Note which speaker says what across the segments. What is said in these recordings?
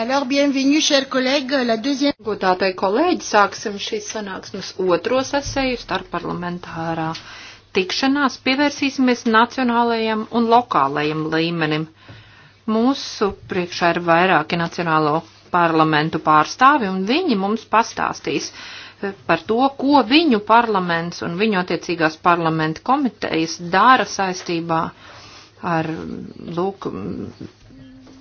Speaker 1: Alors, bienvenue, chers collègues, la deuxième.
Speaker 2: Godātai kolēģi, sāksim šīs sanāksmes otro sasēju starpparlamentārā tikšanās. Pievērsīsimies nacionālajiem un lokālajiem līmenim. Mūsu priekšā ir vairāki nacionālo parlamentu pārstāvi, un viņi mums pastāstīs eh, par to, ko viņu parlaments un viņu attiecīgās parlamenta komitejas dara saistībā ar, lūk,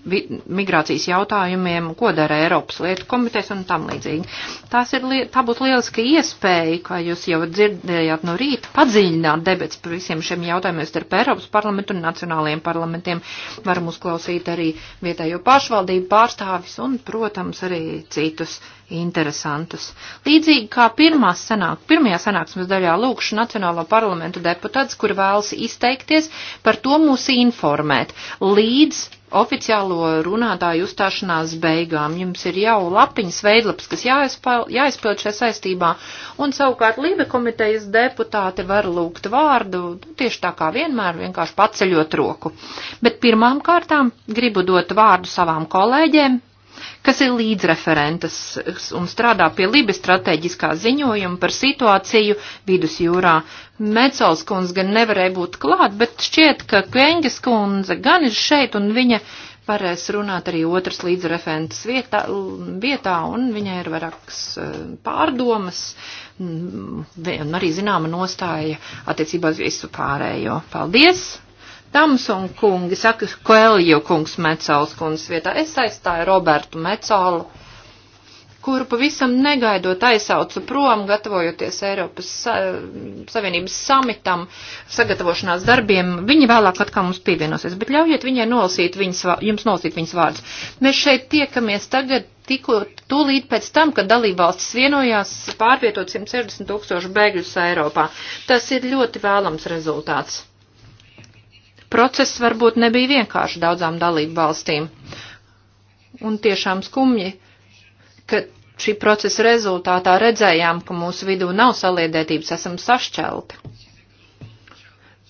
Speaker 2: migrācijas jautājumiem, ko dara Eiropas lietu komitejas un tam līdzīgi. Tās ir, tā būtu lieliska iespēja, kā jūs jau dzirdējāt no rīta, padziļināt debats par visiem šiem jautājumiem starp Eiropas parlamentu un nacionālajiem parlamentiem. Varam uzklausīt arī vietējo pašvaldību pārstāvis un, protams, arī citus interesantus. Līdzīgi kā pirmā sanāk, pirmajā sanāksmes daļā lūkšu Nacionālo parlamentu deputāts, kur vēlas izteikties, par to mūs informēt līdz oficiālo runātāju uzstāšanās beigām. Jums ir jau lapiņas veidlaps, kas jāizpild, jāizpild šajā saistībā, un savukārt Lībe komitejas deputāti var lūgt vārdu, tieši tā kā vienmēr, vienkārši paceļot roku. Bet pirmām kārtām gribu dot vārdu savām kolēģiem, kas ir līdzreferentes un strādā pie Libijas strateģiskā ziņojuma par situāciju vidusjūrā. Mecols kundze gan nevarēja būt klāt, bet šķiet, ka Kveņģis kundze gan ir šeit un viņa varēs runāt arī otras līdzreferentes vietā, vietā un viņai ir vairākas eh, pārdomas mm, un arī zināma nostāja attiecībā uz visu pārējo. Paldies! Tamsun kungi, saka Koelju kungs Mecāls kundas vietā. Es aizstāju Robertu Mecālu, kuru pavisam negaidot aizsaucu prom, gatavojoties Eiropas Savienības samitam, sagatavošanās darbiem. Viņa vēlāk atkal mums pievienosies, bet ļaujiet viņai nolasīt viņas, jums nolasīt viņas vārdus. Mēs šeit tiekamies tagad tikko tūlīt pēc tam, kad dalībvalstis vienojās pārvietot 160 tūkstošu bēgļus Eiropā. Tas ir ļoti vēlams rezultāts. Process varbūt nebija vienkārši daudzām dalību valstīm. Un tiešām skumji, ka šī procesa rezultātā redzējām, ka mūsu vidū nav saliedētības, esam sašķelti.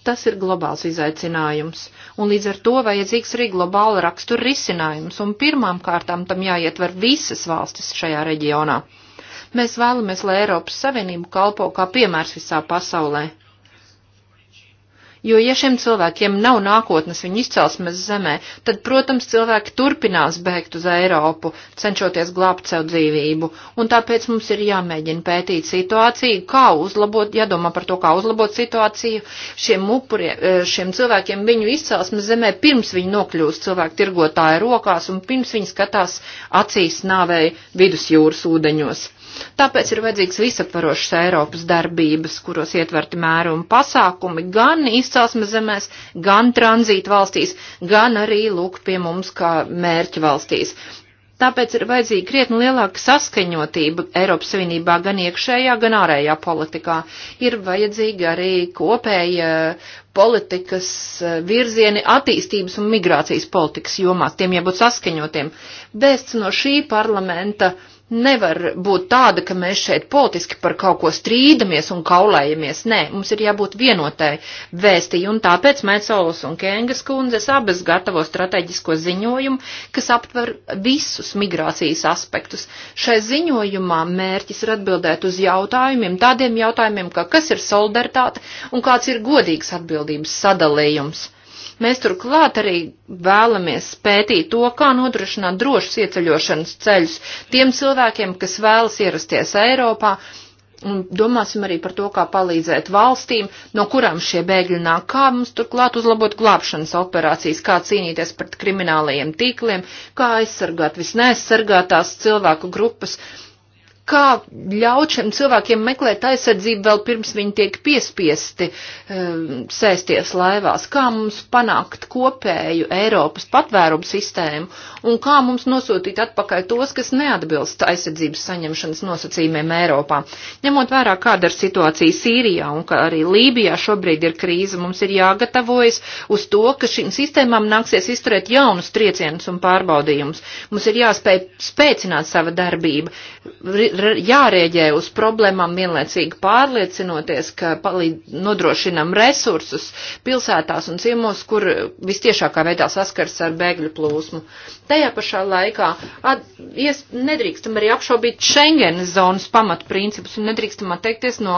Speaker 2: Tas ir globāls izaicinājums, un līdz ar to vajadzīgs arī globāla rakstura risinājums, un pirmām kārtām tam jāietver visas valstis šajā reģionā. Mēs vēlamies, lai Eiropas Savienība kalpo kā piemērs visā pasaulē. Jo, ja šiem cilvēkiem nav nākotnes viņu izcelsmes zemē, tad, protams, cilvēki turpinās bēgt uz Eiropu, cenšoties glābt sev dzīvību. Un tāpēc mums ir jāmēģina pētīt situāciju, kā uzlabot, jādomā par to, kā uzlabot situāciju šiem upuriem, šiem cilvēkiem viņu izcelsmes zemē, pirms viņi nokļūst cilvēku tirgotāju rokās un pirms viņi skatās acīs nāvēja vidusjūras ūdeņos. Tāpēc ir vajadzīgs visaptvarošas Eiropas darbības, kuros ietverti mēru un pasākumi gan izcelsmes zemēs, gan tranzīta valstīs, gan arī lūk pie mums kā mērķa valstīs. Tāpēc ir vajadzīga krietni lielāka saskaņotība Eiropas Savienībā gan iekšējā, gan ārējā politikā. Ir vajadzīga arī kopēja politikas eh, virzieni attīstības un migrācijas politikas jomās, tiem jābūt saskaņotiem. Vēsts no šī parlamenta uh, nevar būt tāda, ka mēs šeit politiski par kaut ko strīdamies un kaulējamies. Nē, mums ir jābūt vienotai vēstī, un tāpēc Mecolas un Kengas kundzes abas gatavo strateģisko ziņojumu, kas aptver visus migrācijas aspektus. Šai ziņojumā mērķis ir atbildēt uz jautājumiem, tādiem jautājumiem, kā kas ir solidaritāte un kāds ir godīgs atbildības sadalījums Mēs turklāt arī vēlamies pētīt to, kā nodrošināt drošus ieceļošanas ceļus tiem cilvēkiem, kas vēlas ierasties Eiropā. Un domāsim arī par to, kā palīdzēt valstīm, no kurām šie bēgļi nāk, kā mums turklāt uzlabot glābšanas operācijas, kā cīnīties pret kriminālajiem tīkliem, kā aizsargāt visneaizsargātās cilvēku grupas. Uh, kā ļaut šiem cilvēkiem meklēt aizsardzību vēl pirms viņi tiek piespiesti um, sēsties laivās, kā mums panākt kopēju Eiropas patvērumu sistēmu un kā mums nosūtīt atpakaļ tos, kas neatbilst aizsardzības saņemšanas nosacījumiem Eiropā. Ņemot vērā, kāda ir situācija Sīrijā un ka arī Lībijā šobrīd ir krīze, mums ir jāgatavojas uz to, ka šīm sistēmām nāksies izturēt jaunus triecienus un pārbaudījumus. Mums ir jāspēj spēcināt sava darbība jārēģē uz problēmām vienlaicīgi pārliecinoties, ka palīd, nodrošinam resursus pilsētās un ciemos, kur vistiešākā veidā saskars ar bēgļu plūsmu. Tajā pašā laikā at, ies, nedrīkstam arī apšaubīt Schengenes zonas pamatprincipus un nedrīkstam atteikties no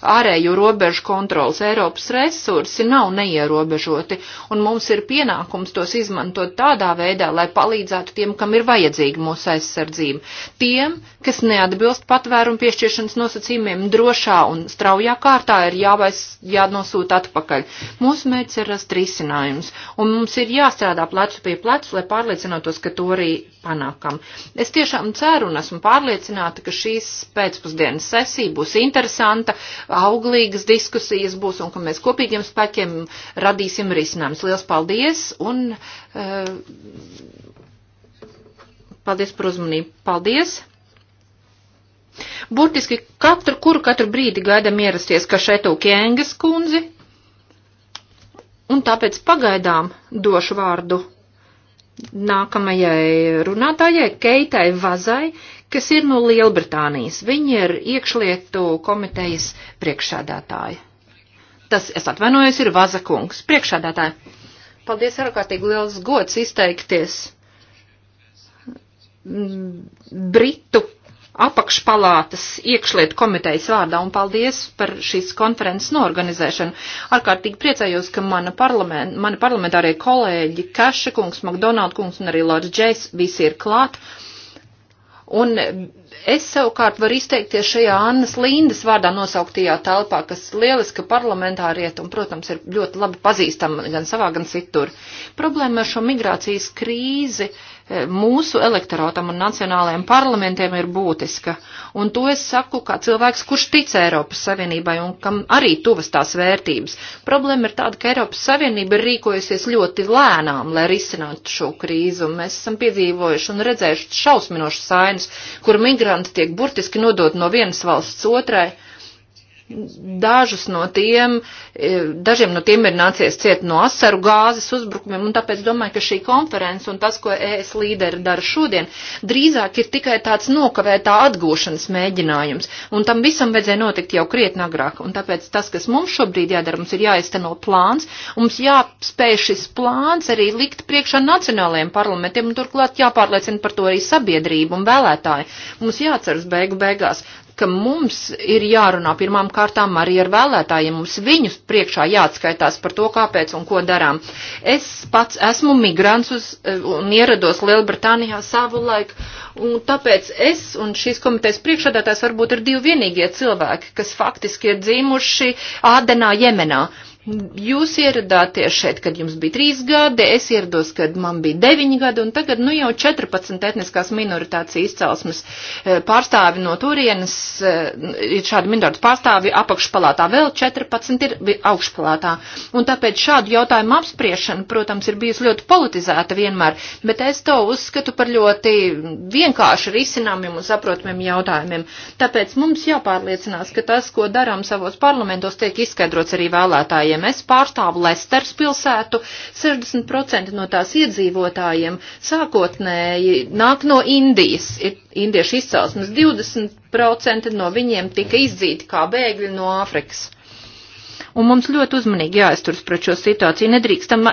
Speaker 2: ārēju robežu kontrolas. Eiropas resursi nav neierobežoti un mums ir pienākums tos izmantot tādā veidā, lai palīdzētu tiem, kam ir vajadzīga mūsu aizsardzība. Tiem, kas neatbilst neatbilst patvērumu piešķiršanas nosacījumiem, drošā un straujā kārtā ir jāvais, jānosūta atpakaļ. Mūsu mērķis ir rast risinājums, un mums ir jāstrādā plecu pie plecu, lai pārliecinātos, ka to arī panākam. Es tiešām ceru un esmu pārliecināta, ka šīs pēcpusdienas sesija būs interesanta, auglīgas diskusijas būs un ka mēs kopīgiem spēkiem radīsim risinājumus. Liels paldies un uh, paldies par uzmanību. Paldies! Burtiski katru, kuru katru brīdi gaidam ierasties Kašetu Kienges kundzi, un tāpēc pagaidām došu vārdu nākamajai runātājai, Keitai Vazai, kas ir no Lielbritānijas. Viņa ir iekšlietu komitejas priekšsādātāja. Tas, es atvainojos, ir Vaza kungs, priekšsādātāja. Paldies, ārkārtīgi liels gods izteikties Britu apakšpalātas iekšlietu komitejas vārdā un paldies par šīs konferences norganizēšanu. Ārkārtīgi priecājos, ka mana parlament, mani parlamentārie kolēģi Kaša kungs, McDonald kungs un arī Lords Džejs visi ir klāt. Un Es savukārt varu izteikties šajā Annas Lindas vārdā nosauktajā telpā, kas lieliska parlamentārieta un, protams, ir ļoti labi pazīstama gan savā, gan citur. Problēma ar šo migrācijas krīzi e, mūsu elektorātam un nacionālajiem parlamentiem ir būtiska. Un to es saku kā cilvēks, kurš tic Eiropas Savienībai un kam arī tuvas tās vērtības. Problēma ir tāda, ka Eiropas Savienība ir rīkojusies ļoti lēnām, lai risinātu šo krīzi, un mēs esam piedzīvojuši un redzējuši šausminošas sainas, kur migrācija migranti tiek burtiski nodot no vienas valsts otrai. Uh, Dažus no tiem, e, dažiem no tiem ir nācies ciet no asaru gāzes uzbrukumiem, un tāpēc domāju, ka šī konference un tas, ko ES līderi dara šodien, drīzāk ir tikai tāds nokavētā atgūšanas mēģinājums, un tam visam vajadzēja notikt jau krietni agrāk, un tāpēc tas, kas mums šobrīd jādara, mums ir jāizteno plāns, mums jāspēj šis plāns arī likt priekšā nacionālajiem parlamentiem, un turklāt jāpārliecina par to arī sabiedrību un vēlētāji. Mums jāceras beigu beigās, ka mums ir jārunā pirmām kārtām arī ar vēlētājiem, mums viņus priekšā jāatskaitās par to, kāpēc un ko darām. Es pats esmu migrants uz, un ierados Lielbritānijā savu laiku, un tāpēc es un šīs komitejas priekšādātājs varbūt ir divi vienīgie cilvēki, kas faktiski ir dzīmuši Ādenā, Jemenā. Uh, Jūs ieradāties šeit, kad jums bija 3 gadi, es ierados, kad man bija 9 gadi, un tagad nu jau 14 etniskās minoritātes izcelsmes eh, pārstāvi no turienes, eh, ir šādi minoritātes pārstāvi apakšpalātā, vēl 14 ir augšpalātā. Un tāpēc šādu jautājumu apspriešana, protams, ir bijusi ļoti politizēta vienmēr, bet es to uzskatu par ļoti vienkārši risināmiem un saprotamiem jautājumiem. Tāpēc mums jāpārliecinās, ka tas, ko darām savos parlamentos, tiek izskaidrots arī vēlētājiem iedzīvotājiem. Es pārstāvu Lesters pilsētu. 60% no tās iedzīvotājiem sākotnēji nāk no Indijas, ir indiešu izcelsmes. 20% no viņiem tika izdzīti kā bēgļi no Āfrikas. Un mums ļoti uzmanīgi jāizturas pret šo situāciju. Nedrīkstam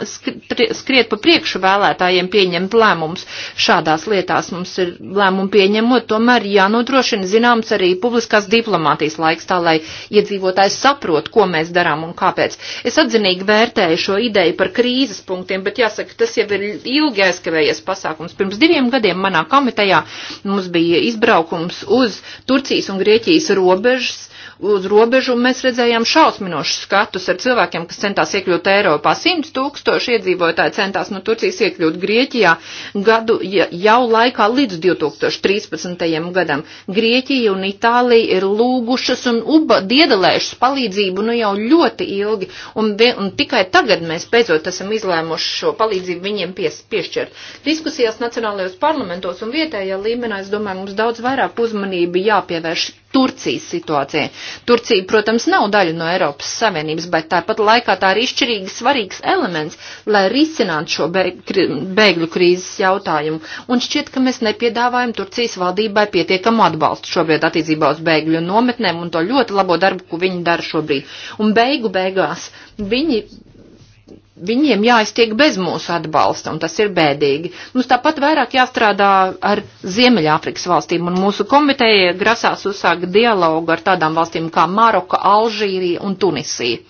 Speaker 2: skriet pa priekšu vēlētājiem pieņemt lēmumus. Šādās lietās mums ir lēmumu pieņemot, tomēr jānodrošina zināms arī publiskās diplomātijas laiks tā, lai iedzīvotājs saprot, ko mēs darām un kāpēc. Es atzinīgi vērtēju šo ideju par krīzes punktiem, bet jāsaka, tas jau ir ilgi aizkavējies pasākums. Pirms diviem gadiem manā komitejā mums bija izbraukums uz Turcijas un Grieķijas robežas uz robežu, un mēs redzējām šausminošus skatus ar cilvēkiem, kas centās iekļūt Eiropā. 100 tūkstoši iedzīvotāji centās no Turcijas iekļūt Grieķijā gadu jau laikā līdz 2013. gadam. Grieķija un Itālija ir lūgušas un uba diedelējušas palīdzību nu jau ļoti ilgi, un, un tikai tagad mēs beidzot esam izlēmuši šo palīdzību viņiem pies, piešķirt. Diskusijās nacionālajos parlamentos un vietējā līmenī, es domāju, mums daudz vairāk uzmanība jāpievērš Turcijas situācijai. Turcija, protams, nav daļa no Eiropas Savienības, bet tāpat laikā tā ir izšķirīgi svarīgs elements, lai risinātu šo bēgļu krīzes jautājumu. Un šķiet, ka mēs nepiedāvājam Turcijas valdībai pietiekamu atbalstu šobrīd attiecībā uz bēgļu nometnēm un to ļoti labo darbu, ko viņi dara šobrīd. Un beigu beigās viņi viņiem jāiztiek bez mūsu atbalsta, un tas ir bēdīgi. Mums tāpat vairāk jāstrādā ar Ziemeļāfrikas valstīm, un mūsu komiteja grasās uzsākt dialogu ar tādām valstīm kā Maroka, Alžīrija un Tunisija.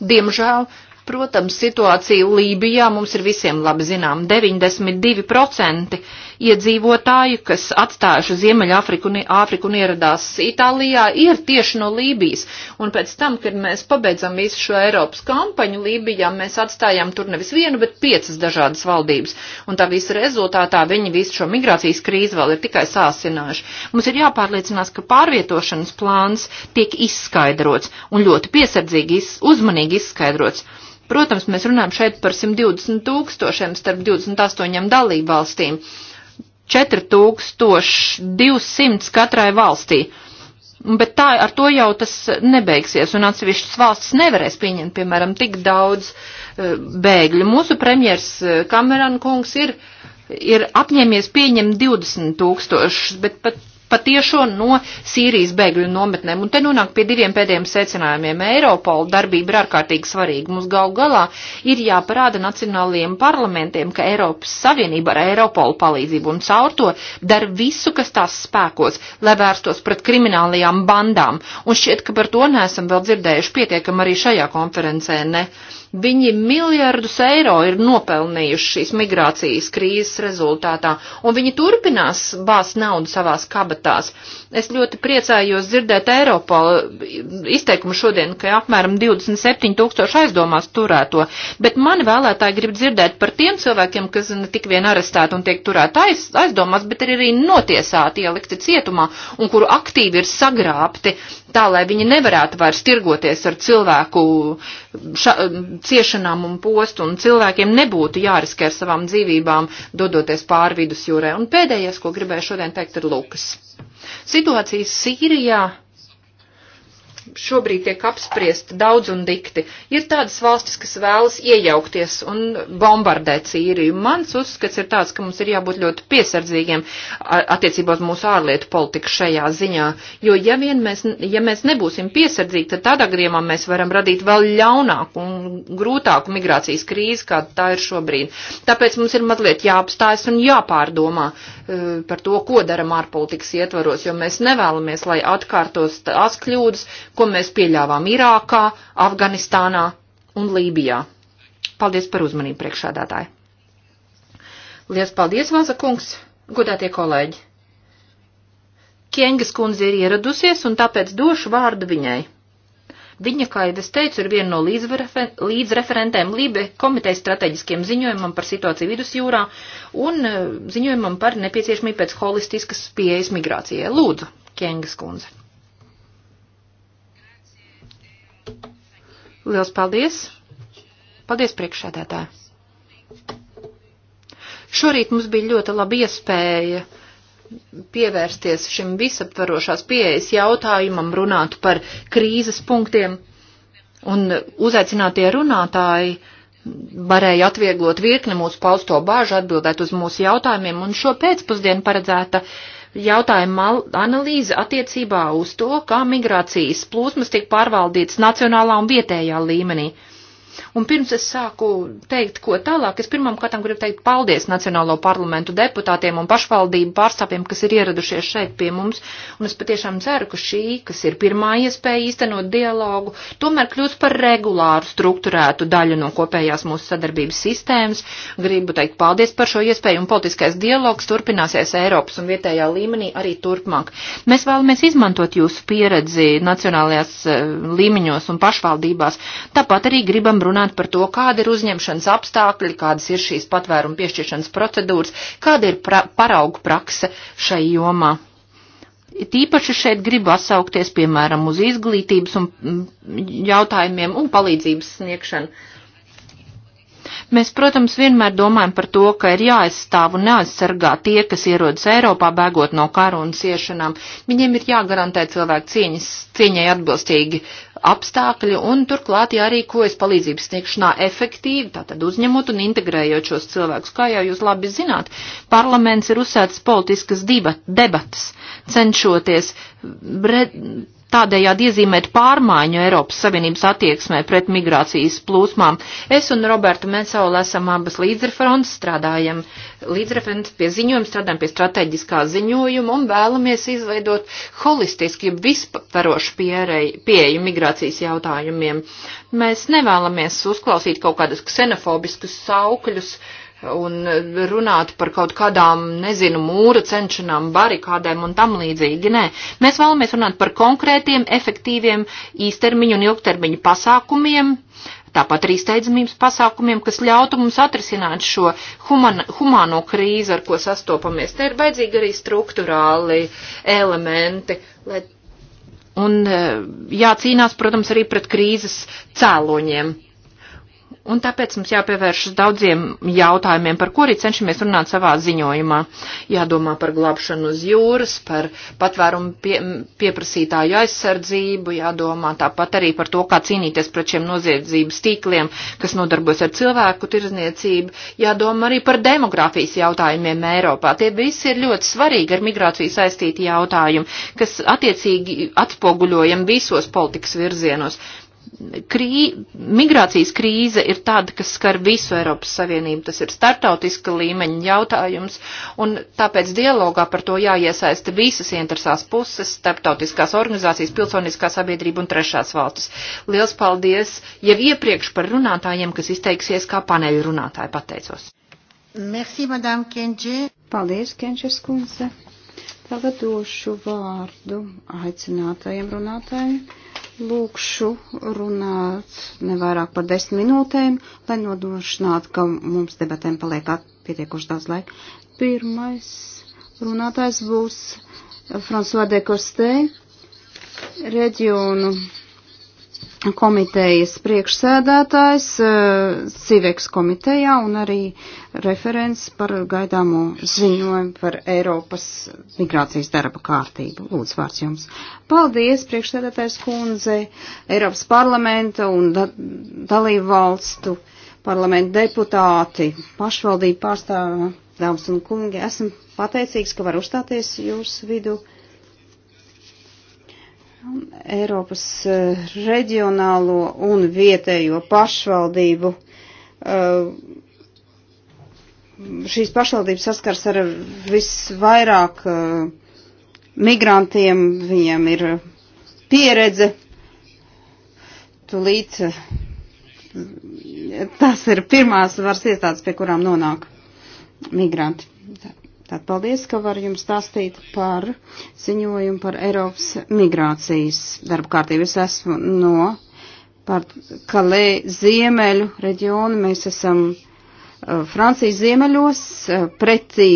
Speaker 2: Diemžēl Protams, situācija Lībijā mums ir visiem labi zinām. 92% iedzīvotāju, kas atstājuši Ziemeļāfriku un, Āfriku un ieradās Itālijā, ir tieši no Lībijas. Un pēc tam, kad mēs pabeidzam visu šo Eiropas kampaņu Lībijā, mēs atstājām tur nevis vienu, bet piecas dažādas valdības. Un tā visa rezultātā viņi visu šo migrācijas krīzi vēl ir tikai sāsinājuši. Mums ir jāpārliecinās, ka pārvietošanas plāns tiek izskaidrots un ļoti piesardzīgi, iz, uzmanīgi izskaidrots Protams, mēs runājam šeit par 120 tūkstošiem starp 28 dalību valstīm. 4200 katrai valstī. Bet tā, ar to jau tas nebeigsies, un atsevišķas valsts nevarēs pieņemt, piemēram, tik daudz uh, bēgļu. Mūsu premjers Kameran eh, kungs ir, ir apņēmies pieņemt 20 tūkstošus, bet pat patiešo no Sīrijas bēgļu nometnēm. Un te nonāk pie diviem pēdējiem secinājumiem. Eiropola darbība ir ārkārtīgi svarīga. Mums gal galā ir jāparāda nacionālajiem parlamentiem, ka Eiropas Savienība ar Eiropolu palīdzību un caur to dar visu, kas tās spēkos, lai vērstos pret kriminālajām bandām. Un šķiet, ka par to neesam vēl dzirdējuši pietiekam arī šajā konferencē. Ne? Uh, Viņi miljardus eiro ir nopelnījuši šīs migrācijas krīzes rezultātā, un viņi turpinās bāzt naudu savās kabatās. Es ļoti priecājos dzirdēt Eiropola izteikumu šodien, ka apmēram 27 tūkstoši aizdomās turēto, bet mani vēlētāji grib dzirdēt par tiem cilvēkiem, kas ne tik vien arestēti un tiek turēti aiz, aizdomās, bet arī notiesāti, ielikti cietumā un kuru aktīvi ir sagrābti, tā lai viņi nevarētu vairs tirgoties ar cilvēku ša, ciešanām un postu un cilvēkiem nebūtu jāriskē ar savām dzīvībām, dodoties pāri vidusjūrē. Un pēdējais, ko gribēju šodien teikt, ir Lukas. Situācija Sīrijā šobrīd tiek apspriesta daudz un dikti. Ir tādas valstis, kas vēlas iejaukties un bombardēt Sīriju. Mans uzskats ir tāds, ka mums ir jābūt ļoti piesardzīgiem attiecībā uz mūsu ārlietu politiku šajā ziņā, jo ja vien mēs, ja mēs nebūsim piesardzīgi, tad tādā gadījumā mēs varam radīt vēl ļaunāku un grūtāku migrācijas krīzi, kāda tā ir šobrīd. Tāpēc mums ir mazliet jāapstājas un jāpārdomā e, par to, ko daram ārpolitikas ietvaros, jo mēs nevēlamies, lai atkārtos tās kļūdas, ko mēs pieļāvām Irākā, Afganistānā un Lībijā. Paldies par uzmanību priekšādātāji. Lielas paldies, Vāza kungs, godātie kolēģi. Kiengas kundze ir ieradusies, un tāpēc došu vārdu viņai. Viņa, kā jau es teicu, ir viena no līdzreferentēm Lībe komitejas strateģiskiem ziņojumam par situāciju vidusjūrā un eh, ziņojumam par nepieciešamību pēc holistiskas pieejas migrācijai. Lūdzu, Kiengas kundze. Liels paldies! Paldies, priekšsēdētāji! Šorīt mums bija ļoti laba iespēja pievērsties šim visaptvarošās pieejas jautājumam, runāt par krīzes punktiem, un uzaicinātie runātāji varēja atvieglot virkni mūsu pausto bāžu, atbildēt uz mūsu jautājumiem, un šo pēcpusdienu paredzēta uh, jautājuma analīze attiecībā uz to, kā migrācijas plūsmas tiek pārvaldītas nacionālā un vietējā līmenī. Un pirms es sāku teikt, ko tālāk, es pirmām kārtām gribu teikt paldies Nacionālo parlamentu deputātiem un pašvaldību pārstāvjiem, kas ir ieradušies šeit pie mums. Un es patiešām ceru, ka šī, kas ir pirmā iespēja īstenot dialogu, tomēr kļūs par regulāru struktūrētu daļu no kopējās mūsu sadarbības sistēmas. Gribu teikt paldies par šo iespēju un politiskais dialogs turpināsies Eiropas un vietējā līmenī arī turpmāk. Mēs vēlamies izmantot jūsu pieredzi nacionālajās eh, līmeņos un pašvaldībās. Tāpat arī gribam runāt runāt par to, kāda ir uzņemšanas apstākļi, kādas ir šīs patvērumu piešķiršanas procedūras, kāda ir pra paraugu prakse šai jomā. Tīpaši šeit gribu atsaukties, piemēram, uz izglītības un jautājumiem un palīdzības sniegšanu. Mēs, protams, vienmēr domājam par to, ka ir jāaizstāv un neaizsargā tie, kas ierodas Eiropā bēgot no kara un ciešanām. Viņiem ir jāgarantē cilvēku cieņas, cieņai atbilstīgi apstākļi un turklāt jārīkojas palīdzības sniegšanā efektīvi, tātad uzņemot un integrējot šos cilvēkus. Kā jau jūs labi zināt, parlaments ir uzsēts politiskas debatas, cenšoties re, tādējādi iezīmēt pārmaiņu Eiropas Savienības attieksmē pret migrācijas plūsmām. Es un Roberta Mecola esam abas līdzreferents, strādājam līdzreferents pie ziņojuma, strādājam pie strateģiskā ziņojuma un vēlamies izveidot holistiski visparošu pieeju migrācijas jautājumiem. Mēs nevēlamies uzklausīt kaut kādus ksenofobiskus saukļus, uh, un runāt par kaut kādām, nezinu, mūra cenšanām, barikādēm un tam līdzīgi. Nē, mēs vēlamies runāt par konkrētiem, efektīviem īstermiņu un ilgtermiņu pasākumiem, tāpat arī steidzamības pasākumiem, kas ļautu mums atrisināt šo human, humāno krīzi, ar ko sastopamies. Te ir vajadzīgi arī struktūrāli elementi, lai, un eh, jācīnās, protams, arī pret krīzes cēloņiem Un tāpēc mums jāpievēršas daudziem jautājumiem, par kuriem cenšamies runāt savā ziņojumā. Jādomā par glābšanu uz jūras, par patvērumu pie, pieprasītāju aizsardzību, jādomā tāpat arī par to, kā cīnīties pret šiem noziedzības tīkliem, kas nodarbojas ar cilvēku tirzniecību, jādomā arī par demografijas jautājumiem Eiropā. Tie visi ir ļoti svarīgi ar migrāciju saistīti jautājumi, kas attiecīgi atspoguļojam visos politikas virzienos krī, migrācijas krīze ir tāda, kas skar visu Eiropas Savienību. Tas ir startautiska līmeņa jautājums, un tāpēc dialogā par to jāiesaista visas interesās puses - starptautiskās organizācijas, pilsoniskā sabiedrība un trešās valstis. Liels paldies jau iepriekš par runātājiem, kas izteiksies kā paneļu runātāji. Pateicos.
Speaker 1: Merci, Madame Kenģe. Paldies, Kenģes kundze. Tagad došu vārdu aicinātajiem runātājiem lūkšu runāt nevairāk par desmit minūtēm, lai nodrošinātu, ka mums debatēm paliek pietiekoši daudz laika. Pirmais runātājs būs François de Costē, reģionu komitejas priekšsēdētājs Civeks eh, komitejā un arī referents par gaidāmo ziņojumu par Eiropas migrācijas darba kārtību. Lūdzu, vārds jums. Paldies, priekšsēdētājs kundze, Eiropas parlamenta un da dalību valstu parlamenta deputāti, pašvaldību pārstāvā, dāmas un kungi. Esmu pateicīgs, ka var uzstāties jūsu vidu. Eiropas eh, reģionālo un vietējo pašvaldību. Eh, šīs pašvaldības saskars ar visvairāk eh, migrantiem, viņiem ir pieredze, tūlīt tas ir pirmās varas iestādes, pie kurām nonāk migranti. Tad paldies, ka varu jums stāstīt par ziņojumu par Eiropas migrācijas darba kārtību. Es esmu no par Kalē ziemeļu reģionu. Mēs esam uh, Francijas ziemeļos uh, pretī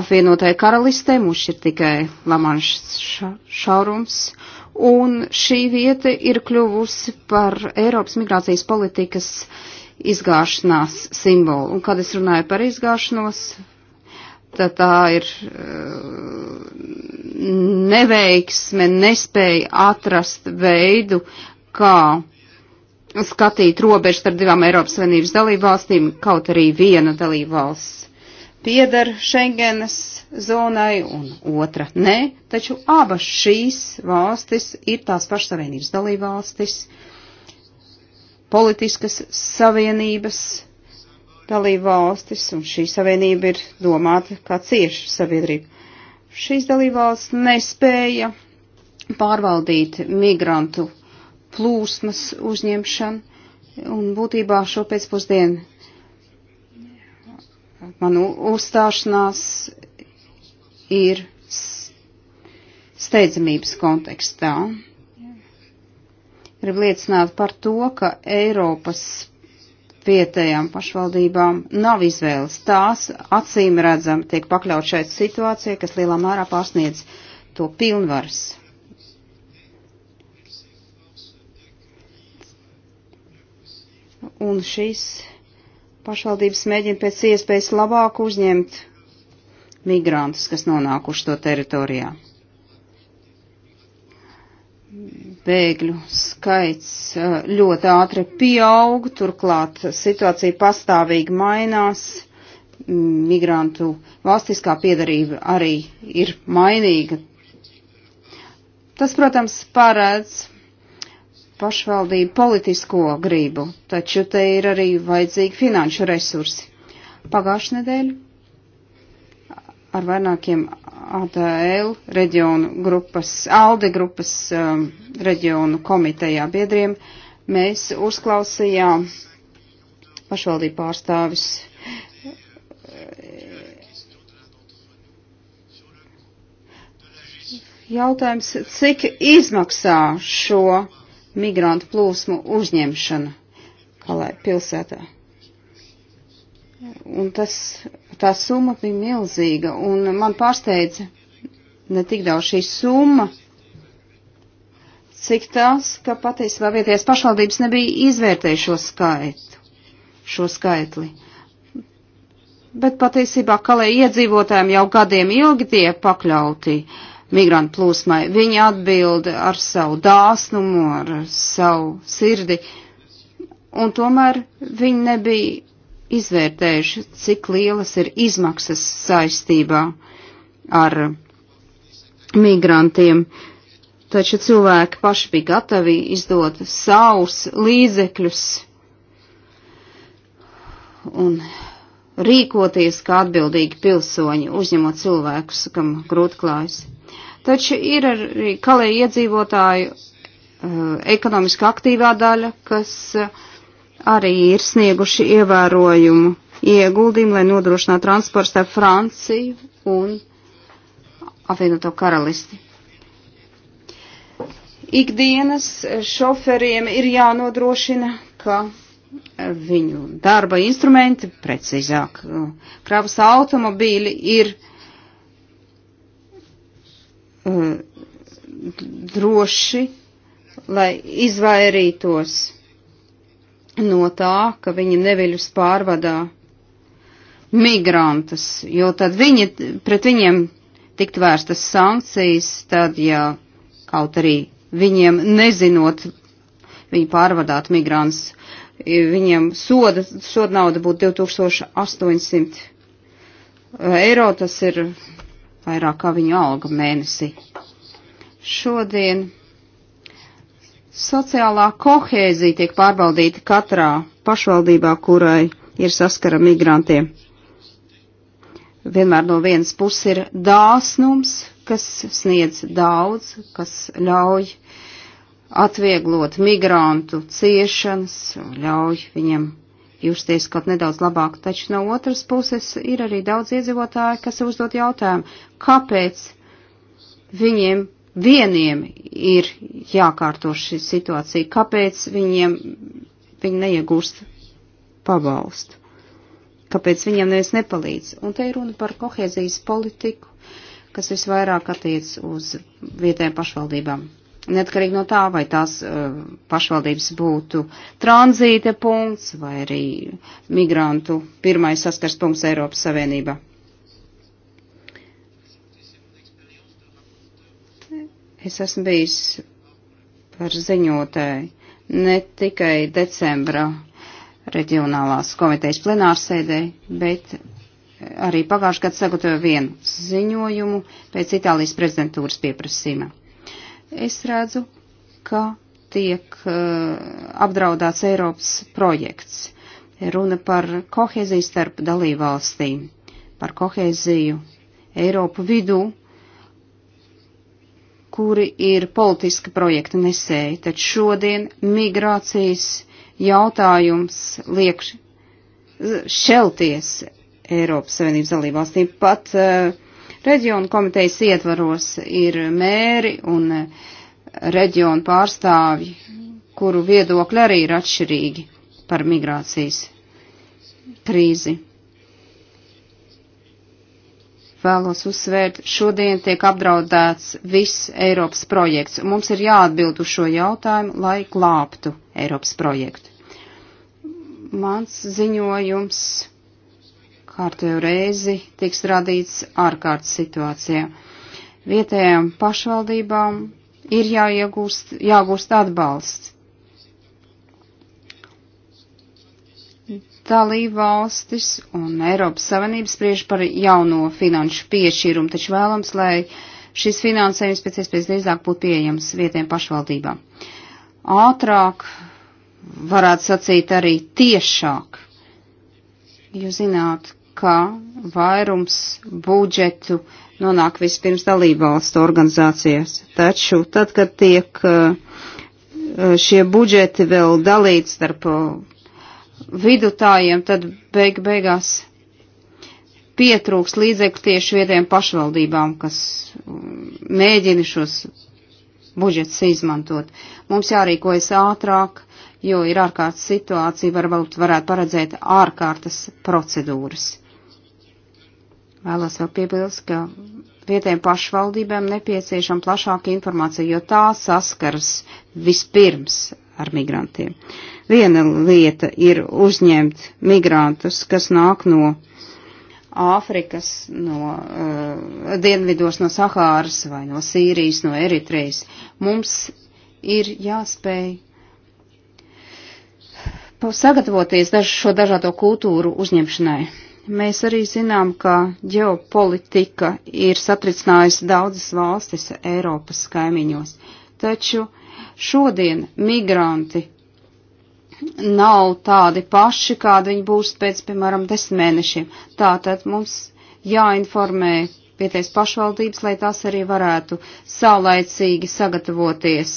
Speaker 1: apvienotai karalistē. Mums ir tikai Lamanšs ša, šaurums. Un šī vieta ir kļuvusi par Eiropas migrācijas politikas izgāšanās simbolu. Un, kad es runāju par izgāšanos, tā, tā ir eh, neveiksme, nespēja atrast veidu, kā skatīt robežu starp divām Eiropas Savienības dalībvalstīm, kaut arī viena dalībvalsts pieder Schengenas zonai un otra nē, taču abas šīs valstis ir tās pašas Savienības dalībvalstis, politiskas savienības dalību valstis, un šī savienība ir domāta kā cieša sabiedrība. Šīs dalību valsts nespēja pārvaldīt migrantu plūsmas uzņemšanu, un būtībā šo pēcpusdienu man uzstāšanās ir steidzamības kontekstā. Gribu liecināt par to, ka Eiropas vietējām pašvaldībām nav izvēles. Tās acīm redzam tiek pakļaut šai situācijai, kas lielā mērā pārsniedz to pilnvaras. Un šīs pašvaldības mēģina pēc iespējas labāk uzņemt migrantus, kas nonākuši to teritorijā. bēgļu skaits ļoti ātri pieaug, turklāt situācija pastāvīgi mainās, migrantu valstiskā piedarība arī ir mainīga. Tas, protams, paredz pašvaldību politisko gribu, taču te ir arī vajadzīgi finanšu resursi. Pagājušajā nedēļā ar vairākiem ADL reģionu grupas, ALDE grupas um, reģionu komitejā biedriem. Mēs uzklausījām pašvaldību pārstāvis uh, Jautājums, cik izmaksā šo migrantu plūsmu uzņemšana Kalē pilsētā? Un tas tā summa bija milzīga, un man pārsteidza ne tik daudz šī summa, cik tas, ka patiesībā vietējās pašvaldības nebija izvērtējuši šo skaitu, šo skaitli. Bet patiesībā kalē iedzīvotājiem jau gadiem ilgi tie pakļauti migrantu plūsmai. Viņi atbild ar savu dāsnumu, ar savu sirdi, un tomēr viņi nebija izvērtējuši, cik lielas ir izmaksas saistībā ar migrantiem, taču cilvēki paši bija gatavi izdot savus līdzekļus un rīkoties kā atbildīgi pilsoņi, uzņemot cilvēkus, kam grūti klājas. Taču ir arī kalēji iedzīvotāju eh, ekonomiski aktīvā daļa, kas uh, arī ir snieguši ievērojumu ieguldījumu, lai nodrošinātu transportu starp Franciju un apvienoto karalisti. Ikdienas šoferiem ir jānodrošina, ka viņu darba instrumenti, precīzāk, kravas automobīļi ir eh, droši, lai izvairītos no tā, ka viņi neviļus pārvadā migrantus, jo tad viņi, pret viņiem tikt vērstas sankcijas, tad, ja kaut arī viņiem nezinot, viņi pārvadātu migrantus, viņiem soda, soda nauda būtu 2800 eiro, tas ir vairāk kā viņa alga mēnesī. Šodien Sociālā kohēzija tiek pārbaudīta katrā pašvaldībā, kurai ir saskara migrantiem. Vienmēr no vienas puses ir dāsnums, kas sniedz daudz, kas ļauj atvieglot migrantu ciešanas, ļauj viņiem justies kaut nedaudz labāk. Taču no otras puses ir arī daudz iedzīvotāji, kas uzdot jautājumu, kāpēc viņiem vieniem ir jākārto šī situācija, kāpēc viņiem viņi neiegūst pabalstu, kāpēc viņiem nevis nepalīdz. Un te ir runa par kohēzijas politiku, kas visvairāk attiec uz vietējām pašvaldībām. Neatkarīgi no tā, vai tās uh, pašvaldības būtu tranzīta punkts vai arī migrantu pirmais saskars punkts Eiropas Savienībā. Es esmu bijis par ziņotāju ne tikai decembra reģionālās komitejas plenārsēdē, bet arī pagājušajā gadā sagatavoju vienu ziņojumu pēc Itālijas prezidentūras pieprasījuma. Es redzu, ka tiek uh, apdraudāts Eiropas projekts. Runa par kohēziju starp dalībvalstīm, par kohēziju Eiropu vidū kuri ir politiska projekta nesēji, tad šodien migrācijas jautājums liek šelties Eiropas Savienības dalībvalstīm. Pat uh, reģionu komitejas ietvaros ir mēri un eh, reģionu pārstāvji, kuru viedokļi arī ir atšķirīgi par migrācijas krīzi vēlos uzsvērt, šodien tiek apdraudēts viss Eiropas projekts. Mums ir jāatbild uz šo jautājumu, lai glābtu Eiropas projektu. Mans ziņojums kārtējo reizi tiks radīts ārkārtas situācijā. Vietējām pašvaldībām ir jāiegūst, jāgūst atbalsts. dalībvalstis un Eiropas Savienības spriež par jauno finanšu piešķīrumu, taču vēlams, lai šis finansējums pēc iespējas drīzāk būtu pieejams vietiem pašvaldībām. Ātrāk, varētu sacīt arī tiešāk. Jūs zināt, ka vairums budžetu nonāk vispirms dalībvalstu organizācijas, taču tad, kad tiek eh, šie budžeti vēl dalīts starp eh, vidutājiem tad beig beigās pietrūks līdzekļu tieši vietējiem pašvaldībām, kas mm, mēģina šos budžets izmantot. Mums jārīkojas ātrāk, jo ir ārkārtas situācija, varbūt varētu paredzēt ārkārtas procedūras. Vēlos vēl piebilst, ka vietējiem pašvaldībām nepieciešama plašāka informācija, jo tā saskars vispirms ar migrantiem. Uh, Viena lieta ir uzņemt migrantus, kas nāk no Āfrikas, no uh, dienvidos, no Sahāras vai no Sīrijas, no Eritrejas. Mums ir jāspēj sagatavoties dažu šo dažādo kultūru uzņemšanai. Mēs arī zinām, ka ģeopolitika ir satricinājusi daudzas valstis Eiropas kaimiņos, taču šodien migranti nav tādi paši, kādi viņi būs pēc, piemēram, desmit mēnešiem. Tātad mums jāinformē vietējas pašvaldības, lai tās arī varētu saulaicīgi sagatavoties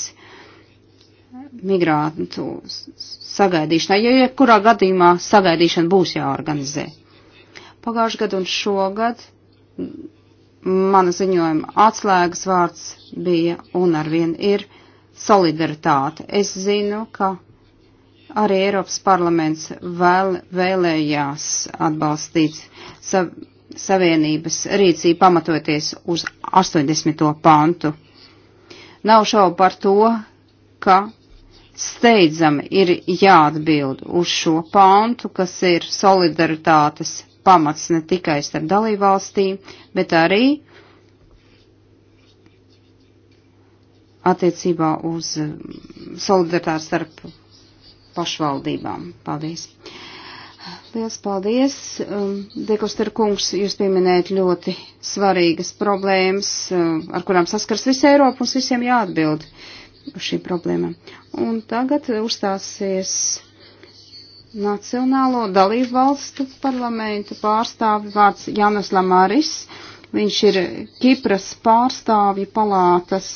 Speaker 1: migrāntu sagaidīšanai, jo jebkurā gadījumā sagaidīšana būs jāorganizē. Pagājušajā gadu un šogad mana ziņojuma atslēgas vārds bija un arvien ir solidaritāte. Es zinu, ka Arī Eiropas parlaments vēl vēlējās atbalstīt sav, Savienības rīcību pamatoties uz 80. pantu. Nav šaubu par to, ka steidzami ir jāatbild uz šo pantu, kas ir solidaritātes pamats ne tikai starp dalībvalstīm, bet arī attiecībā uz solidaritāti starp pašvaldībām. Paldies! Liels paldies! Um, Dekuster kungs, jūs pieminējat ļoti svarīgas problēmas, um, ar kurām saskars visa Eiropa, mums visiem jāatbild uz šīm problēmām. Un tagad uzstāsies Nacionālo dalību valstu parlamentu pārstāvi vārds Janas Lamaris. Viņš ir Kipras pārstāvju palātas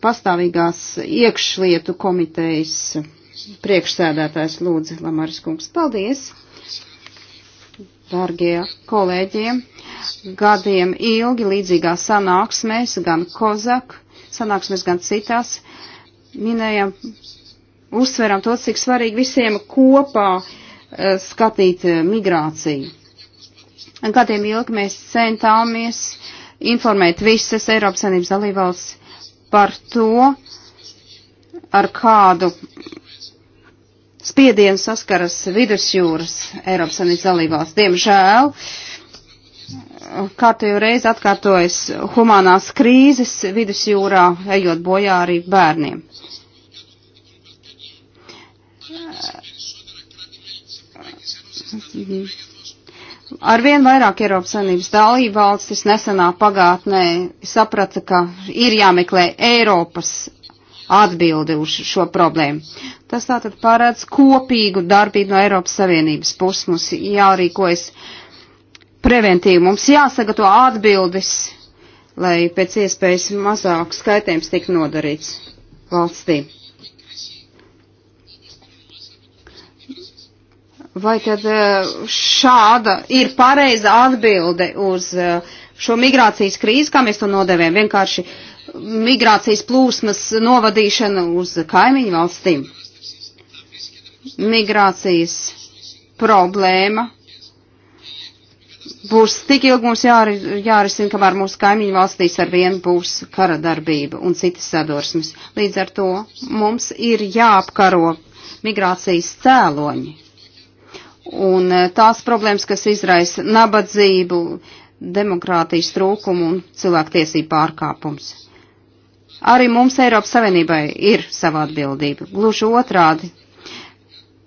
Speaker 1: pastāvīgās iekšlietu komitejas Priekšsēdētājs lūdzu, Lamaris kungs, paldies! Dārgie kolēģiem, gadiem ilgi līdzīgā sanāksmēs, gan Kozak, sanāksmēs, gan citās, minējam, uzsveram to, cik svarīgi visiem kopā uh, skatīt uh, migrāciju. Gadiem ilgi mēs centāmies informēt visas Eiropas Savienības dalībvalsts par to, ar kādu spiedienu saskaras vidusjūras Eiropas Savienības dalībās. Diemžēl, kārtējo reizi atkārtojas humanās krīzes vidusjūrā, ejot bojā arī bērniem. Arvien vairāk Eiropas Savienības dalība valstis nesenā pagātnē saprata, ka ir jāmeklē Eiropas atbildi uz šo problēmu. Tas tātad parāds kopīgu darbību no Eiropas Savienības puses. Mums jārīkojas preventīvi, mums jāsagato atbildes, lai pēc iespējas mazāk skaitējums tiktu nodarīts valstī. Vai tad eh, šāda ir pareiza atbilde uz eh, šo migrācijas krīzi, kā mēs to nodevējam? Vienkārši uh, migrācijas plūsmas novadīšana uz kaimiņu valstīm. Migrācijas problēma būs tik ilgi mums jāri, jārisina, kamēr mūsu kaimiņu valstīs ar vienu būs kara darbība un citas sadursmes. Līdz ar to mums ir jāapkaro migrācijas cēloņi un eh, tās problēmas, kas izraisa nabadzību, demokrātijas trūkumu un cilvēktiesību pārkāpums. Arī mums Eiropas Savienībai ir sava atbildība. Gluži otrādi,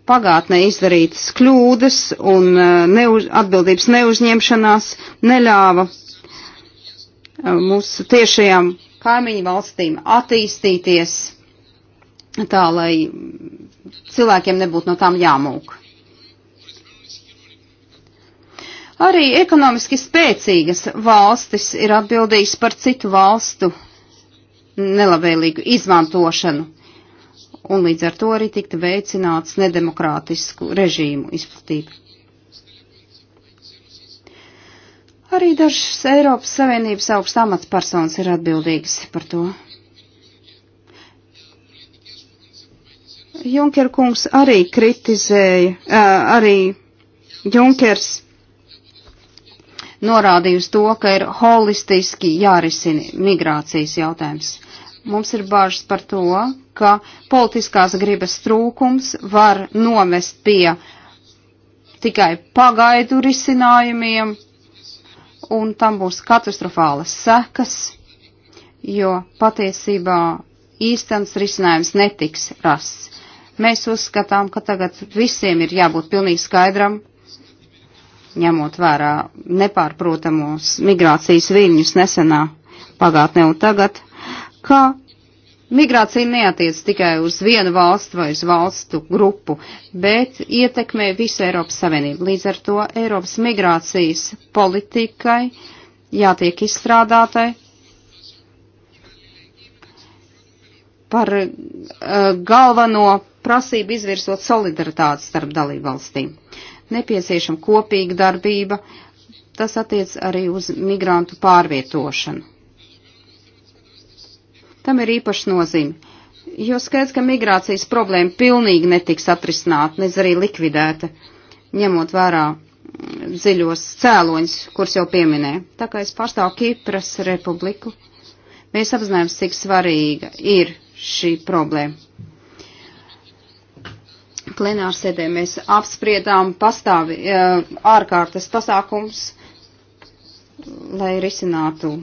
Speaker 1: pagātnē izdarītas kļūdas un eh, neuz, atbildības neuzņemšanās neļāva eh, mūsu tiešajām kaimiņu valstīm attīstīties tā, lai cilvēkiem nebūtu no tām jāmūk. Arī ekonomiski spēcīgas valstis ir atbildīgas par citu valstu nelabvēlīgu izmantošanu. Un līdz ar to arī tiktu veicināts nedemokrātisku režīmu izplatība. Arī dažas Eiropas Savienības augsts amatpersonas ir atbildīgas par to. Junker kungs arī kritizēja, uh, arī Junkers norādīja uz to, ka ir holistiski jārisina migrācijas jautājums. Mums ir bažas par to, ka politiskās gribas trūkums var novest pie tikai pagaidu risinājumiem, un tam būs katastrofālas sekas, jo patiesībā īstens risinājums netiks rasts. Mēs uzskatām, ka tagad visiem ir jābūt pilnīgi skaidram, ņemot vērā nepārprotamos migrācijas viļņus nesenā pagātnē un tagad ka migrācija neatiec tikai uz vienu valstu vai uz valstu grupu, bet ietekmē visu Eiropas Savienību. Līdz ar to Eiropas migrācijas politikai jātiek izstrādātai par uh, galveno prasību izvirsot solidaritāti starp dalībvalstīm. Nepieciešama kopīga darbība, tas attiec arī uz migrantu pārvietošanu. Tam ir īpaši nozīme. Jo skaidrs, ka migrācijas problēma pilnīgi netiks atrisināta, nez arī likvidēta, ņemot vērā mm, dziļos cēloņus, kurus jau pieminēja. Tā kā es pārstāvu Kipras republiku, mēs apzināmies, cik svarīga ir šī problēma. Plenārsēdē mēs apspriedām pastāvi eh, ārkārtas pasākums, lai risinātu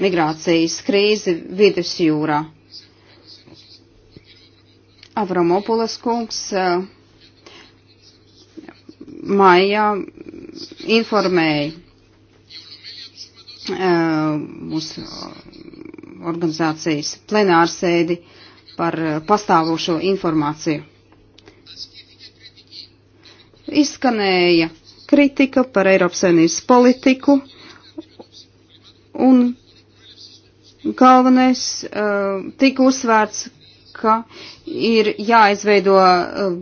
Speaker 1: migrācijas krīzi vidusjūrā. Avramopulas kungs eh, maijā informēja eh, mūsu organizācijas plenārsēdi par pastāvošo informāciju. Izskanēja kritika par Eiropas Savienības politiku un Galvenais uh, tika uzsvērts, ka ir jāizveido uh,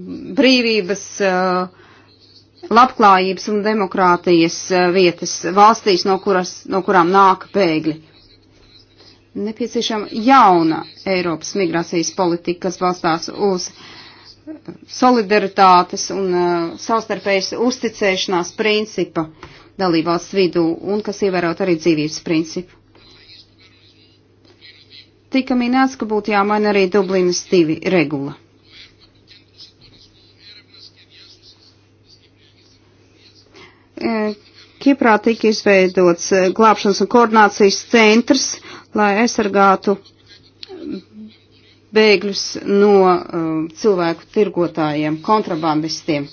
Speaker 1: brīvības, uh, labklājības un demokrātijas vietas valstīs, no, kuras, no kurām nāk bēgļi. Nepieciešama jauna Eiropas migrācijas politika, kas balstās uz solidaritātes un uh, savstarpējas uzticēšanās principa dalībvalsts vidū un kas ievērot arī dzīvības principu tika minēts, ka būtu jāmaina arī Dublinas divi regula. E, Kiprā tika izveidots e, glābšanas un koordinācijas centrs, lai aizsargātu bēgļus no um, cilvēku tirgotājiem, kontrabandistiem,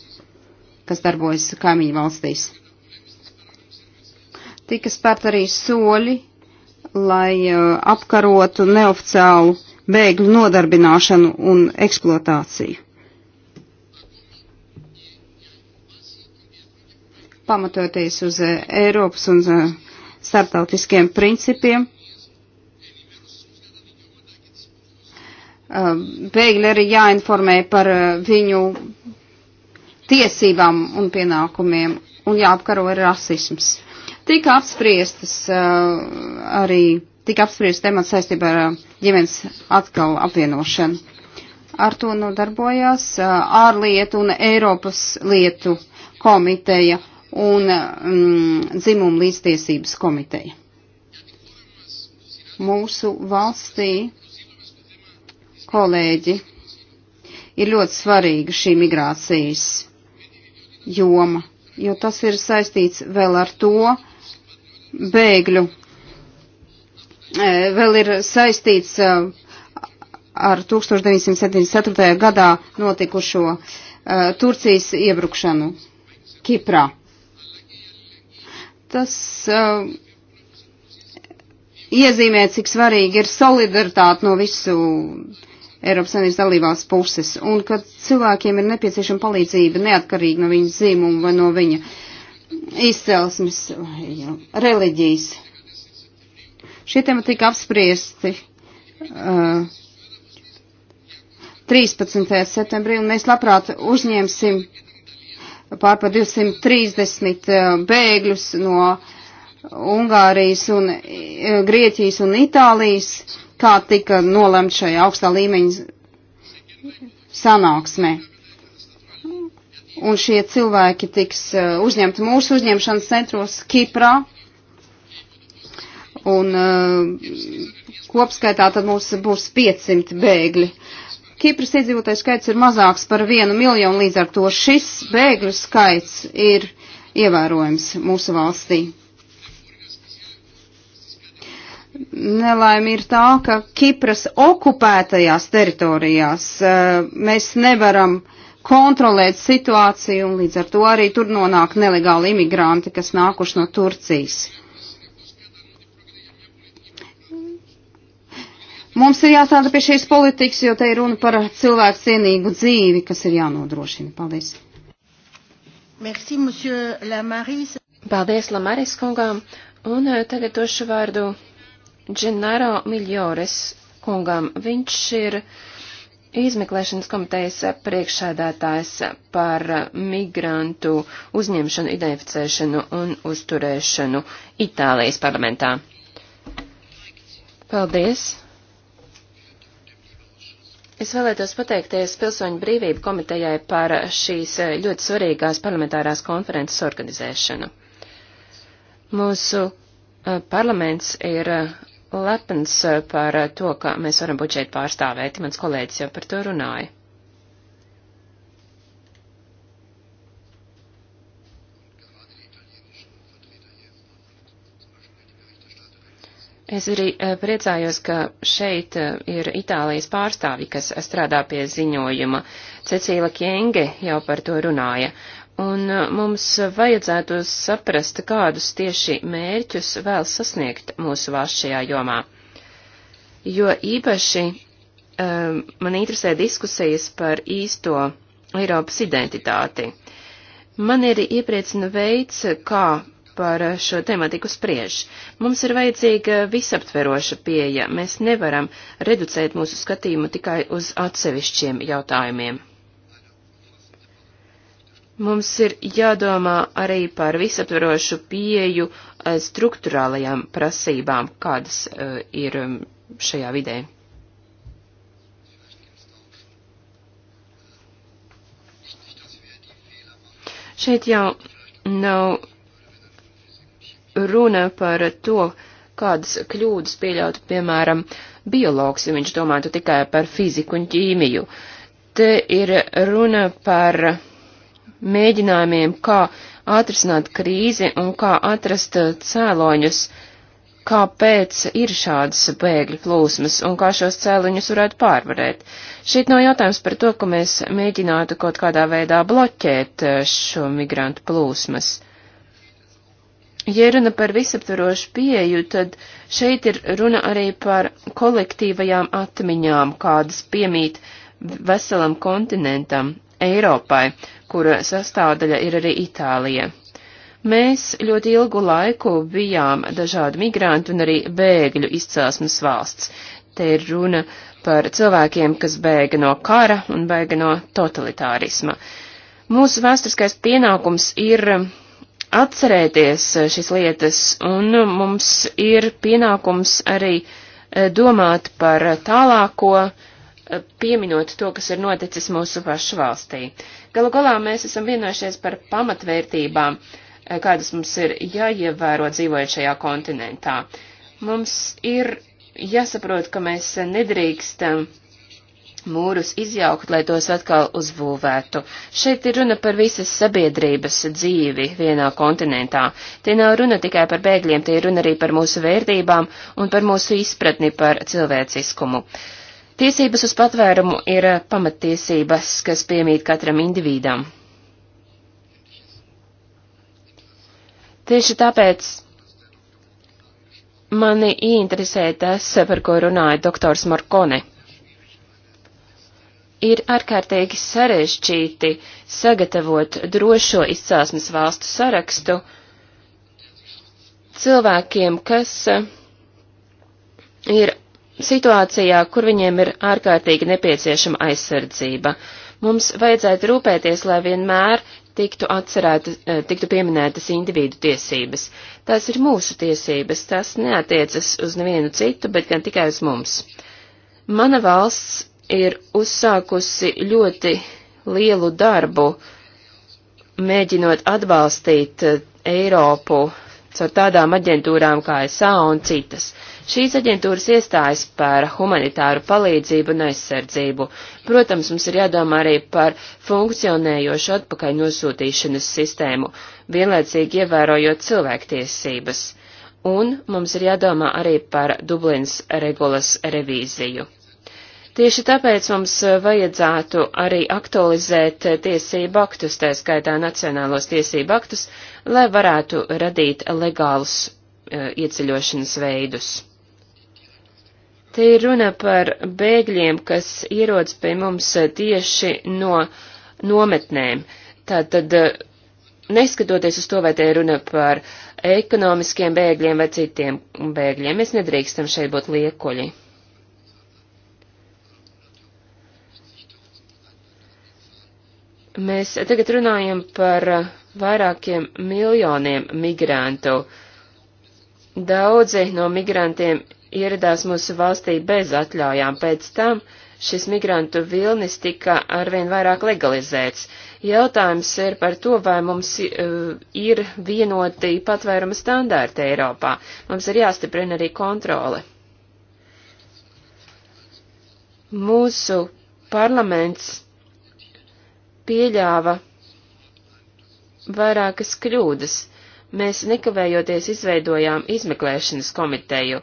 Speaker 1: kas darbojas kaimiņu valstīs. Tika spērt arī soļi lai uh, apkarotu neoficiālu bēgļu nodarbināšanu un eksploatāciju. Pamatoties uz uh, Eiropas un uh, starptautiskiem principiem, bēgļi arī jāinformē par viņu tiesībām un pienākumiem un jāapkaro ir rasisms. Tika apspriestas eh, arī, tika apspriestas temats saistībā ar eh, ģimenes atkal apvienošanu. Ar to nodarbojās nu eh, ārlietu un Eiropas lietu komiteja un mm, dzimumu līdztiesības komiteja. Mūsu valstī, kolēģi, ir ļoti svarīga šī migrācijas joma, jo tas ir saistīts vēl ar to, bēgļu e, vēl ir saistīts e, ar 1974. gadā notikušo e, Turcijas iebrukšanu Kiprā. Tas iezīmē, cik svarīgi ir solidaritāte no visu Eiropas Savienības dalībās puses, un ka cilvēkiem ir nepieciešama palīdzība neatkarīgi no viņa zīmuma vai no viņa uh, izcelsmes reliģijas. Šie temati tika apspriesti uh, 13. septembrī, un mēs labprāt uzņemsim pār par 230 bēgļus no Ungārijas un Grieķijas un Itālijas, kā tika nolemts šajā augstā līmeņa sanāksmē un šie cilvēki tiks eh, uzņemti mūsu uzņemšanas centros Kiprā. Un eh, kopskaitā tad mums būs 500 bēgļi. Kipras iedzīvotāju skaits ir mazāks par vienu miljonu, līdz ar to šis bēgļu skaits ir ievērojams mūsu valstī. Nelaime ir tā, ka Kipras okupētajās teritorijās eh, mēs nevaram uh, kontrolēt situāciju, un līdz ar to arī tur nonāk nelegāli imigranti, kas nākuši no Turcijas. Mums ir jāstāda pie šīs politikas, jo te ir runa par cilvēku cienīgu dzīvi, kas ir jānodrošina. Paldies. Merci, Lamaris. Paldies Lamaris kungām.
Speaker 3: Un eh, tagad došu vārdu Gennaro Miljores kungām. Viņš ir uh, izmeklēšanas komitejas priekšsēdētājs par migrantu uzņemšanu, identificēšanu un uzturēšanu Itālijas parlamentā. Paldies! Es vēlētos pateikties Pilsoņu brīvību komitejai par šīs ļoti svarīgās parlamentārās konferences organizēšanu. Mūsu eh, parlaments ir lepns eh, par eh, to, ka mēs varam būt šeit pārstāvēti. Mans kolēģis jau par to runāja. Es arī eh, priecājos, ka šeit ir Itālijas pārstāvi, kas strādā pie ziņojuma. Cecīla Kienge jau par to runāja. Un uh, mums vajadzētu saprast, kādus tieši mērķus vēl sasniegt mūsu valsts šajā jomā. Jo īpaši um, man interesē diskusijas par īsto Eiropas identitāti. Man ir iepriecina veids, kā par šo tematiku spriež. Mums ir vajadzīga visaptveroša pieeja. Mēs nevaram reducēt mūsu skatījumu tikai uz atsevišķiem jautājumiem. Mums ir jādomā arī par visaptvarošu pieju eh, struktūrālajām prasībām, kādas uh, ir um, šajā vidē. Šeit jau nav runa par to, kādas kļūdas pieļautu, piemēram, biologs, ja viņš domātu tikai par fiziku un ķīmiju. Te ir runa par mēģinājumiem, kā atrisināt krīzi un kā atrast eh, cēloņus, kāpēc ir šādas bēgļu plūsmas un kā šos cēloņus varētu pārvarēt. Šeit nav jautājums par to, ka mēs mēģinātu kaut kādā veidā bloķēt eh, šo migrantu plūsmas. Ja runa par visaptvarošu pieeju, tad šeit ir runa arī par kolektīvajām atmiņām, kādas piemīt veselam kontinentam, Eiropai, kura sastāvdaļa ir arī Itālija. Mēs ļoti ilgu laiku bijām dažādu migrantu un arī bēgļu izcelsmes valsts. Te ir runa par cilvēkiem, kas bēga no kara un bēga no totalitārisma. Mūsu vēsturiskais pienākums ir atcerēties šīs lietas, un mums ir pienākums arī eh, domāt par tālāko, Eh, pieminot to, kas ir noticis mūsu pašu valstī. Galu galā mēs esam vienojušies par pamatvērtībām, eh, kādas mums ir jāievēro dzīvojot šajā kontinentā. Mums ir jāsaprot, ka mēs nedrīkstam mūrus izjaukt, lai tos atkal uzbūvētu. Šeit ir runa par visas sabiedrības dzīvi vienā kontinentā. Te nav runa tikai par bēgļiem, te ir runa arī par mūsu vērtībām un par mūsu izpratni par cilvēciskumu. Uh, Tiesības uz patvērumu ir pamatiesības, kas piemīt katram individam. Tieši tāpēc mani interesē tas, par ko runāja doktors Markone. Ir ārkārtīgi sarežģīti sagatavot drošo izcelsmes valstu sarakstu cilvēkiem, kas ir situācijā, kur viņiem ir ārkārtīgi nepieciešama aizsardzība. Mums vajadzētu rūpēties, lai vienmēr tiktu, atcerētas, eh, tiktu pieminētas individu tiesības. Tās ir mūsu tiesības, tās neatiecas uz nevienu citu, bet gan tikai uz mums. Mana valsts ir uzsākusi ļoti lielu darbu, mēģinot atbalstīt eh, Eiropu caur tādām aģentūrām kā SA un citas. Šīs aģentūras iestājas par humanitāru palīdzību un aizsardzību. Protams, mums ir jādomā arī par funkcionējošu atpakaļ nosūtīšanas sistēmu, vienlaicīgi ievērojot cilvēktiesības. Un mums ir jādomā arī par Dublinas regulas revīziju. Tieši tāpēc mums e, vajadzētu arī aktualizēt e, tiesību aktus, tā skaitā nacionālos tiesību aktus, lai varētu radīt legālus e, ieceļošanas veidus. Te ir runa par bēgļiem, kas ierodas pie mums e, tieši no nometnēm. Tātad, neskatoties uz to, vai te ir runa par ekonomiskiem bēgļiem vai citiem bēgļiem, mēs nedrīkstam šeit būt liekuļi. Mēs tagad runājam par vairākiem miljoniem migrantu. Daudzi no migrantiem ieradās mūsu valstī bez atļaujām. Pēc tam šis migrantu vilnis tika arvien vairāk legalizēts. Jautājums ir par to, vai mums eh, ir vienoti patvēruma standārti Eiropā. Mums ir jāstiprina arī kontrole. Mūsu parlaments pieļāva vairākas kļūdas. Mēs nekavējoties izveidojām izmeklēšanas komiteju,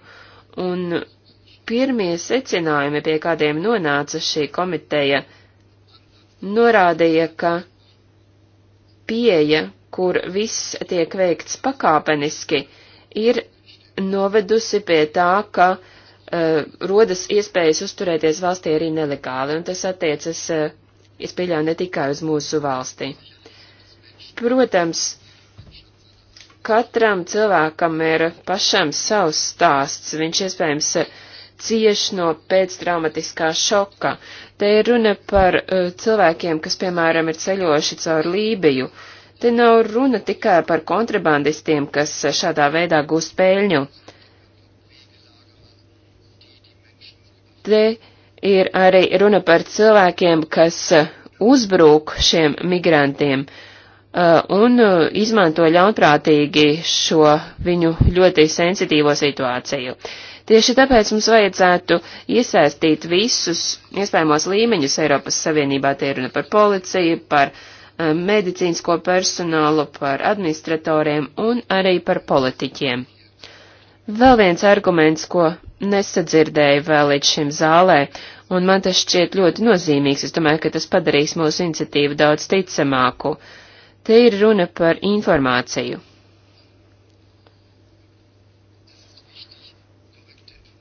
Speaker 3: un pirmie secinājumi, pie kādiem nonāca šī komiteja, norādīja, ka pieeja, kur viss tiek veikts pakāpeniski, ir novedusi pie tā, ka uh, rodas iespējas uzturēties valstī arī nelegāli, un tas attiecas uh, es pieļauju ne tikai uz mūsu valsti. Protams, katram cilvēkam ir pašam savs stāsts, viņš iespējams cieš no pēctraumatiskā šoka. Te ir runa par uh, cilvēkiem, kas, piemēram, ir ceļojuši caur Lībiju. Te nav runa tikai par kontrabandistiem, kas šādā veidā gūst peļņu. Te Ir arī runa par cilvēkiem, kas eh, uzbrūk šiem migrantiem eh, un eh, izmanto ļaunprātīgi šo viņu ļoti sensitīvo situāciju. Tieši tāpēc mums vajadzētu iesaistīt visus iespējamos līmeņus Eiropas Savienībā. Tie runa par policiju, par medicīnsko personālu, par administratoriem un arī par politiķiem. Vēl viens arguments, ko nesadzirdēju vēl līdz šim zālē, un man tas šķiet ļoti nozīmīgs. Es domāju, ka tas padarīs mūsu iniciatīvu daudz ticamāku. Te ir runa par informāciju.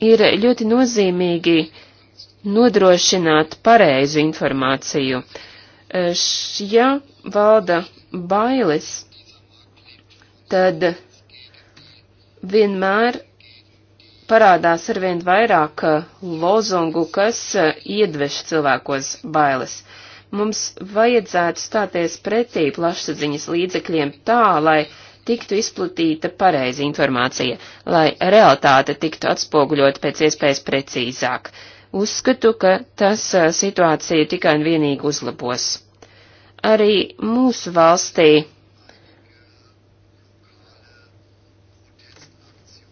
Speaker 3: Ir ļoti nozīmīgi nodrošināt pareizu informāciju. Ja valda bailes, tad vienmēr parādās arvien vairāk uh, lozungu, kas uh, iedveš cilvēkos bailes. Mums vajadzētu stāties pretī plašsaziņas līdzekļiem tā, lai tiktu izplatīta pareiza informācija, lai realitāte tiktu atspoguļot pēc iespējas precīzāk. Uzskatu, ka tas uh, situāciju tikai un vienīgi uzlabos. Arī mūsu valstī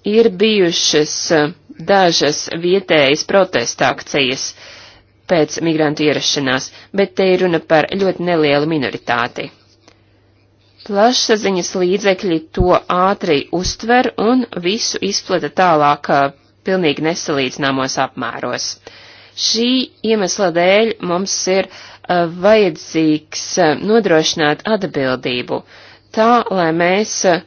Speaker 3: ir bijušas eh, dažas vietējas protesta akcijas pēc migrantu ierašanās, bet te ir runa par ļoti nelielu minoritāti. Plašsaziņas līdzekļi to ātri uztver un visu izplata tālāk eh, pilnīgi nesalīdzināmos apmēros. Šī iemesla dēļ mums ir eh, vajadzīgs nodrošināt atbildību tā, lai mēs uh,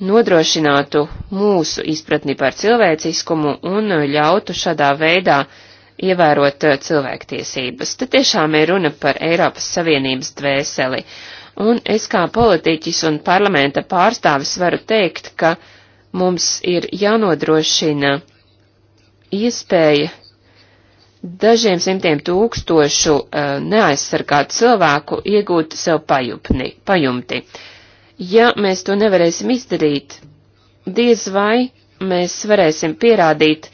Speaker 3: nodrošinātu mūsu izpratni par cilvēciskumu un ļautu šādā veidā ievērot eh, cilvēktiesības. Te tiešām ir runa par Eiropas Savienības dvēseli. Un es kā politiķis un parlamenta pārstāvis varu teikt, ka mums ir jānodrošina iespēja dažiem simtiem tūkstošu uh, neaizsargātu cilvēku iegūt sev pajupni, pajumti. pajumti. Ja mēs to nevarēsim izdarīt, diez vai mēs varēsim pierādīt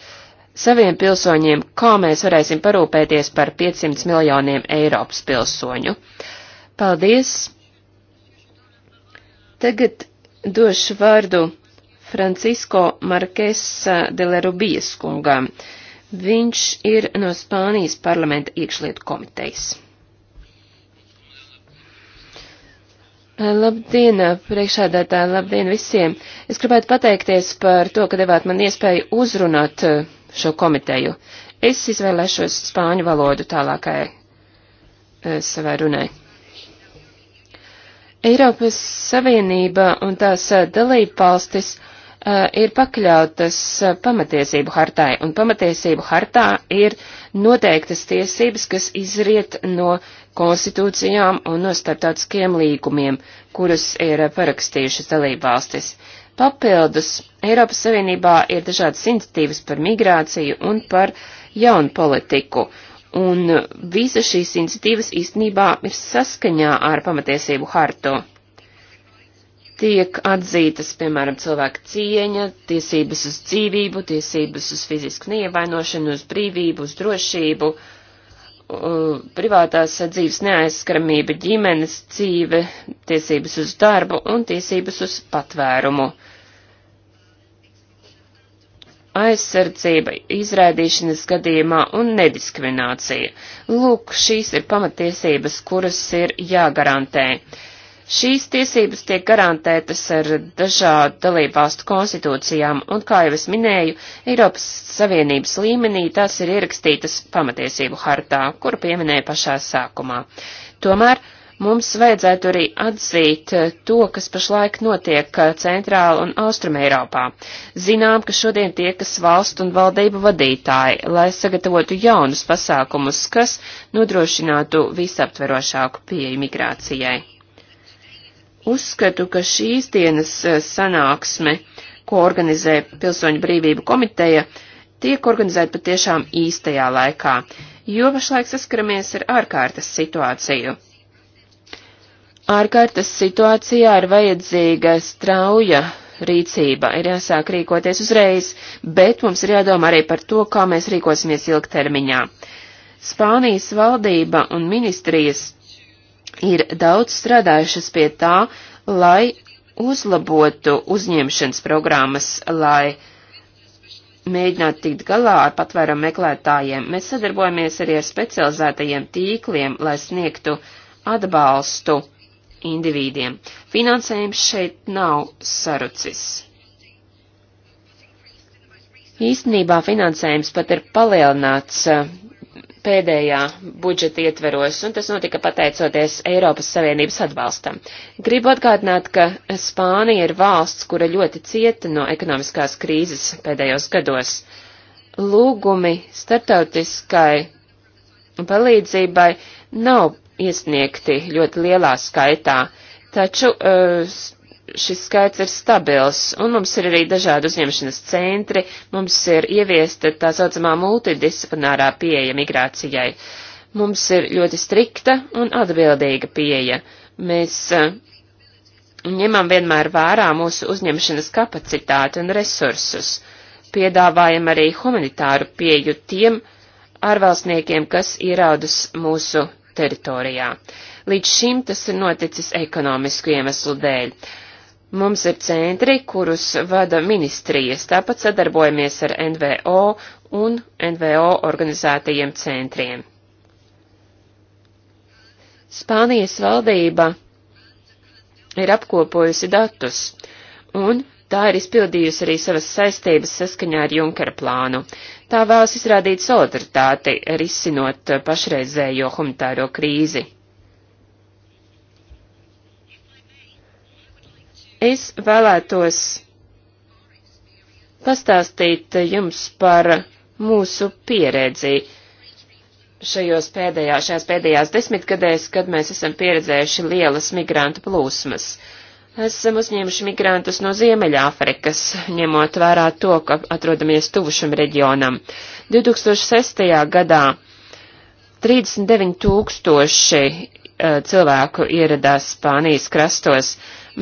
Speaker 3: saviem pilsoņiem, kā mēs varēsim parūpēties par 500 miljoniem Eiropas pilsoņu. Paldies! Tagad došu vārdu Francisko Markesa de la Rubijas kungam. Viņš ir no Spānijas parlamenta iekšlietu komitejas. Eh, labdien, eh, priekšādātāji, labdien visiem! Es gribētu pateikties par to, ka devāt man iespēju uzrunāt eh, šo komiteju. Es izvēlēšos spāņu valodu tālākai savai runai. Eiropas Savienība un tās dalība valstis ir pakļautas pamatiesību hartai, un pamatiesību hartā ir noteiktas tiesības, kas izriet no konstitūcijām un no starptautiskiem līgumiem, kurus ir parakstījušas dalībvalstis. Papildus Eiropas Savienībā ir dažādas iniciatīvas par migrāciju un par jaunu politiku, un visa šīs iniciatīvas īstenībā ir saskaņā ar pamatiesību hartu. Tiek atzītas, piemēram, cilvēka cieņa, tiesības uz dzīvību, tiesības uz fizisku neievainošanu, uz brīvību, uz drošību, uh, Uh, privātās dzīves neaizskaramība, ģimenes dzīve, tiesības uz darbu un tiesības uz patvērumu. Aizsardzība izrādīšanas gadījumā un nediskriminācija. Lūk, šīs ir pamatiesības, kuras ir jāgarantē. Uh, Šīs tiesības tiek garantētas ar dažādu dalībvalstu konstitūcijām, un, kā jau es minēju, Eiropas Savienības līmenī tās ir ierakstītas pamatiesību hartā, kuru pieminēja pašā sākumā. Tomēr mums vajadzētu arī atzīt to, kas pašlaik notiek Centrāla un Austruma Eiropā. Zinām, ka šodien tiekas valstu un valdību vadītāji, lai sagatavotu jaunus pasākumus, kas nodrošinātu visaptverošāku pieeju migrācijai. Uzskatu, ka šīs dienas e, sanāksme, ko organizē Pilsoņu brīvību komiteja, tiek organizēta patiešām īstajā laikā, jo pašlaik saskaramies ar ārkārtas situāciju. Ārkārtas situācijā ir vajadzīga strauja rīcība, ir jāsāk rīkoties uzreiz, bet mums ir jādomā arī par to, kā mēs rīkosimies ilgtermiņā. Spānijas valdība un ministrijas ir daudz strādājušas pie tā, lai uzlabotu uzņemšanas programmas, lai mēģinātu tikt galā ar patvērumu meklētājiem. Mēs sadarbojamies arī ar specializētajiem tīkliem, lai sniegtu atbalstu indivīdiem. Finansējums šeit nav sarucis. Īstenībā finansējums pat ir palielināts pēdējā budžeta ietveros, un tas notika pateicoties Eiropas Savienības atbalstam. Gribu atgādināt, ka Spānija ir valsts, kura ļoti cieta no ekonomiskās krīzes pēdējos gados. Lūgumi startautiskai palīdzībai nav iesniegti ļoti lielā skaitā, taču uh, šis skaits ir stabils, un mums ir arī dažādi uzņemšanas centri, mums ir ieviesta tā saucamā multidisciplinārā pieeja migrācijai. Mums ir ļoti strikta un atbildīga pieeja. Mēs eh, ņemam vienmēr vērā mūsu uzņemšanas kapacitāti un resursus. Piedāvājam arī humanitāru pieju tiem ārvalstniekiem, kas ieraudas mūsu teritorijā. Līdz šim tas ir noticis ekonomisku iemeslu dēļ. Mums ir centri, kurus vada ministrijas, tāpat sadarbojamies ar NVO un NVO organizētajiem centriem. Spānijas valdība ir apkopojusi datus, un tā ir izpildījusi arī savas saistības saskaņā ar Junkera plānu. Tā vēlas izrādīt solidaritāti, risinot pašreizējo humanitāro krīzi. Es vēlētos pastāstīt jums par mūsu pieredzi šajos pēdējās, šajās pēdējās desmitgadēs, kad mēs esam pieredzējuši lielas migrantu plūsmas. Esam uzņēmuši migrantus no Ziemeļāfrikas, ņemot vērā to, ka atrodamies tuvušam reģionam. 2006. gadā 39 tūkstoši eh, cilvēku ieradās Spānijas krastos,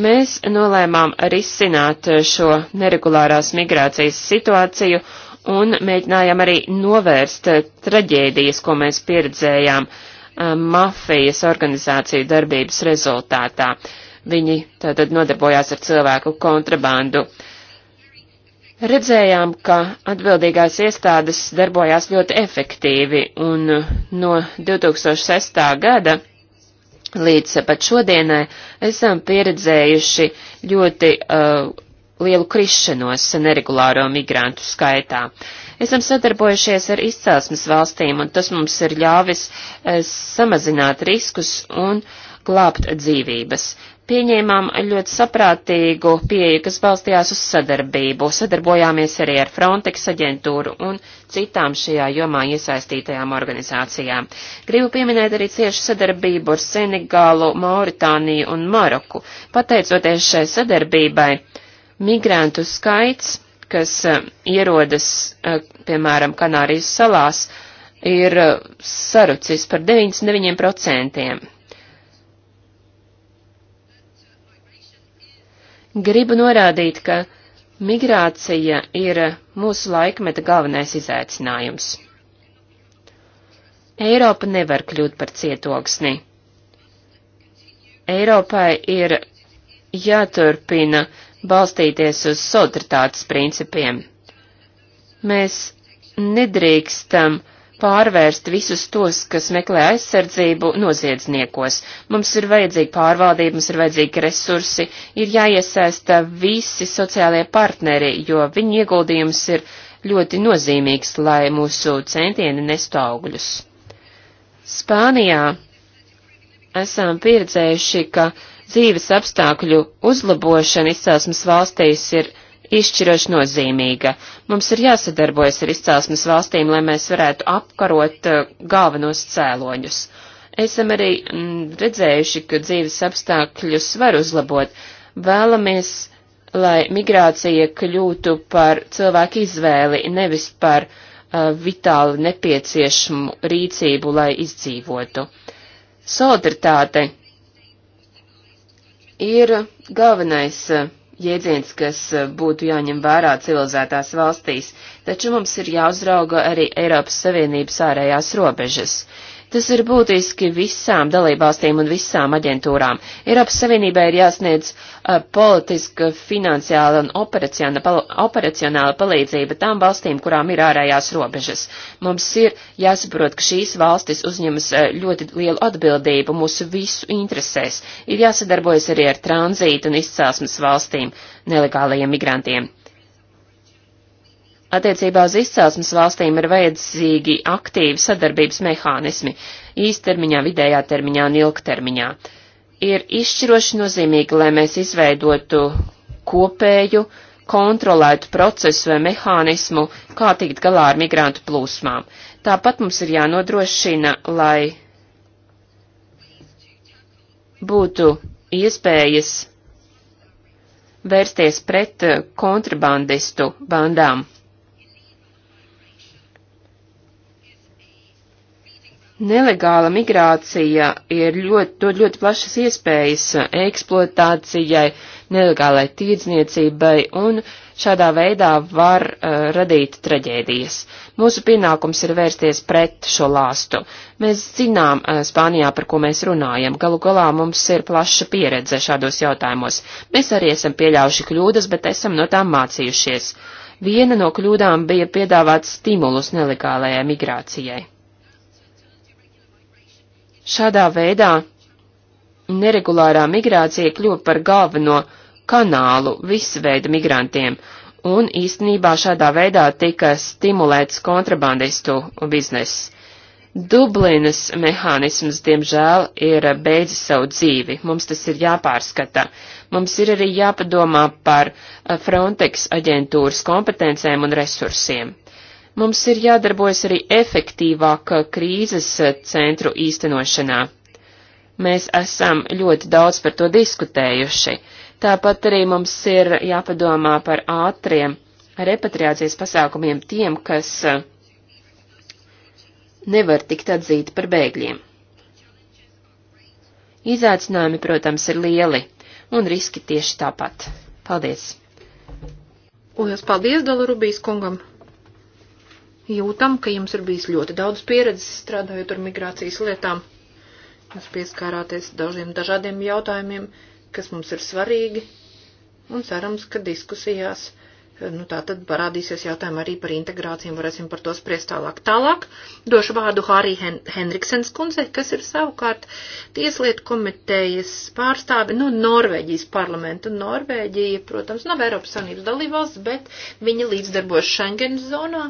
Speaker 3: Mēs nolēmām risināt šo neregulārās migrācijas situāciju un mēģinājām arī novērst traģēdijas, ko mēs pieredzējām eh, mafijas organizāciju darbības rezultātā. Viņi tātad nodarbojās ar cilvēku kontrabandu. Redzējām, ka atbildīgās iestādes darbojās ļoti efektīvi, un no 2006. gada līdz pat šodienai esam pieredzējuši ļoti uh, lielu krišanos neregulāro migrantu skaitā. Esam sadarbojušies ar izcelsmes valstīm, un tas mums ir ļāvis uh, samazināt riskus un glābt dzīvības pieņēmām ļoti saprātīgu pieeju, kas balstījās uz sadarbību. Sadarbojāmies arī ar Frontex aģentūru un citām šajā jomā iesaistītajām organizācijām. Gribu pieminēt arī ciešu sadarbību ar Senegālu, Mauritāniju un Maroku. Pateicoties šai sadarbībai, migrantu skaits, kas eh, ierodas, eh, piemēram, Kanārijas salās, ir eh, sarucis par 99%. Gribu norādīt, ka migrācija ir mūsu laikmeta galvenais izaicinājums. Eiropa nevar kļūt par cietoksni. Eiropai ir jāturpina balstīties uz solidaritātes principiem. Mēs nedrīkstam uh, pārvērst visus tos, kas meklē aizsardzību, noziedzniekos. Mums ir vajadzīga pārvaldība, mums ir vajadzīgi resursi, ir jāiesaista visi sociālie partneri, jo viņu ieguldījums ir ļoti nozīmīgs, lai mūsu centieni nestu augļus. Spānijā esam pieredzējuši, ka dzīves apstākļu uzlabošana izcelsmes valstīs ir izšķiroši nozīmīga. Mums ir jāsadarbojas ar izcelsmes valstīm, lai mēs varētu apkarot eh, galvenos cēloņus. Esam arī mm, redzējuši, ka dzīves apstākļus var uzlabot. Vēlamies, lai migrācija kļūtu par cilvēku izvēli, nevis par uh, vitāli nepieciešamu rīcību, lai izdzīvotu. Solidaritāte ir galvenais uh, jēdziens, kas e, būtu jāņem vērā civilizētās valstīs, taču mums ir jāuzrauga arī Eiropas Savienības ārējās robežas. Tas ir būtiski visām dalībvalstīm un visām aģentūrām. Eiropas Savienībai ir jāsniedz uh, politiska, finansiāla un pal operacionāla palīdzība tām valstīm, kurām ir ārējās robežas. Mums ir jāsaprot, ka šīs valstis uzņemas uh, ļoti lielu atbildību mūsu visu interesēs. Ir jāsadarbojas arī ar tranzītu un izcelsmes valstīm nelegālajiem migrantiem. Attiecībā uz izcelsmes valstīm ir vajadzīgi aktīvi sadarbības mehānismi īstermiņā, vidējā termiņā un ilgtermiņā. Ir izšķiroši nozīmīgi, lai mēs izveidotu kopēju, kontrolētu procesu vai mehānismu, kā tikt galā ar migrantu plūsmām. Tāpat mums ir jānodrošina, lai būtu iespējas vērsties pret kontrabandistu bandām. Nelegāla migrācija ir ļoti, dod ļoti plašas iespējas eksploatācijai, nelegālai tirdzniecībai un šādā veidā var uh, radīt traģēdijas. Mūsu pienākums ir vērsties pret šo lāstu. Mēs zinām uh, Spānijā, par ko mēs runājam. Galu galā mums ir plaša pieredze šādos jautājumos. Mēs arī esam pieļaujuši kļūdas, bet esam no tām mācījušies. Viena no kļūdām bija piedāvāt stimulus nelegālajai migrācijai. Šādā veidā neregulārā migrācija kļuva par galveno kanālu visveida migrantiem, un īstenībā šādā veidā tika stimulēts kontrabandistu bizness. Dublinas mehānisms, diemžēl, ir beidzis savu dzīvi. Mums tas ir jāpārskata. Mums ir arī jāpadomā par Frontex aģentūras kompetencēm un resursiem. Mums ir jādarbojas arī efektīvāk krīzes centru īstenošanā. Mēs esam ļoti daudz par to diskutējuši. Tāpat arī mums ir jāpadomā par ātriem repatriācijas pasākumiem tiem, kas eh, nevar tikt atzīti par bēgļiem. Izaicinājumi, protams, ir lieli,
Speaker 2: un riski tieši tāpat. Paldies! Un es paldies Dalurubijas kungam! jūtam, ka jums ir bijis ļoti daudz pieredzes strādājot ar migrācijas lietām. Jūs pieskārāties daudziem dažādiem jautājumiem, kas mums ir svarīgi, un cerams, ka diskusijās, nu tā tad parādīsies jautājumi arī par integrāciju, varēsim par to spriest tālāk. Tālāk došu vārdu Hārī Hen Henriksens kundzei, kas ir savukārt tieslietu komitejas pārstāve no nu, Norvēģijas parlamenta. Norvēģija, protams, nav Eiropas Savienības dalībvalsts, bet viņa līdzdarbojas Schengen zonā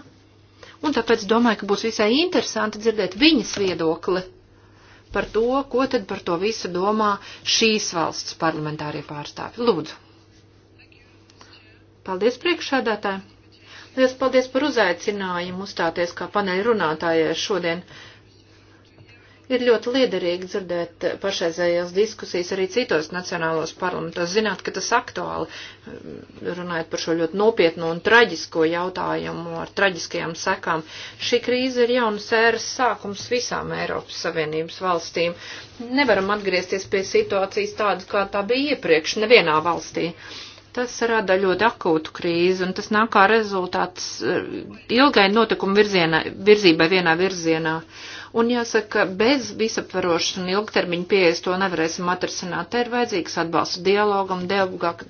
Speaker 2: un tāpēc domāju, ka būs visai interesanti dzirdēt viņas viedokli par to, ko tad par to visu domā šīs valsts parlamentārie pārstāvi. Lūdzu. Paldies priekšādātāji. Liels paldies par uzaicinājumu uzstāties kā paneļrunātājai šodien. Uh, Ir ļoti liederīgi dzirdēt pašreizējās diskusijas arī citos nacionālos parlamentos, zināt, ka tas aktuāli, mm, runājot par šo ļoti nopietno un traģisko jautājumu ar traģiskajām sekām. Šī krīze ir jaunas ēras sākums visām Eiropas Savienības valstīm. Nevaram atgriezties pie situācijas tādas, kā tā bija iepriekš nevienā valstī. Tas rada ļoti akūtu krīzi, un tas nāk kā rezultāts eh, ilgai notikumu virzienā, virzībai vienā virzienā Un jāsaka, bez visaptvarošas un ilgtermiņa pieejas to nevarēsim atrasināt. Te ir vajadzīgs atbalsts dialogam,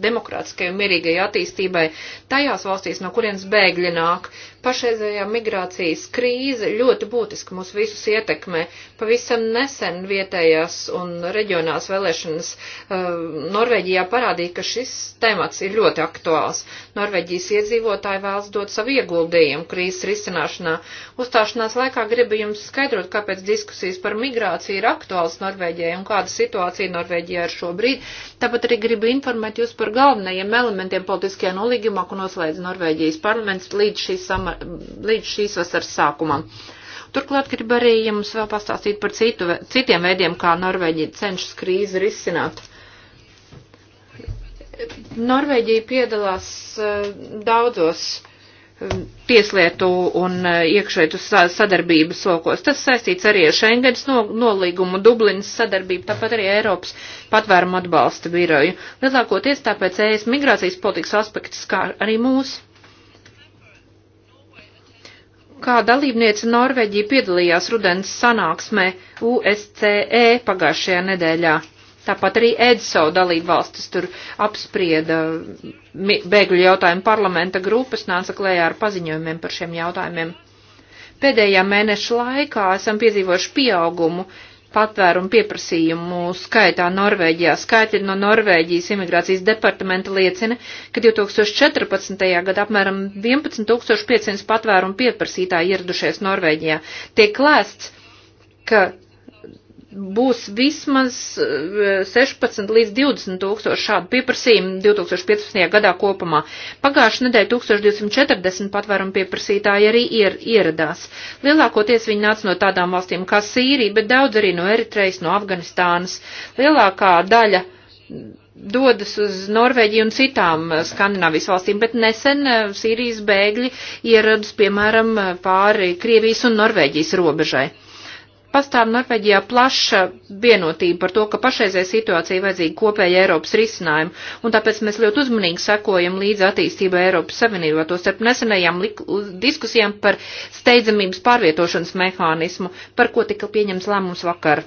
Speaker 2: demokrātiskai un mierīgai attīstībai tajās valstīs, no kurienes bēgļi nāk. Pašreizējā migrācijas krīze ļoti būtiski mūs visus ietekmē. Pavisam nesen vietējās un reģionās vēlēšanas uh, Norvēģijā parādīja, ka šis temats ir ļoti aktuāls. Norvēģijas iedzīvotāji vēlas dot savu ieguldījumu krīzes risināšanā. Uzstāšanās laikā gribu jums skaidrot, kāpēc diskusijas par migrāciju ir aktuāls Norvēģijai un kāda situācija Norvēģijā ir šobrīd. Tāpat arī gribu informēt jūs par galvenajiem elementiem politiskajā nolīgumā, ko noslēdz Norvēģijas parlaments līdz šīs, sama, līdz šīs vasaras sākumam. Turklāt gribu arī jums vēl pastāstīt par citu, citiem veidiem, kā Norvēģija cenšas krīzi risināt. Norvēģija piedalās eh, daudzos tieslietu un e, iekšlietu sadarbības lokos. Tas saistīts arī ar Schengens nolīgumu, Dublinas sadarbību, tāpat arī Eiropas patvērumu atbalsta biroju. Lielākoties tāpēc ES migrācijas politikas aspekts kā arī mūs. Kā dalībniece Norvēģija piedalījās rudens sanāksmē USCE pagājušajā nedēļā. Tāpat arī EDSO dalību valstis tur apsprieda bēgļu jautājumu parlamenta grupas, nāca klējā ar paziņojumiem par šiem jautājumiem. Pēdējā mēneša laikā esam piedzīvojuši pieaugumu patvērumu pieprasījumu skaitā Norvēģijā. Skaitļi no Norvēģijas imigrācijas departamenta liecina, ka 2014. gadā apmēram 11500 patvērumu pieprasītāji ieradušies Norvēģijā. Tiek lēsts, ka būs vismaz 16 eh, līdz 20 tūkstoši šādu pieprasījumu 2015. gadā kopumā. Pagājušajā nedēļā 1240 patvērumu pieprasītāji arī ier, ieradās. Lielākoties viņi nāca no tādām valstīm kā Sīrija, bet daudz arī no Eritrejas, no Afganistānas. Lielākā daļa dodas uz Norvēģiju un citām eh, Skandināvijas valstīm, bet nesen eh, Sīrijas bēgļi ieradas, piemēram, pāri Krievijas un Norvēģijas robežai pastāv Norvēģijā plaša vienotība par to, ka pašreizē situācija vajadzīga kopēja Eiropas risinājuma, un tāpēc mēs ļoti uzmanīgi sekojam līdz attīstībai Eiropas Savienībā, to starp nesenajām diskusijām par steidzamības pārvietošanas mehānismu, par ko tika pieņems lēmums vakar.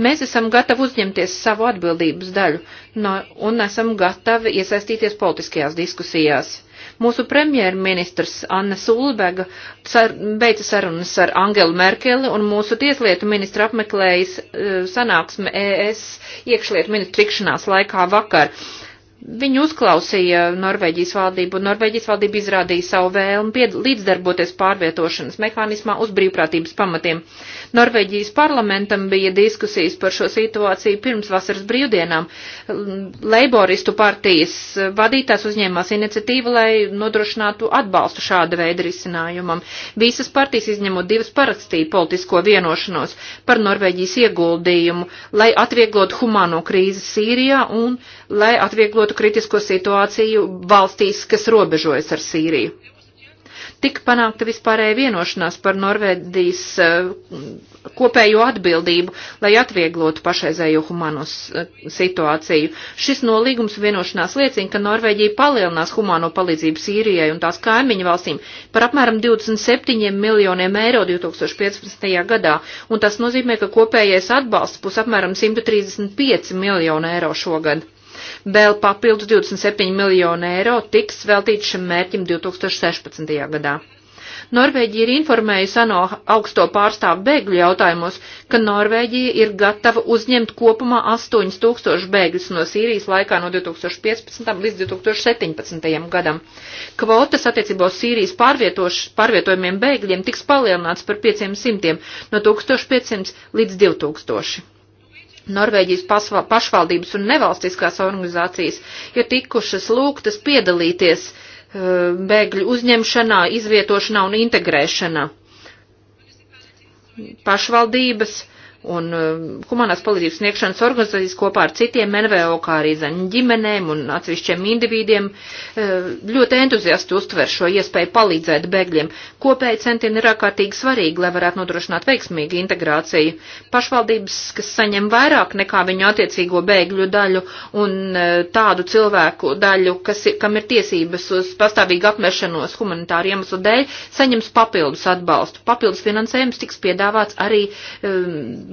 Speaker 2: Mēs esam gatavi uzņemties savu atbildības daļu no, un esam gatavi iesaistīties politiskajās diskusijās Mūsu premjerministrs Anna Sulbega sar, beidza sarunas ar Angelu Merkeli un mūsu tieslietu ministra apmeklējas eh, sanāksme ES iekšlietu ministra tikšanās laikā vakar. Viņu uzklausīja Norvēģijas valdību, un Norvēģijas valdība izrādīja savu vēlmu līdzdarboties pārvietošanas mehānismā uz brīvprātības pamatiem. Uh, Norvēģijas parlamentam bija diskusijas par šo situāciju pirms vasaras brīvdienām. Leiboristu partijas vadītājs uzņēmās iniciatīvu, lai nodrošinātu atbalstu šāda veida risinājumam. Visas partijas izņemot divas parakstīja politisko vienošanos par Norvēģijas ieguldījumu, lai atvieglotu humāno krīzi Sīrijā un lai atvieglotu kritisko situāciju valstīs, kas robežojas ar Sīriju. Tik panākta vispārēja vienošanās par Norvēdijas eh, kopējo atbildību, lai atvieglotu pašreizējo humanos eh, situāciju. Šis nolīgums vienošanās liecina, ka Norvēģija palielinās humano palīdzību Sīrijai un tās kaimiņu valstīm par apmēram 27 miljoniem eiro 2015. gadā, un tas nozīmē, ka kopējais atbalsts būs apmēram 135 miljonu eiro šogad. Vēl papildus 27 miljonu eiro tiks veltīts šim mērķim 2016. gadā. Norvēģija ir informējusi ANO augsto pārstāvu bēgļu jautājumos, ka Norvēģija ir gatava uzņemt kopumā 8000 bēgļus no Sīrijas laikā no 2015. līdz 2017. gadam. Kvotas attiecībā uz Sīrijas pārvietojumiem bēgļiem tiks palielināts par 500 no 1500 līdz 2000. Norvēģijas pasva, pašvaldības un nevalstiskās organizācijas ir tikušas lūgtas piedalīties uh, bēgļu uzņemšanā, izvietošanā un integrēšanā. Pašvaldības un um, humanās palīdzības sniegšanas organizācijas kopā ar citiem NVO, kā arī zaņu ģimenēm un atsevišķiem individiem uh, ļoti entuziasti uztver šo iespēju palīdzēt bēgļiem. Kopēji centieni ir ārkārtīgi svarīgi, lai varētu nodrošināt veiksmīgu integrāciju. Pašvaldības, kas saņem vairāk nekā viņu attiecīgo bēgļu daļu un uh, tādu cilvēku daļu, kas, kam ir tiesības uz pastāvīgu apmešanos humanitāru iemeslu dēļ, saņems papildus atbalstu. Papildus finansējums tiks piedāvāts arī um,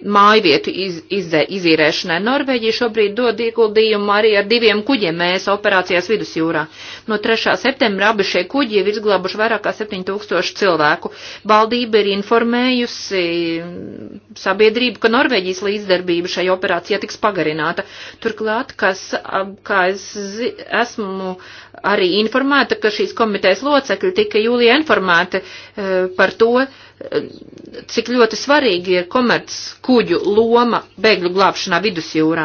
Speaker 2: mājvietu iz, izzē, izīrēšanai. Norvēģija šobrīd dod ieguldījumu arī ar diviem kuģiem mēs operācijās vidusjūrā. No 3. septembra abi šie kuģi ir izglābuši vairāk kā 7000 cilvēku. Valdība ir informējusi sabiedrību, ka Norvēģijas līdzdarbība šai operācijā tiks pagarināta. Turklāt, kas, kā es zi, esmu arī informēta, ka šīs komitejas locekļi tika jūlijā informēti e, par to, cik ļoti svarīgi ir komerc kuģu loma bēgļu glābšanā vidusjūrā.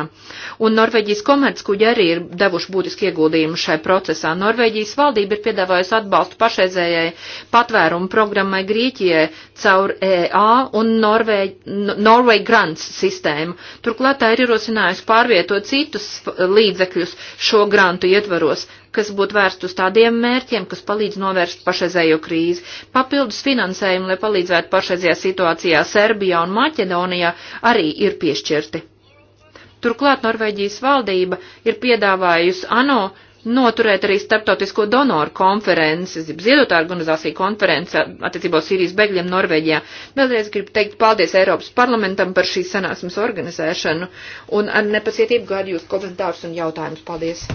Speaker 2: Un Norvēģijas komerc kuģi arī ir devuši būtiski ieguldījumu šai procesā. Norvēģijas valdība ir piedāvājusi atbalstu pašreizējai patvērumu programmai Grieķijai caur EA un Norvēģ, Norway Grants sistēmu. Turklāt tā ir ierosinājusi pārvietot citus līdzekļus šo grantu ietvaros, kas būtu vērst uz tādiem mērķiem, kas palīdz novērst pašreizējo krīzi. Papildus finansējumu, lai palīdzētu pašreizajā situācijā Serbijā un Maķedonijā, arī ir piešķirti. Turklāt Norvēģijas valdība ir piedāvājusi ANO noturēt arī starptautisko donoru konferenci, ziedotāju organizāciju konferenci attiecībā uz Sīrijas bēgļiem Norvēģijā. Vēlreiz gribu teikt paldies Eiropas parlamentam par šīs sanāksmes organizēšanu un ar nepacietību gaidu jūs komentārus un jautājumus. Paldies!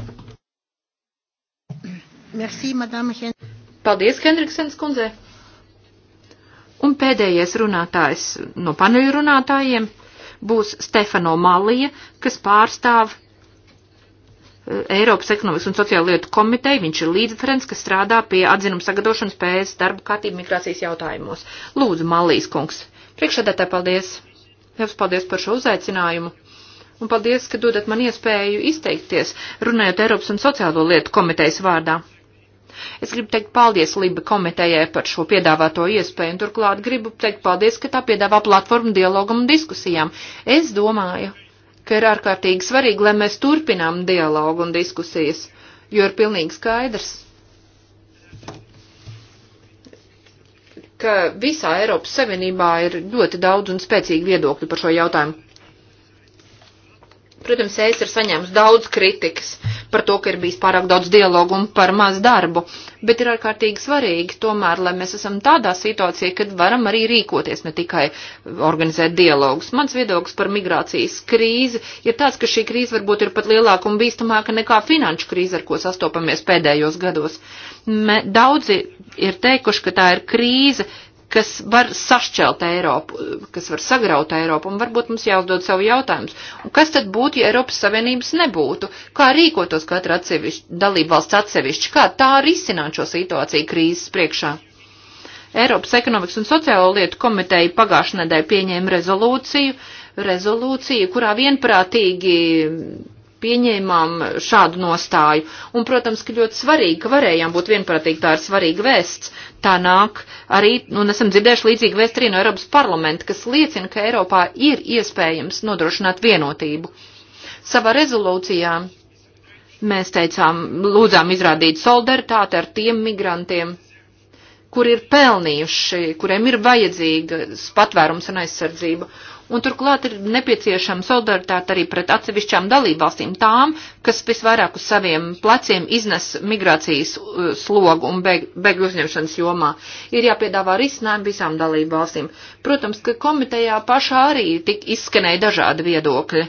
Speaker 1: Merci, madame Hen.
Speaker 2: Paldies, Henriksens kundzei. Un pēdējais runātājs no paneļu runātājiem būs Stefano Malija, kas pārstāv eh, Eiropas ekonomikas un sociālo lietu komiteju. Viņš ir līdzferents, kas strādā pie atzinuma sagadošanas pēc darba kārtību migrācijas jautājumos. Lūdzu, Malijas kungs. Priekšādātāji, paldies. Jums paldies par šo uzaicinājumu. Un paldies, ka dodat man iespēju izteikties, runājot Eiropas un sociālo lietu komitejas vārdā. Es gribu teikt paldies Liba komitejai par šo piedāvāto iespēju, un turklāt gribu teikt paldies, ka tā piedāvā platformu dialogam un diskusijām. Es domāju, ka ir ārkārtīgi svarīgi, lai mēs turpinām dialogu un diskusijas, jo ir pilnīgi skaidrs. ka visā Eiropas Savienībā ir ļoti daudz un spēcīgi viedokļi par šo jautājumu. Protams, es ir saņēmusi daudz kritikas par to, ka ir bijis pārāk daudz dialogu un par maz darbu, bet ir ārkārtīgi svarīgi tomēr, lai mēs esam tādā situācijā, kad varam arī rīkoties, ne tikai organizēt dialogus. Mans viedoklis par migrācijas krīzi ir tāds, ka šī krīze varbūt ir pat lielāka un bīstamāka nekā finanšu krīze, ar ko sastopamies pēdējos gados. Me, daudzi ir teikuši, ka tā ir krīze, kas var sašķelt Eiropu, kas var sagraut Eiropu, un varbūt mums jāuzdod savu jautājumus. Un kas tad būtu, ja Eiropas Savienības nebūtu? Kā rīkotos katra atsevišķa dalība valsts atsevišķi? Kā tā risināt šo situāciju krīzes priekšā? Eiropas ekonomikas un sociālo lietu komiteja pagājušajā nedēļā pieņēma rezolūciju, rezolūciju, kurā vienprātīgi pieņēmām šādu nostāju. Un, protams, ka ļoti svarīgi, ka varējām būt vienprātīgi, tā ir svarīga vēsts. Tā nāk arī, un esam dzirdējuši līdzīgu vēstu arī no Eiropas parlamenta, kas liecina, ka Eiropā ir iespējams nodrošināt vienotību. Savā rezolūcijā mēs teicām, lūdzām izrādīt solidaritāti ar tiem migrantiem, kur ir pelnījuši, kuriem ir vajadzīga patvērums un aizsardzība un turklāt ir nepieciešama solidaritāte arī pret atsevišķām dalībvalstīm, tām, kas visvairāk uz saviem pleciem iznes migrācijas uh, slogu un beg, bēgļu uzņemšanas jomā. Ir jāpiedāvā risinājumi visām dalībvalstīm. Protams, ka komitejā pašā arī tik izskanēja dažādi viedokļi.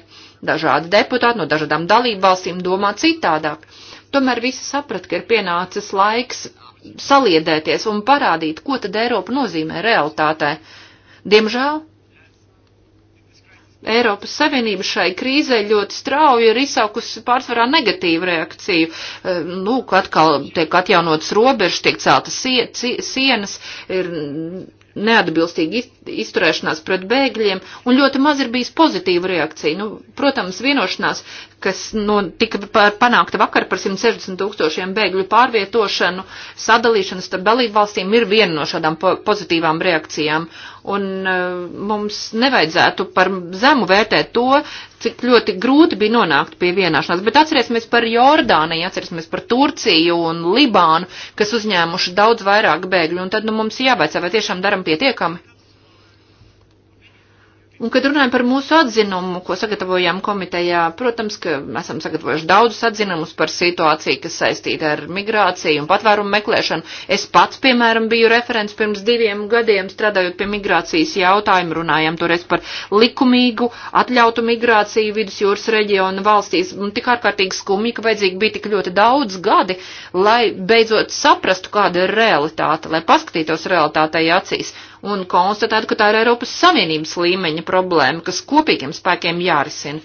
Speaker 2: Dažādi deputāti no dažādām dalībvalstīm domā citādāk. Tomēr visi saprat, ka ir pienācis laiks saliedēties un parādīt, ko tad Eiropa nozīmē realitātē. Diemžēl Eiropas Savienība šai krīzē ļoti strauji ir izsaukusi pārsvarā negatīvu reakciju. Eh, lūk, atkal tiek atjaunotas robežas, tiek celtas sie, sie, sienas, ir neatbilstīgi izturēšanās pret bēgļiem, un ļoti maz ir bijis pozitīva reakcija. Nu, protams, vienošanās, kas nu, tika panākta vakar par 160 tūkstošiem bēgļu pārvietošanu, sadalīšanas starp dalību valstīm ir viena no šādām po pozitīvām reakcijām. Un uh, mums nevajadzētu par zemu vērtēt to, cik ļoti grūti bija nonākt pie vienāšanās. Bet atcerēsimies par Jordāniju, atcerēsimies par Turciju un Libānu, kas uzņēmuši daudz vairāk bēgļu, un tad nu mums jāvaicā, vai tiešām daram pietiekami. Un, kad runājam par mūsu atzinumu, ko sagatavojām komitejā, protams, ka esam sagatavojuši daudzus atzinumus par situāciju, kas saistīta ar migrāciju un patvērumu meklēšanu. Es pats, piemēram, biju referents pirms diviem gadiem, strādājot pie migrācijas jautājumu, runājām toreiz par likumīgu atļautu migrāciju vidusjūras reģionu valstīs. Un tik ārkārtīgi skumji, ka vajadzīgi bija tik ļoti daudz gadi, lai beidzot saprastu, kāda ir realitāte, lai paskatītos realitātei acīs un konstatētu, ka tā ir Eiropas Savienības līmeņa problēma, kas kopīgiem spēkiem jārisina.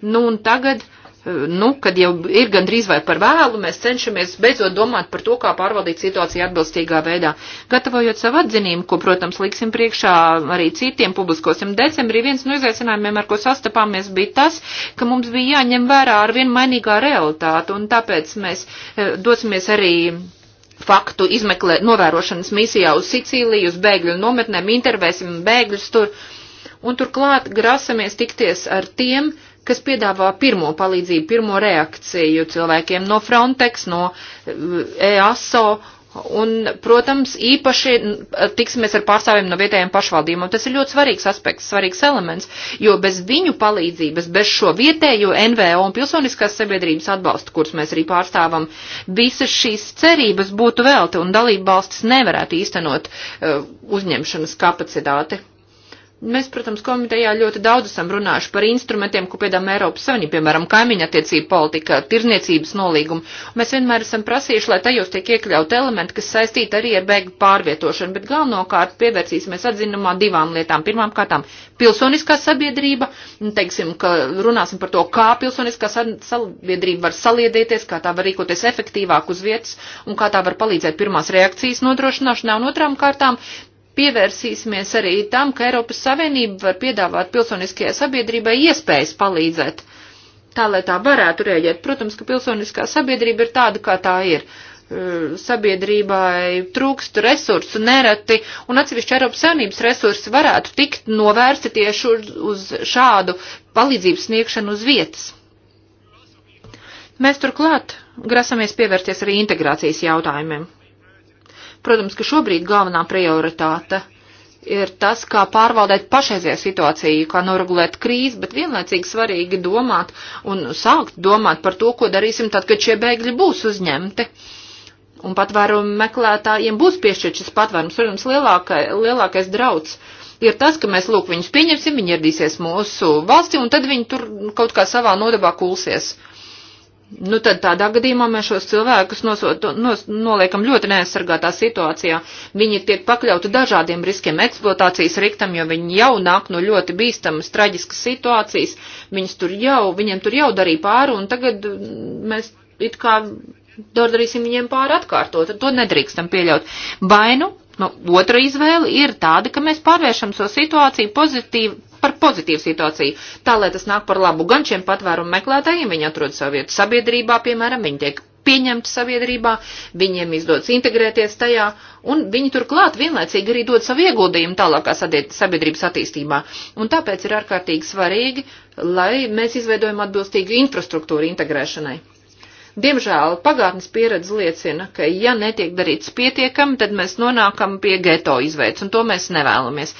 Speaker 2: Nu, un tagad, eh, nu, kad jau ir gandrīz vai par vēlu, mēs cenšamies beidzot domāt par to, kā pārvaldīt situāciju atbilstīgā veidā. Gatavojot savu atzinību, ko, protams, liksim priekšā arī citiem publiskosim decembrī, viens no izaicinājumiem, ar ko sastapāmies, bija tas, ka mums bija jāņem vērā ar vien mainīgā realitāte, un tāpēc mēs eh, dosimies arī faktu izmeklē, novērošanas misijā uz Sicīliju, uz bēgļu nometnēm, intervēsim bēgļus tur. Un turklāt grasamies tikties ar tiem, kas piedāvā pirmo palīdzību, pirmo reakciju cilvēkiem no Frontex, no eh, EASO Un, protams, īpaši tiksimies ar pārstāvjiem no vietējiem pašvaldībām. Tas ir ļoti svarīgs aspekts, svarīgs elements, jo bez viņu palīdzības, bez šo vietējo NVO un pilsoniskās sabiedrības atbalstu, kurus mēs arī pārstāvam, visas šīs cerības būtu velti un dalība valstis nevarētu īstenot uh, uzņemšanas kapacitāti. Mēs, protams, komitejā ļoti daudz esam runājuši par instrumentiem, ko piedāvā Eiropas Savienība, piemēram, kaimiņa attiecība politika, tirzniecības nolīguma. Mēs vienmēr esam prasījuši, lai tajos tiek iekļaut elementi, kas saistīti arī ar bēgļu pārvietošanu, bet galvenokārt pievērsīsimies atzinumā divām lietām. Pirmām kārtām pilsoniskā sabiedrība, teiksim, ka runāsim par to, kā pilsoniskā sabiedrība var saliedēties, kā tā var rīkoties efektīvāk uz vietas un kā tā var palīdzēt pirmās reakcijas nodrošināšanā. Un otrām kārtām pievērsīsimies arī tam, ka Eiropas Savienība var piedāvāt pilsoniskajai sabiedrībai iespējas palīdzēt, tā lai tā varētu rēģēt. Protams, ka pilsoniskā sabiedrība ir tāda, kā tā ir. Sabiedrībai trūkst resursu nereti, un atsevišķi Eiropas Savienības resursi varētu tikt novērsti tieši uz šādu palīdzības sniegšanu uz vietas. Mēs turklāt grasamies pievērties arī integrācijas jautājumiem. Protams, ka šobrīd galvenā prioritāte ir tas, kā pārvaldēt pašreizajā situāciju, kā noregulēt krīzi, bet vienlaicīgi svarīgi domāt un sākt domāt par to, ko darīsim tad, kad šie bēgļi būs uzņemti. Un patvērumu meklētājiem būs piešķirt šis patvērums. Protams, lielākai, lielākais drauds ir tas, ka mēs, lūk, viņus pieņemsim, viņi ieradīsies mūsu valstī, un tad viņi tur kaut kā savā nodabā kulsies. Uh, nu tad tādā gadījumā mēs šos cilvēkus nosoto, nos, noliekam ļoti neaizsargātā situācijā. Viņi tiek pakļauti dažādiem riskiem eksploatācijas riktam, jo viņi jau nāk no ļoti bīstamas, traģiskas situācijas. Viņus tur jau, viņiem tur jau darīja pāri, un tagad mm, mēs it kā darīsim viņiem pāri atkārtot. To nedrīkstam pieļaut. Vainu, nu, otra izvēle ir tāda, ka mēs pārvēršam šo so situāciju pozitīvi par pozitīvu situāciju, tā lai tas nāk par labu gan šiem patvērumu meklētājiem, viņi atrod savu vietu sabiedrībā, piemēram, viņi tiek pieņemti sabiedrībā, viņiem izdodas integrēties tajā, un viņi turklāt vienlaicīgi arī dod savu ieguldījumu tālākā sabiedrības attīstībā. Un tāpēc ir ārkārtīgi svarīgi, lai mēs izveidojam atbilstīgu infrastruktūru integrēšanai. Diemžēl pagātnes pieredze liecina, ka ja netiek darīts pietiekami, tad mēs nonākam pie geto izveids, un to mēs nevēlamies.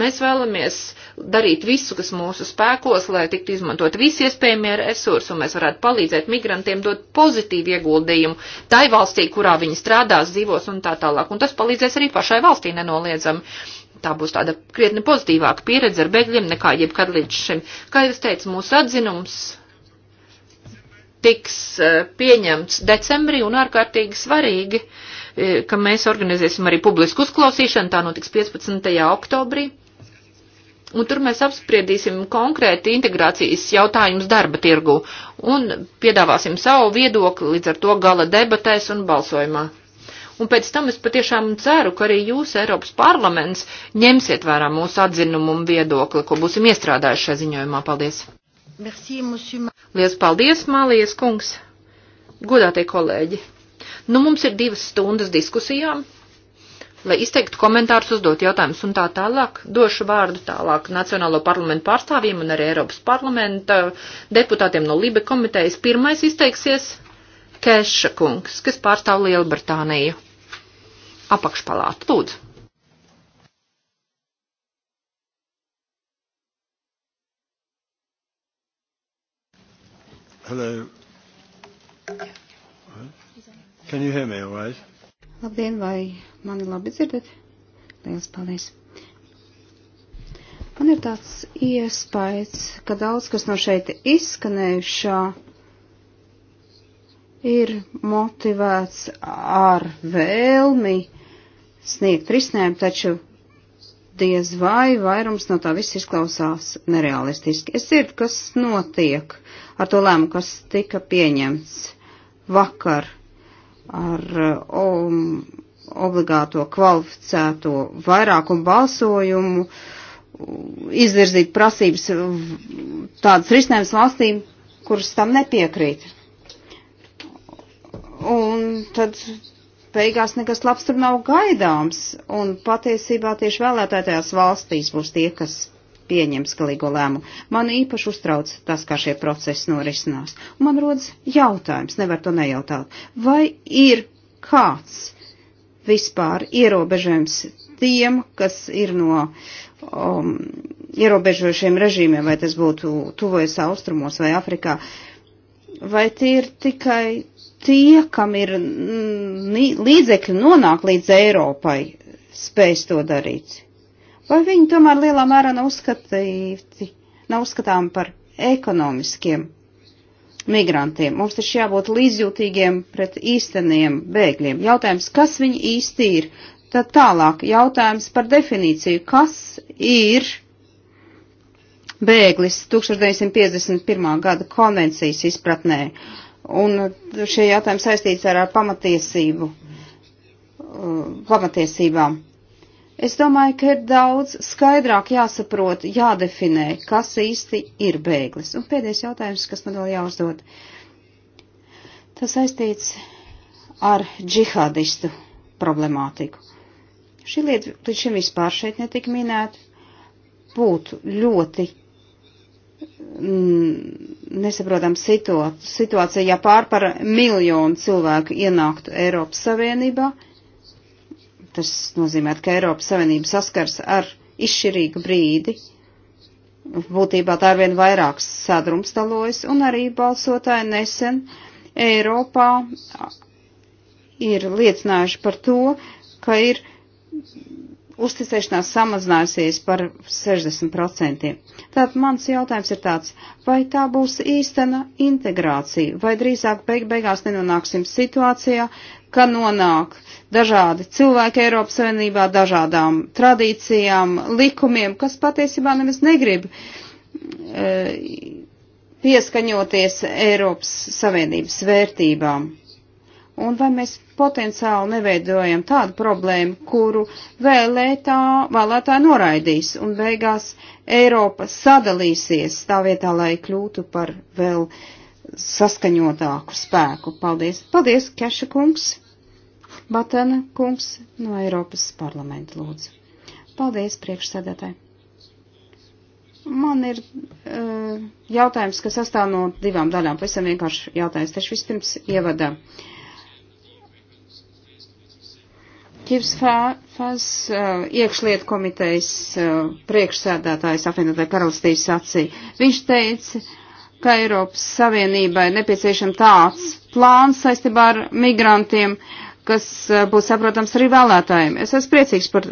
Speaker 2: Mēs vēlamies uh, darīt visu, kas mūsu spēkos, lai tiktu izmantot visi iespējamie resursi un mēs varētu palīdzēt migrantiem dot pozitīvu ieguldījumu tai valstī, kurā viņi strādās, dzīvos un tā tālāk. Un tas palīdzēs arī pašai valstī nenoliedzami tā būs tāda krietni pozitīvāka pieredze ar bēgļiem nekā jebkad līdz šim. Kā jau es teicu, mūsu atzinums tiks eh, pieņemts decembrī un ārkārtīgi svarīgi, eh, ka mēs organizēsim arī publisku uzklausīšanu, tā notiks 15. oktobrī un tur mēs apspriedīsim konkrēti integrācijas jautājumus darba tirgu un piedāvāsim savu viedokli līdz ar to gala debatēs un balsojumā. Un pēc tam es patiešām ceru, ka arī jūs, Eiropas parlaments, ņemsiet vērā mūsu atzinumu un viedokli, ko būsim iestrādājuši šajā ziņojumā. Paldies! Merci, monsieur. Liels paldies, Mālijas kungs! Godātie kolēģi! Nu, mums ir divas stundas diskusijām lai izteiktu komentārus, uzdot jautājumus un tā tālāk. Došu vārdu tālāk Nacionālo parlamentu pārstāvjiem un arī Eiropas parlamenta deputātiem no Libe komitejas. Pirmais izteiksies Keša kungs, kas pārstāv Lielbritāniju. Apakšpalātu, lūdzu.
Speaker 4: Hello. Can you hear me all right?
Speaker 1: Labdien, vai Mani labi dzirdat? Liels paldies! Man ir tāds iespējas, ka daudz kas no šeit izskanējušā ir motivēts ar vēlmi sniegt risinājumu, taču diez vai vairums no tā viss izklausās nerealistiski. Es dzirdu, kas notiek ar to lēmu, kas tika pieņemts vakar ar um, obligāto kvalificēto vairākumu balsojumu, izvirzīt prasības tādas risinājumas valstīm, kuras tam nepiekrīt. Un tad beigās nekas labs tur nav gaidāms, un patiesībā tieši vēlētājās valstīs būs tie, kas pieņems galīgo lēmumu. Man īpaši uztrauc tas, kā šie procesi norisinās. Un man rodas jautājums, nevar to nejautāt. Vai ir kāds vispār ierobežojums tiem, kas ir no um, ierobežojušiem režīmiem, vai tas būtu tuvojas austrumos vai Afrikā, vai tie ir tikai tie, kam ir mm, līdzekļi nonāk līdz Eiropai, spēj to darīt? Vai viņi tomēr lielā mērā nav uzskatīti, nav uzskatām par ekonomiskiem migrantiem. Mums taču jābūt līdzjūtīgiem pret īsteniem bēgļiem. Jautājums, kas viņi īsti ir? Tad tālāk jautājums par definīciju, kas ir bēglis 1951. gada konvencijas izpratnē. Un šie jautājumi saistīts ar pamatiesību, uh, pamatiesībām. Es domāju, ka ir daudz skaidrāk jāsaprot, jādefinē, kas īsti ir bēglis. Un pēdējais jautājums, kas man vēl jāuzdod, tas saistīts ar džihādistu problemātiku. Šī lieta līdz šim vispār šeit netika minēta. Būtu ļoti mm, nesaprotam situācija, ja pār par miljonu cilvēku ienāktu Eiropas Savienībā. Tas nozīmē, ka Eiropas Savienība saskars ar izšķirīgu brīdi. Būtībā tā arvien vairāk sadrumstalojas, un arī balsotāji nesen Eiropā ir liecinājuši par to, ka ir uzticēšanās samazinājusies par 60%. Tātad mans jautājums ir tāds, vai tā būs īstena integrācija, vai drīzāk beig beigās nenonāksim situācijā, ka nonāk dažādi cilvēki Eiropas Savienībā, dažādām tradīcijām, likumiem, kas patiesībā nemaz negrib e, pieskaņoties Eiropas Savienības vērtībām un vai mēs potenciāli neveidojam tādu problēmu, kuru vēlētā, vēlētā noraidīs, un beigās Eiropa sadalīsies tā vietā, lai kļūtu par vēl saskaņotāku spēku. Paldies! Paldies, Keša kungs! Batana kungs no Eiropas parlamenta lūdzu. Paldies, priekšsēdētāji! Man ir uh, jautājums, kas sastāv no divām daļām. Pavisam vienkārši jautājums. Taču vispirms ievadā. Uh, Ķips Fās uh, iekšlietu komitejas uh, priekšsēdētājs apvienotāja karalistī sacīja. Viņš teica, ka Eiropas Savienībai nepieciešama tāds plāns saistībā ar migrantiem, kas uh, būs saprotams arī vēlētājiem. Es esmu priecīgs par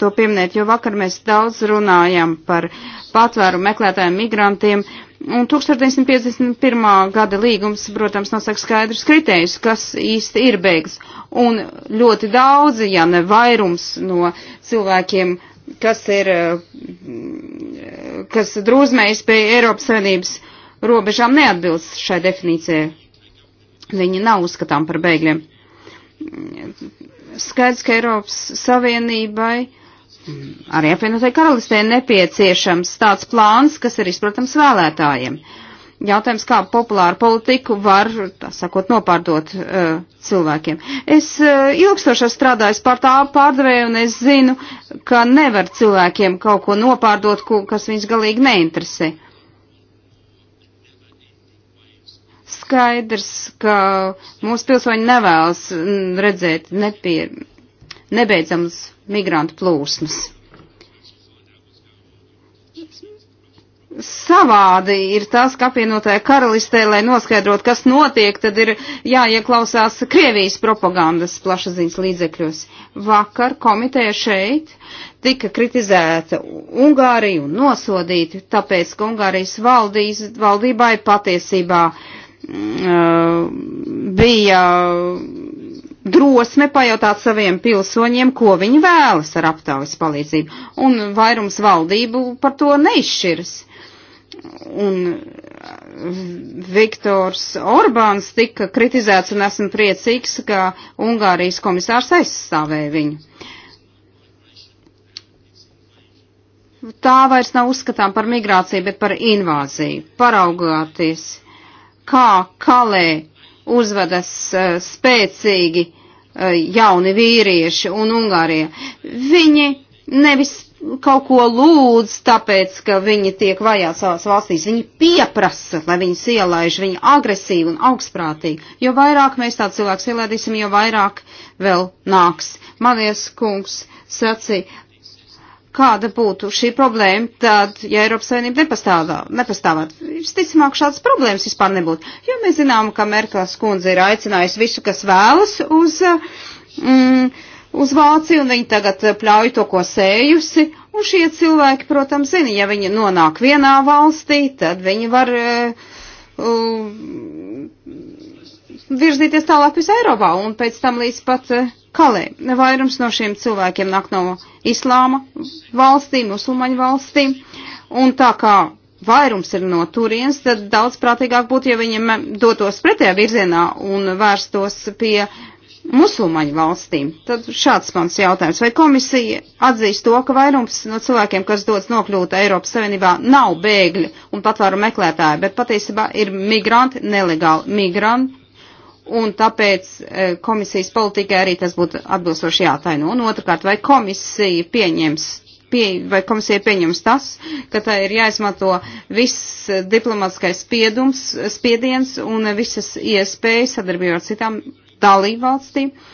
Speaker 1: to pieminēt, jo vakar mēs daudz runājam par patvēru meklētājiem migrantiem Un 1951. gada līgums, protams, nosaka skaidrs kritējus, kas īsti ir beigas. Un ļoti daudzi, ja ne vairums no cilvēkiem, kas ir, kas drūzmējas pie Eiropas Savienības robežām, neatbilst šai definīcijai. Viņi nav uzskatām par bēgļiem. Skaidrs, ka Eiropas Savienībai arī apvienotai karalistē nepieciešams tāds plāns, kas ir izprotams vēlētājiem. Jautājums, kā populāru politiku var, tā sakot, nopārdot uh, cilvēkiem. Es uh, eh, ilgstoši strādāju par tā pārdevēju, un es zinu, ka nevar cilvēkiem kaut ko nopārdot, ko, kas viņus galīgi neinteresē. Skaidrs, ka mūsu pilsoņi nevēlas mm, redzēt nepie, nebeidzamas migrantu plūsmas. Savādi ir tas, ka apvienotāja karalistē, lai noskaidrot, kas notiek, tad ir jāieklausās Krievijas propagandas plašaziņas līdzekļos. Vakar komiteja šeit tika kritizēta Ungārija un nosodīta, tāpēc, ka Ungārijas valdīs, valdībai patiesībā uh, bija. Uh, drosme pajautāt saviem pilsoņiem, ko viņi vēlas ar aptaujas palīdzību, un vairums valdību par to neizšķiras. Un eh, Viktors Orbāns tika kritizēts, un esmu priecīgs, ka Ungārijas komisārs aizstāvēja viņu. Tā vairs nav uzskatām par migrāciju, bet par invāziju. Paraugāties, kā kalē uzvedas eh, spēcīgi eh, jauni vīrieši un Ungārija. Viņi nevis kaut ko lūdz, tāpēc, ka viņi tiek vajāti savās valstīs. Viņi pieprasa, lai viņus ielaiž, viņi agresīvi un augstprātīgi. Jo vairāk mēs tādu cilvēku ielaidīsim, jo vairāk vēl nāks. Manies kungs sacīja, kāda būtu šī problēma, tad, ja Eiropas Savienība nepastāvētu, visticamāk šādas problēmas vispār nebūtu. Jo mēs zinām, ka Merkels kundze ir aicinājusi visu, kas vēlas uz, mm, uz Vāciju, un viņi tagad pļauj to, ko sējusi. Un šie cilvēki, protams, zina, ja viņi nonāk vienā valstī, tad viņi var uh, virzīties tālāk visā Eiropā un pēc tam līdz pat. Uh, Kalē, vairums no šiem cilvēkiem nāk no islāma valstīm, musulmaņu valstīm, un tā kā vairums ir no turienes, tad daudz prātīgāk būtu, ja viņiem dotos pretējā virzienā un vērstos pie musulmaņu valstīm. Tad šāds mans jautājums. Vai komisija atzīst to, ka vairums no cilvēkiem, kas dodas nokļūt Eiropas Savienībā, nav bēgļi un patvaru meklētāji, bet patiesībā ir migranti, nelegāli migranti, un tāpēc e, komisijas politikai arī tas būtu atbilstoši jātaino. Un otrkārt, vai komisija pieņems, pie, vai komisija pieņems tas, ka tā ir jāizmanto viss diplomatiskais spiedums, spiediens un visas iespējas sadarbībā ar citām dalībvalstīm. valstīm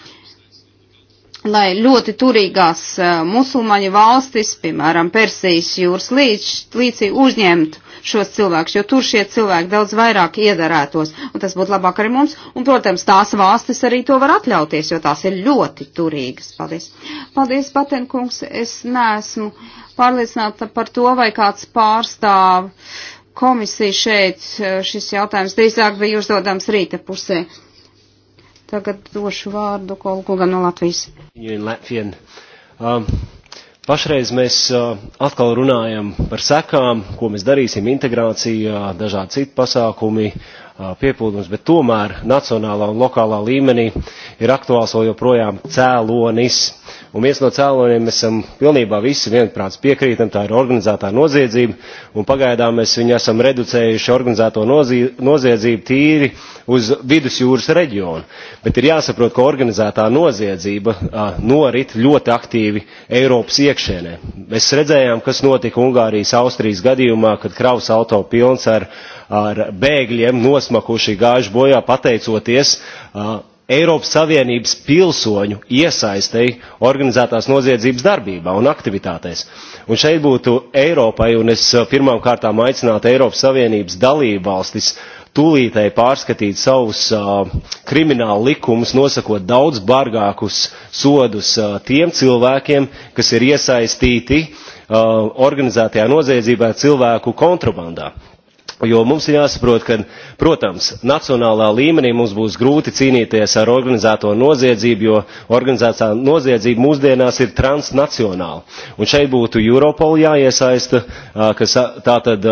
Speaker 1: lai ļoti turīgās musulmaņu valstis, piemēram, Persijas jūras līdz, līdzi uzņemtu šos cilvēkus, jo tur šie cilvēki daudz vairāk iedarētos, un tas būtu labāk arī mums, un, protams, tās valstis arī to var atļauties, jo tās ir ļoti turīgas. Paldies. Paldies, Patenkungs, es neesmu pārliecināta par to, vai kāds pārstāv komisiju šeit, šis jautājums drīzāk bija uzdodams rīta pusē. Tagad došu vārdu
Speaker 4: kolkogam no Latvijas. Um, pašreiz mēs uh, atkal runājam par sekām, ko mēs darīsim integrācijā, dažādi citi pasākumi, uh, piepildums, bet tomēr nacionālā un lokālā līmenī ir aktuāls vēl joprojām cēlonis. Uh, un viens no cēloniem mēs esam pilnībā visi vienprāts piekrītam, tā ir organizētā noziedzība, un pagaidām mēs viņu esam reducējuši organizēto noziedzību tīri uz vidusjūras reģionu. Bet ir jāsaprot, ka organizētā noziedzība a, norit ļoti aktīvi Eiropas iekšēnē. Mēs redzējām, kas notika Ungārijas, Austrijas gadījumā, kad kravs auto pilns ar, ar bēgļiem nosmakuši gājuši bojā pateicoties a, Eiropas Savienības pilsoņu iesaistei organizētās noziedzības darbībā un aktivitātēs. Un šeit būtu Eiropai, un es eh, pirmām kārtām aicinātu Eiropas Savienības dalību valstis tūlītēji pārskatīt savus uh, kriminālu likumus, nosakot daudz bargākus sodus uh, tiem cilvēkiem, kas ir iesaistīti uh, organizētajā noziedzībā cilvēku kontrabandā jo mums ir jāsaprot, ka, protams, nacionālā līmenī mums būs grūti cīnīties ar organizēto noziedzību, jo organizētā noziedzība mūsdienās ir transnacionāla. Un šeit būtu Europol jāiesaista, kas tātad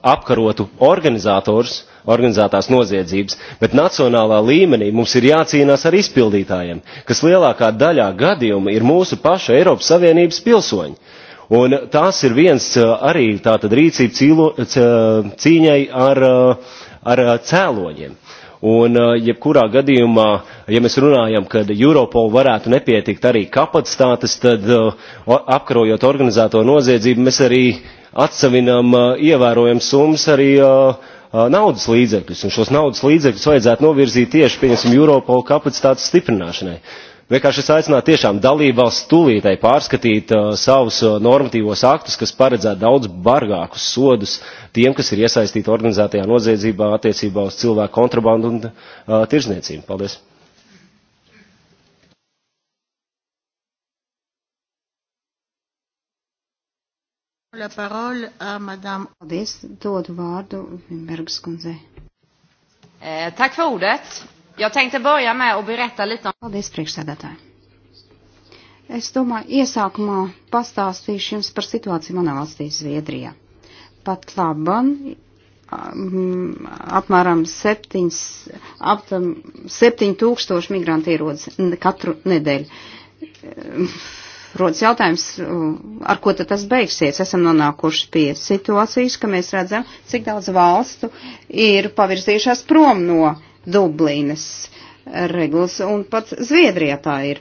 Speaker 4: apkarotu organizators, organizētās noziedzības, bet nacionālā līmenī mums ir jācīnās ar izpildītājiem, kas lielākā daļā gadījumu ir mūsu paša Eiropas Savienības pilsoņi Un tās ir viens eh, arī tātad rīcība cīlo, cīņai ar, eh, ar eh, cēloņiem. Un jebkurā gadījumā, ja mēs runājam, ka Europol varētu nepietikt arī kapacitātes, tad apkarojot organizēto noziedzību, mēs arī atsavinam ievērojams summas arī naudas līdzekļus, un šos naudas līdzekļus vajadzētu novirzīt tieši, pieņemsim, Europol kapacitātes stiprināšanai vienkārši es aicinātu tiešām dalībvalsts tūlītēji pārskatīt uh, savus uh, normatīvos aktus, kas paredzētu daudz bargākus sodus tiem, kas ir iesaistīti organizētajā noziedzībā attiecībā uz cilvēku kontrabandu un uh, tirzniecību. Paldies!
Speaker 1: La parole à madame. Paldies, dodu vārdu Vimbergas kundzei. Eh, tak för ordet. Jag tänkte börja med att berätta lite om... Paldies, priekšsēdētāji. Es domāju, iesākumā pastāstīšu jums par situāciju manā valstī Zviedrijā. Pat laban, mm, apmēram 7, aptam 7 tūkstoši migranti ierodas katru nedēļu. Rodas jautājums, ar ko tad tas beigsies? Esam nonākuši pie situācijas, ka mēs redzam, cik daudz valstu ir pavirzījušās prom no Dublīnas regulas, un pat Zviedrijā tā ir.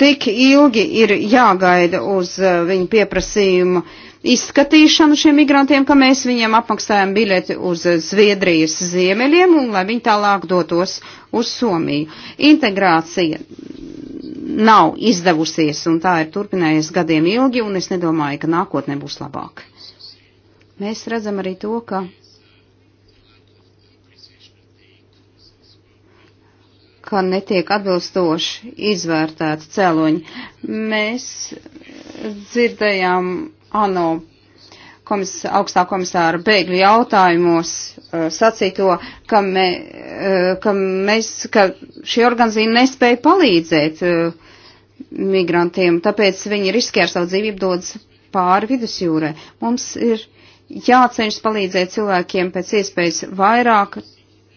Speaker 1: Tik ilgi ir jāgaida uz eh, viņu pieprasījumu izskatīšanu šiem migrantiem, ka mēs viņiem apmaksājam biļeti uz Zviedrijas ziemeļiem un lai viņi tālāk dotos uz Somiju. Integrācija nav izdevusies un tā ir turpinājies gadiem ilgi un es nedomāju, ka nākotnē būs labāk. Mēs redzam arī to, ka ka netiek atbilstoši izvērtēti cēloņi. Mēs dzirdējām ANO komis, augstā komisāra bēgļu jautājumos uh, sacīto, ka, me, uh, ka, mēs, ka šī organizācija nespēja palīdzēt uh, migrantiem, tāpēc viņi riskē ar savu dzīvību dodas pāri vidusjūrē. Mums ir jāceņš palīdzēt cilvēkiem pēc iespējas vairāk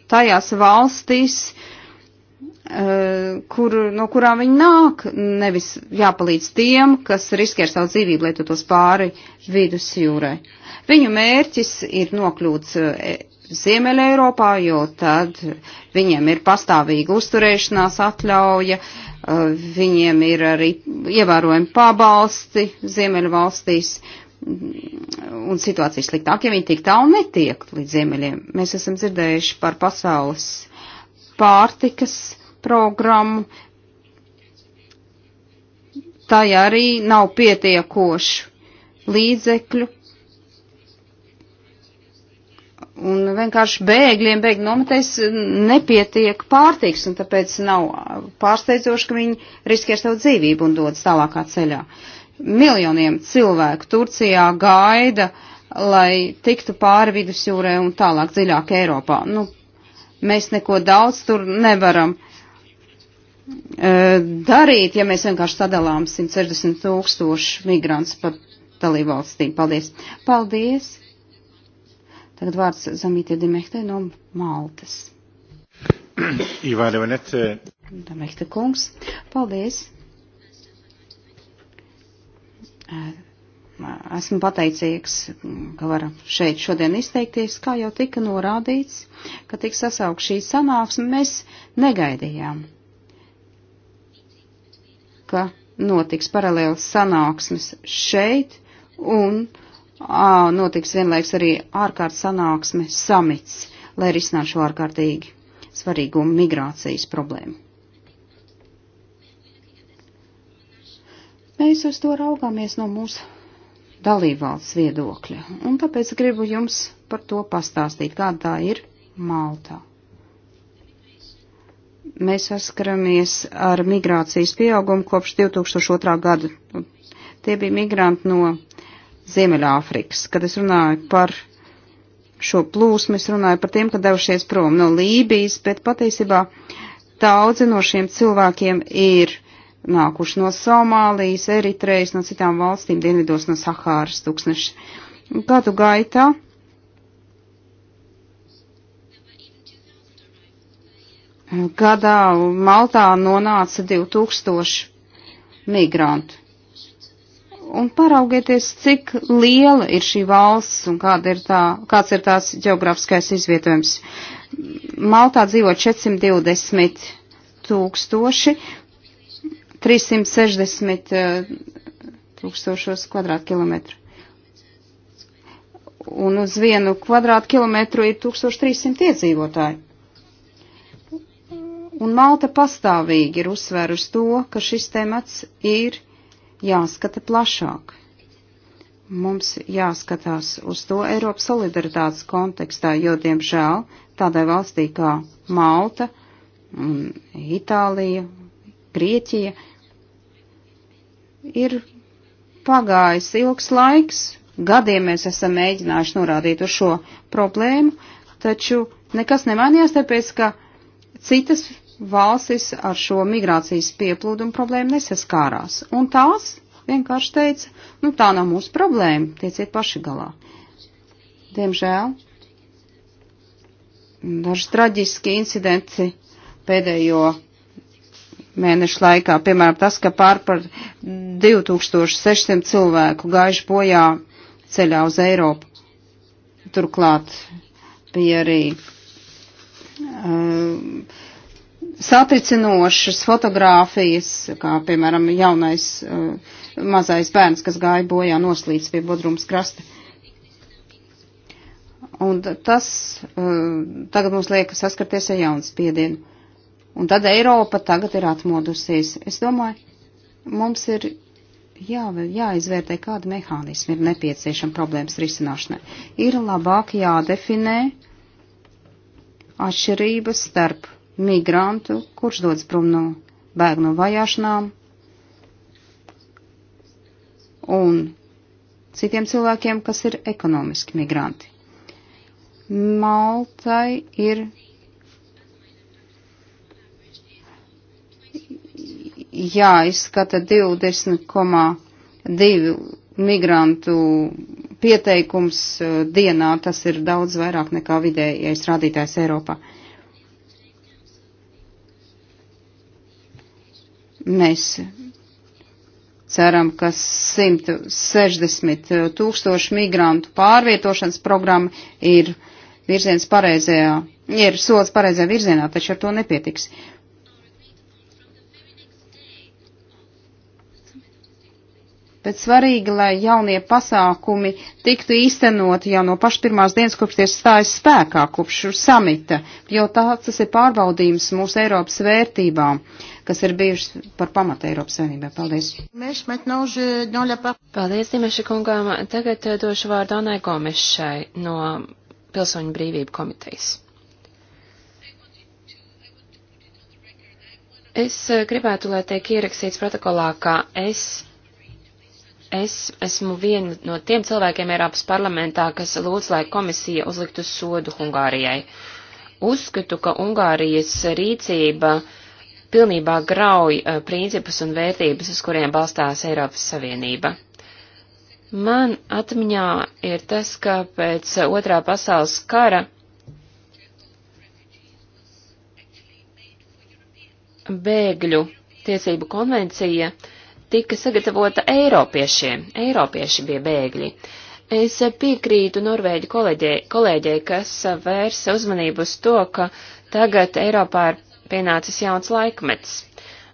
Speaker 1: tajās valstīs, eh, kur, no kurām viņi nāk, nevis jāpalīdz tiem, kas riskē ar savu dzīvību, lai tos pāri vidus jūrai. Viņu mērķis ir nokļūt eh, Ziemeļa Eiropā, jo tad viņiem ir pastāvīga uzturēšanās atļauja, eh, viņiem ir arī ievērojami pabalsti Ziemeļa valstīs, Mm, un situācija sliktāk, ja viņi tik tālu netiek līdz ziemeļiem. Mēs esam dzirdējuši par pasaules pārtikas programmu. Tā arī nav pietiekošu līdzekļu. Un vienkārši bēgļiem, bēgļu nometēs nepietiek pārtiks, un tāpēc nav pārsteidzoši, ka viņi riskē savu dzīvību un dodas tālākā ceļā. Uh, miljoniem cilvēku Turcijā gaida, lai tiktu pāri vidusjūrē un tālāk dziļāk Eiropā. Nu, mēs neko daudz tur nevaram uh, darīt, ja mēs vienkārši sadalām 160 tūkstošu migrants pa dalībvalstīm. Paldies! Paldies! Tagad vārds Zamītie Dimehtē no Maltas.
Speaker 4: Ivāna Venete.
Speaker 1: Damehta kungs, paldies! Esmu pateicīgs, ka varu šeit šodien izteikties, kā jau tika norādīts, ka tiks sasaukt šī sanāksme. Mēs negaidījām, ka notiks paralēlas sanāksmes šeit un ā, notiks vienlaiks arī ārkārtas sanāksme samits, lai risinātu šo ārkārtīgi svarīgo migrācijas problēmu. Mēs uz to raugāmies no mūsu dalībvalsts viedokļa, un tāpēc gribu jums par to pastāstīt, kāda tā ir Maltā. Mēs saskaramies ar migrācijas pieaugumu kopš 2002. gada. Tie bija migranti no Ziemeļāfrikas. Kad es runāju par šo plūsmu, es runāju par tiem, kad devušies prom no Lībijas, bet patiesībā daudzi no šiem cilvēkiem ir nākuši no Somālijas, Eritrejas, no citām valstīm, dienvidos no Sahāras tūkstneša. Gadu gaitā gadā Maltā nonāca 2000 migrantu. Un paraugieties, cik liela ir šī valsts un kāda ir tā, kāds ir tās geogrāfiskais izvietojums. Maltā dzīvo 420 tūkstoši, 360 eh, tūkstošos kvadrātkilometru. Un uz vienu kvadrātkilometru ir 1300 iedzīvotāji. Un Malta pastāvīgi ir uzsvērusi to, ka šis temats ir jāskata plašāk. Mums jāskatās uz to Eiropas solidaritātes kontekstā, jo, diemžēl, tādai valstī kā Malta un Itālija Grieķija, ir pagājis ilgs laiks, gadiem mēs esam mēģinājuši norādīt uz šo problēmu, taču nekas nemainījās, tāpēc, ka citas valstis ar šo migrācijas pieplūdumu problēmu nesaskārās. Un tās vienkārši teica, nu tā nav mūsu problēma, tieciet paši galā. Diemžēl daži traģiski incidenti pēdējo mēnešu laikā. Piemēram, tas, ka pār par 2600 cilvēku gājuši bojā ceļā uz Eiropu. Turklāt bija arī um, satricinošas fotogrāfijas, kā piemēram jaunais uh, mazais bērns, kas gāja bojā noslīdis pie Bodrums krasta. Un tas uh, tagad mums liek saskarties ar jaunu spiedienu. Un tad Eiropa tagad ir atmodusies. Es domāju, mums ir jā, jāizvērtē, kāda mehānismi ir nepieciešama problēmas risināšanai. Ir labāk jādefinē atšķirības starp migrantu, kurš dodas prom no bēg no vajāšanām, un citiem cilvēkiem, kas ir ekonomiski migranti. Maltai ir jāizskata 20,2 migrantu pieteikums uh, dienā. Tas ir daudz vairāk nekā vidējais rādītājs Eiropā. Mēs ceram, ka 160 tūkstoši migrantu pārvietošanas programma ir virziens pareizajā, ir solis pareizajā virzienā, taču ar to nepietiks. Uh, bet svarīgi, lai jaunie pasākumi tiktu īstenoti jau no paša pirmās dienas, kopš tie stājas spēkā, kopš samita, jo tā, tas ir pārbaudījums mūsu Eiropas vērtībām, kas ir bijušas par pamatu Eiropas savienībai. Paldies!
Speaker 3: Paldies, Dimeša kungām! Tagad eh, došu vārdu Anai Gomešai no Pilsoņu brīvību komitejas. Es eh, gribētu, lai tiek ierakstīts protokolā, ka es Es esmu viena no tiem cilvēkiem Eiropas parlamentā, kas lūdz, lai komisija uzliktu sodu Hungārijai. Uzskatu, ka Ungārijas rīcība pilnībā grauj uh, principus un vērtības, uz kuriem balstās Eiropas Savienība. Man atmiņā ir tas, ka pēc otrā pasaules kara bēgļu tiesību konvencija uh, tika sagatavota Eiropiešiem. Eiropieši bija bēgļi. Es piekrītu Norvēģi kolēģei, kolēģei kas vērsa uzmanību uz to, ka tagad Eiropā ir pienācis jauns laikmets.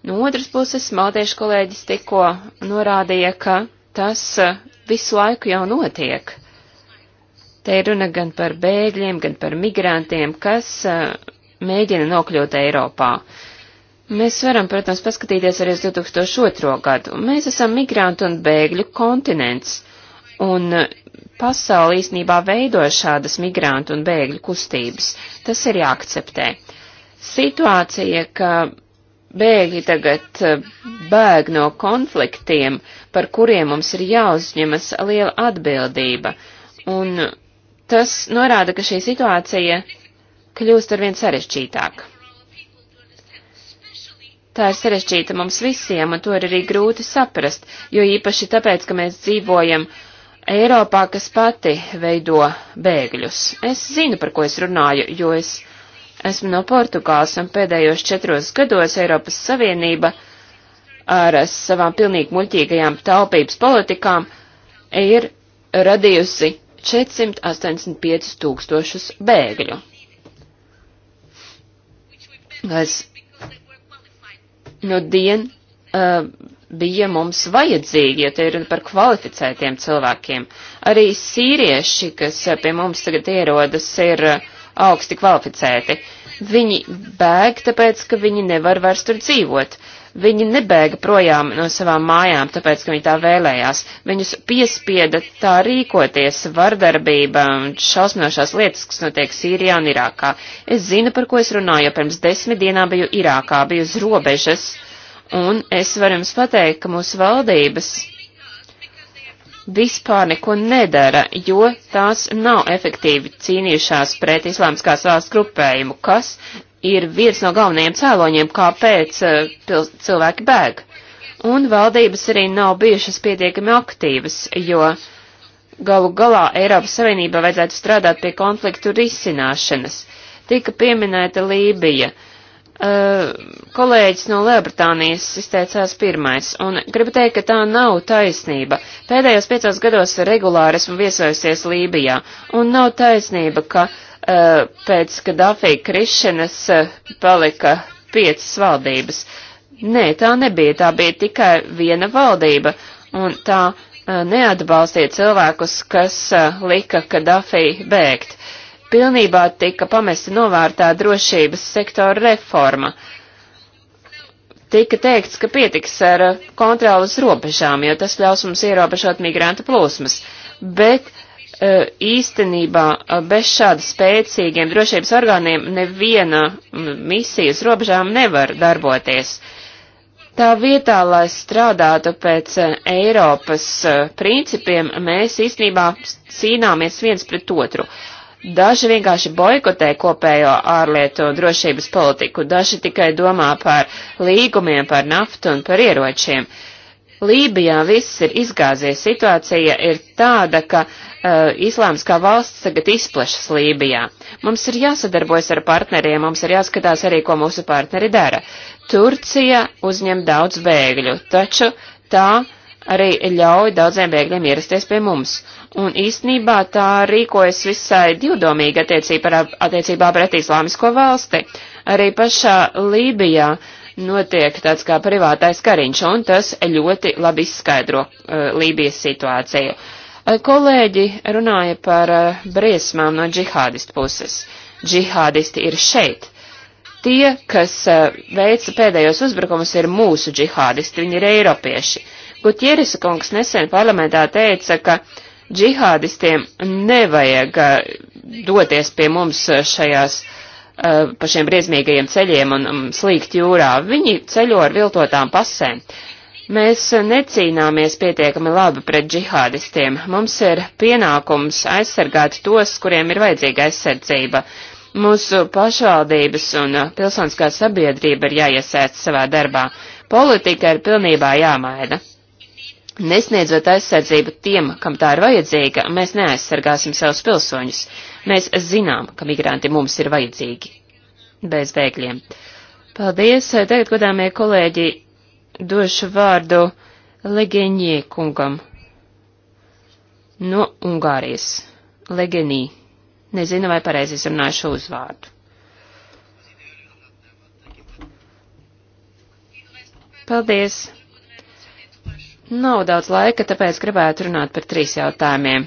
Speaker 3: No otras puses, maldiešu kolēģis tikko norādīja, ka tas visu laiku jau notiek. Te ir runa gan par bēgļiem, gan par migrantiem, kas mēģina nokļūt Eiropā. Uh, Mēs varam, protams, paskatīties arī uz 2002. gadu. Mēs esam migrantu un bēgļu kontinents, un eh, pasauli īsnībā veido šādas migrantu un bēgļu kustības. Tas ir jāakceptē. Situācija, ka bēgļi tagad eh, bēg no konfliktiem, par kuriem mums ir jāuzņemas liela atbildība. Un tas norāda, ka šī situācija kļūst arvien sarežģītāka. Tā ir sarežģīta mums visiem, un to ir arī grūti saprast, jo īpaši tāpēc, ka mēs dzīvojam Eiropā, kas pati veido bēgļus. Es zinu, par ko es runāju, jo es esmu no Portugāles, un pēdējos četros gados Eiropas Savienība ar savām pilnīgi muļķīgajām taupības politikām ir radījusi 485 tūkstošus bēgļu. Es nu dien uh, bija mums vajadzīgi, ja te ir par kvalificētiem cilvēkiem. Arī sīrieši, kas eh, pie mums tagad ierodas, ir eh, augsti kvalificēti. Viņi bēg, tāpēc, ka viņi nevar vairs tur dzīvot. Uh, Viņi nebēga projām no savām mājām, tāpēc, ka viņi tā vēlējās. Viņus piespieda tā rīkoties vardarbība un šausminošās lietas, kas notiek Sīrijā un Irākā. Es zinu, par ko es runāju, jo pirms desmit dienām biju Irākā, biju uz robežas, un es varu jums pateikt, ka mūsu valdības vispār neko nedara, jo tās nav efektīvi cīnījušās pret islāmskās valsts grupējumu, kas ir viens no galvenajiem cēloņiem, kāpēc uh, cilvēki bēg. Un valdības arī nav bijušas pietiekami aktīvas, jo galu galā Eiropas Savienībā vajadzētu strādāt pie konfliktu risināšanas. Tika pieminēta Lībija. Uh, kolēģis no Lielbritānijas izteicās pirmais, un gribu teikt, ka tā nav taisnība. Pēdējos piecos gados regulāri esmu viesojusies Lībijā, un nav taisnība, ka uh, Eh, pēc Gadafī krišanas eh, palika piecas valdības. Nē, tā nebija, tā bija tikai viena valdība, un tā eh, neatbalstīja cilvēkus, kas lika Gadafī bēgt. Pilnībā tika pamesta novārtā drošības sektora reforma. Tika teikts, ka pietiks ar kontrolas robežām, jo tas ļaus mums ierobežot migrantu plūsmas, bet uh, E, īstenībā e, bez šāda spēcīgiem drošības orgāniem neviena misijas robežām nevar darboties. Tā vietā, lai strādātu pēc e, Eiropas principiem, mēs īstenībā cīnāmies viens pret otru. Daži vienkārši boikotē kopējo ārlietu drošības politiku, daži tikai domā par līgumiem, par naftu un par ieročiem. Uh, Lībijā viss ir izgāzies. Situācija ir tāda, ka uh, eh, islāms kā valsts tagad izplešas Lībijā. Mums ir jāsadarbojas ar partneriem, mums ir jāskatās arī, ko mūsu partneri dara. Turcija uzņem daudz bēgļu, taču tā arī ļauj daudziem bēgļiem ierasties pie mums. Un īstenībā tā rīkojas visai divdomīgi attiecībā, attiecībā pret islāmisko valsti. Arī pašā Lībijā uh, notiek tāds kā privātais kariņš, un tas ļoti labi izskaidro uh, Lībijas situāciju. Uh, kolēģi runāja par uh, briesmām no džihādistu puses. Džihādisti ir šeit. Tie, kas uh, veica pēdējos uzbrukumus, ir mūsu džihādisti, viņi ir eiropieši. Gutierisa kungs nesen parlamentā teica, ka džihādistiem nevajag uh, doties pie mums uh, šajās uh, Eh, pa šiem briesmīgajiem ceļiem un mm, slīgt jūrā. Viņi ceļo ar viltotām pasēm. Mēs necīnāmies pietiekami labi pret džihādistiem. Mums ir pienākums aizsargāt tos, kuriem ir vajadzīga aizsardzība. Mūsu pašvaldības un eh, pilsoniskā sabiedrība ir jāiesaist savā darbā. Politika ir pilnībā jāmaina. Nesniedzot aizsardzību tiem, kam tā ir vajadzīga, mēs neaizsargāsim savus pilsoņus. Mēs zinām, ka migranti mums ir vajadzīgi. Bez bēgļiem. Paldies. Tagad, godāmie kolēģi, došu vārdu Legeņie kungam no Ungārijas. Legenī. Nezinu, vai pareizi izrunāju šo uzvārdu. Paldies. Nav daudz laika, tāpēc gribētu runāt par trīs jautājumiem.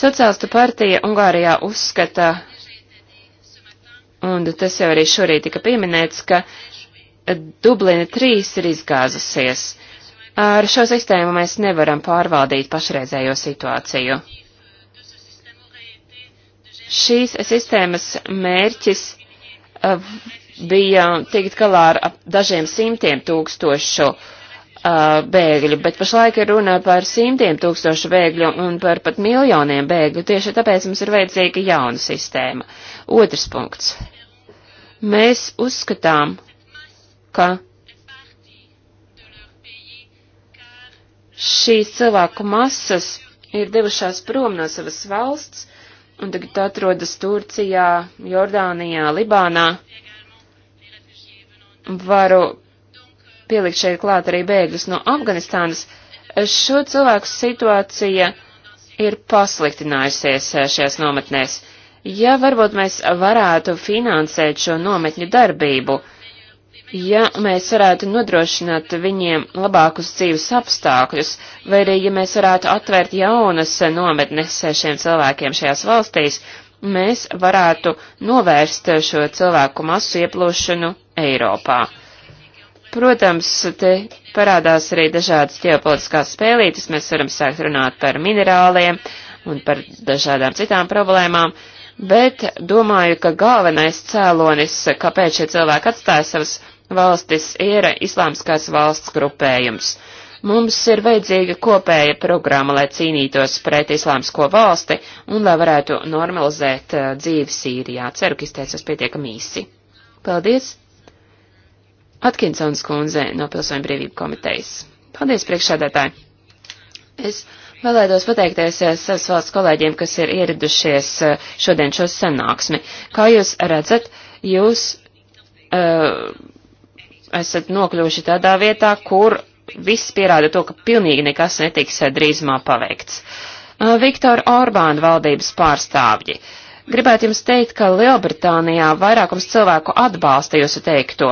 Speaker 3: Sociālistu partija Ungārijā uzskata, un tas jau arī šorīt tika pieminēts, ka Dublina 3 ir izgāzusies. Ar šo sistēmu mēs nevaram pārvaldīt pašreizējo situāciju. Šīs sistēmas mērķis eh, bija tikt galā ar dažiem simtiem tūkstošu uh, bēgļu, bet pašlaik ir runa par simtiem tūkstošu bēgļu un par pat miljoniem bēgļu. Tieši tāpēc mums ir vajadzīga jauna sistēma. Otrs punkts. Mēs uzskatām, ka šīs cilvēku masas ir devušās prom no savas valsts un tagad atrodas Turcijā, Jordānijā, Libānā. Varu pielikt šeit klāt arī bēgļus no Afganistānas, šo cilvēku situācija ir pasliktinājusies eh, šajās nometnēs. Ja varbūt mēs varētu finansēt šo nometņu darbību, ja mēs varētu nodrošināt viņiem labākus dzīves apstākļus, vai arī ja mēs varētu atvērt jaunas eh, nometnes eh, šiem cilvēkiem šajās valstīs, mēs varētu novērst šo cilvēku masu ieplūšanu Eiropā. Protams, te parādās arī dažādas ģeopolitiskās spēlītes, mēs varam sākt runāt par minerāliem un par dažādām citām problēmām, bet domāju, ka galvenais cēlonis, kāpēc šie cilvēki atstāja savas valstis, ir islāmskās valsts grupējums. Mums ir vajadzīga kopēja programma, lai cīnītos pret islāmsko valsti un lai varētu normalizēt uh, dzīvi Sīrijā. Ceru, ka izteicos pietiekami īsi. Paldies! Atkinsons kundze no Pilsoņu brīvību komitejas. Paldies, priekšsēdētāji! Es vēlētos pateikties eh, savas valsts kolēģiem, kas ir ieradušies eh, šodien šo sanāksmi. Kā jūs redzat, jūs uh, esat nokļuvuši tādā vietā, kur viss pierāda to, ka pilnīgi nekas netiks drīzumā paveikts. Uh, Viktora Orbāna valdības pārstāvji. Uh, Gribētu jums teikt, ka Lielbritānijā vairākums cilvēku atbalsta jūsu teikto.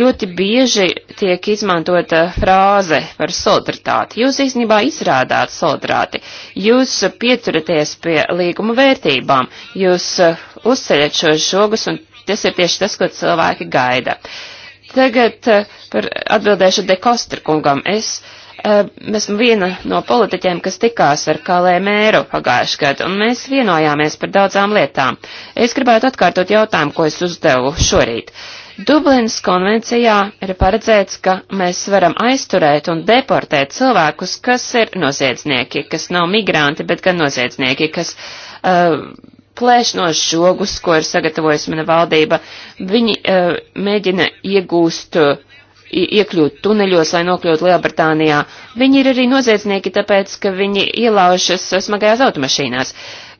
Speaker 3: Ļoti bieži tiek izmantota frāze par solidaritāti. Jūs īstenībā izrādāt solidaritāti. Jūs pieturaties pie līguma vērtībām. Jūs uh, uzceļat šos žogus un tas ir tieši tas, ko cilvēki gaida. Tagad uh, par atbildēšu Dekostra kungam. Es uh, Eh, esmu viena no politiķiem, kas tikās ar Kalē mēru pagājušajā gadā, un mēs vienojāmies par daudzām lietām. Es gribētu atkārtot jautājumu, ko es uzdevu šorīt. Dublinas konvencijā ir paredzēts, ka mēs varam aizturēt un deportēt cilvēkus, kas ir noziedznieki, kas nav migranti, bet gan noziedznieki, kas uh, plēš no žogus, ko ir sagatavojusi mana valdība. Viņi uh, mēģina iegūst uh, iekļūt tuneļos, lai nokļūtu Lielbritānijā. Viņi ir arī noziedznieki, tāpēc, ka viņi ielaužas smagajās automašīnās.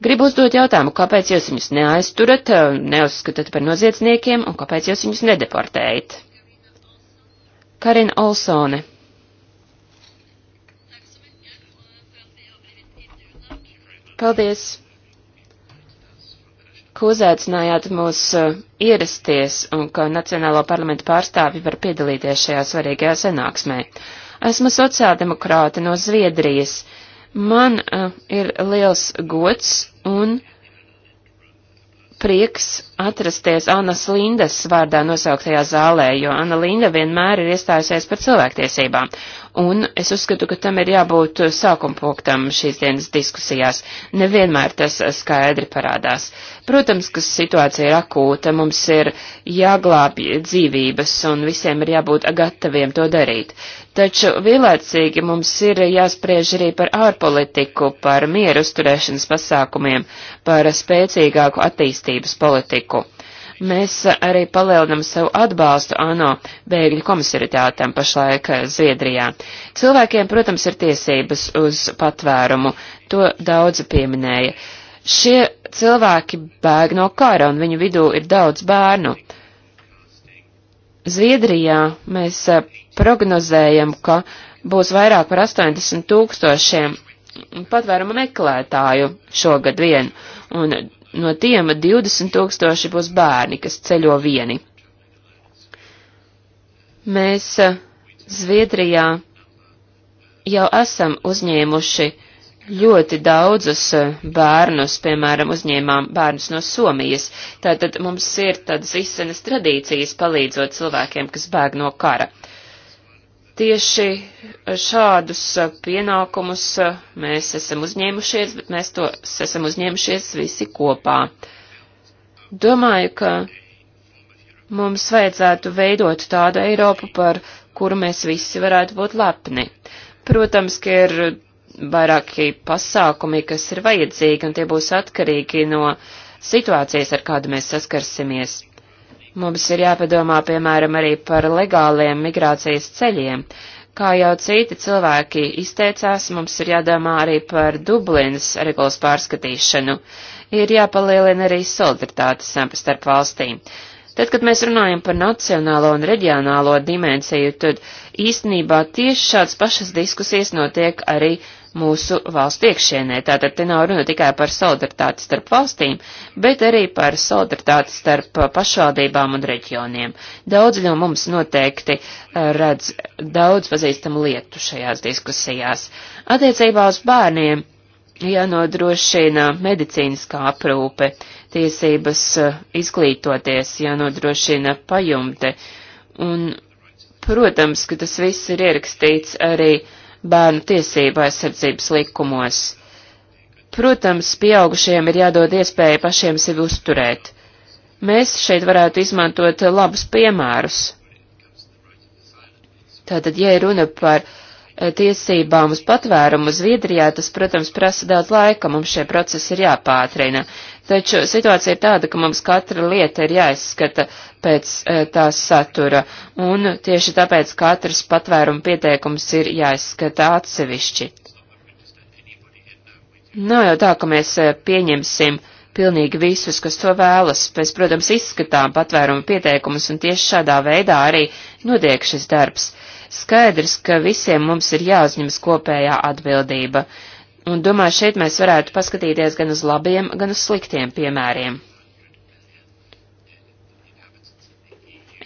Speaker 3: Gribu uzdot jautājumu, kāpēc jūs viņus neaizturat, neuzskatāt par noziedzniekiem un kāpēc jūs viņus nedeportējat? Karina Olsone. Paldies! ka uzaicinājāt mūs eh, ierasties un ka Nacionālo parlamentu pārstāvi var piedalīties šajā svarīgajā sanāksmē. Esmu sociāldemokrāta no Zviedrijas. Man uh, ir liels gods un prieks atrasties Annas Lindas vārdā nosauktajā zālē, jo Anna Linda vienmēr ir iestājusies par cilvēktiesībām. Un es uzskatu, ka tam ir jābūt sākumpunktam šīs dienas diskusijās. Nevienmēr tas skaidri parādās. Protams, ka situācija ir akūta, mums ir jāglābj dzīvības un visiem ir jābūt gataviem to darīt. Taču vienlaicīgi mums ir jāspriež arī par ārpolitiku, par mieru uzturēšanas pasākumiem, par spēcīgāku attīstības politiku. Mēs arī palielinam savu atbalstu ANO bēgļu komisaritātam pašlaik eh, Zviedrijā. Cilvēkiem, protams, ir tiesības uz patvērumu, to daudzi pieminēja. Šie cilvēki bēg no kara, un viņu vidū ir daudz bērnu. Zviedrijā mēs eh, prognozējam, ka būs vairāk par 80 tūkstošiem patvērumu meklētāju šogad vien, un no tiem 20 tūkstoši būs bērni, kas ceļo vieni. Mēs Zviedrijā jau esam uzņēmuši ļoti daudzus bērnus, piemēram, uzņēmām bērnus no Somijas. Tātad mums ir tādas izsenas tradīcijas palīdzot cilvēkiem, kas bēg no kara. Uh, Tieši šādus eh, pienākumus eh, mēs esam uzņēmušies, bet mēs to esam uzņēmušies visi kopā. Domāju, ka mums vajadzētu veidot tādu Eiropu, par kuru mēs visi varētu būt lepni. Protams, ka ir vairāki pasākumi, kas ir vajadzīgi, un tie būs atkarīgi no situācijas, ar kādu mēs saskarsimies. Mums ir jāpadomā, piemēram, arī par legāliem migrācijas ceļiem. Kā jau citi cilvēki izteicās, mums ir jādomā arī par Dublinas regulas pārskatīšanu. Ir jāpalielina arī solidaritāte starp valstīm. Tad, kad mēs runājam par nacionālo un reģionālo dimensiju, tad īstenībā tieši šāds pašas diskusijas notiek arī mūsu valstu iekšienē. Tātad te nav runa tikai par solidaritāti starp valstīm, bet arī par solidaritāti starp pašvaldībām un reģioniem. Daudzi no mums noteikti eh, redz daudz pazīstamu lietu šajās diskusijās. Attiecībā uz bērniem jānodrošina medicīniskā aprūpe, tiesības eh, izglītoties, jānodrošina pajumte. Un, protams, ka tas viss ir ierakstīts arī bērnu tiesību aizsardzības likumos. Protams, pieaugušajiem ir jādod iespēja pašiem sevi uzturēt. Mēs šeit varētu izmantot labus piemērus. Tātad, ja runa par uh, Eh, tiesībām uz patvērumu Zviedrijā, tas, protams, prasa daudz laika, mums šie procesi ir jāpātrina. Taču situācija ir tāda, ka mums katra lieta ir jāizskata pēc eh, tās satura, un tieši tāpēc katrs patvērumu pieteikums ir jāizskata atsevišķi. Nav jau tā, ka mēs eh, pieņemsim pilnīgi visus, kas to vēlas. Mēs, protams, izskatām patvērumu pieteikumus, un tieši šādā veidā arī notiek šis darbs. Skaidrs, ka visiem mums ir jāuzņemas kopējā atbildība, un domāju, šeit mēs varētu paskatīties gan uz labiem, gan uz sliktiem piemēriem.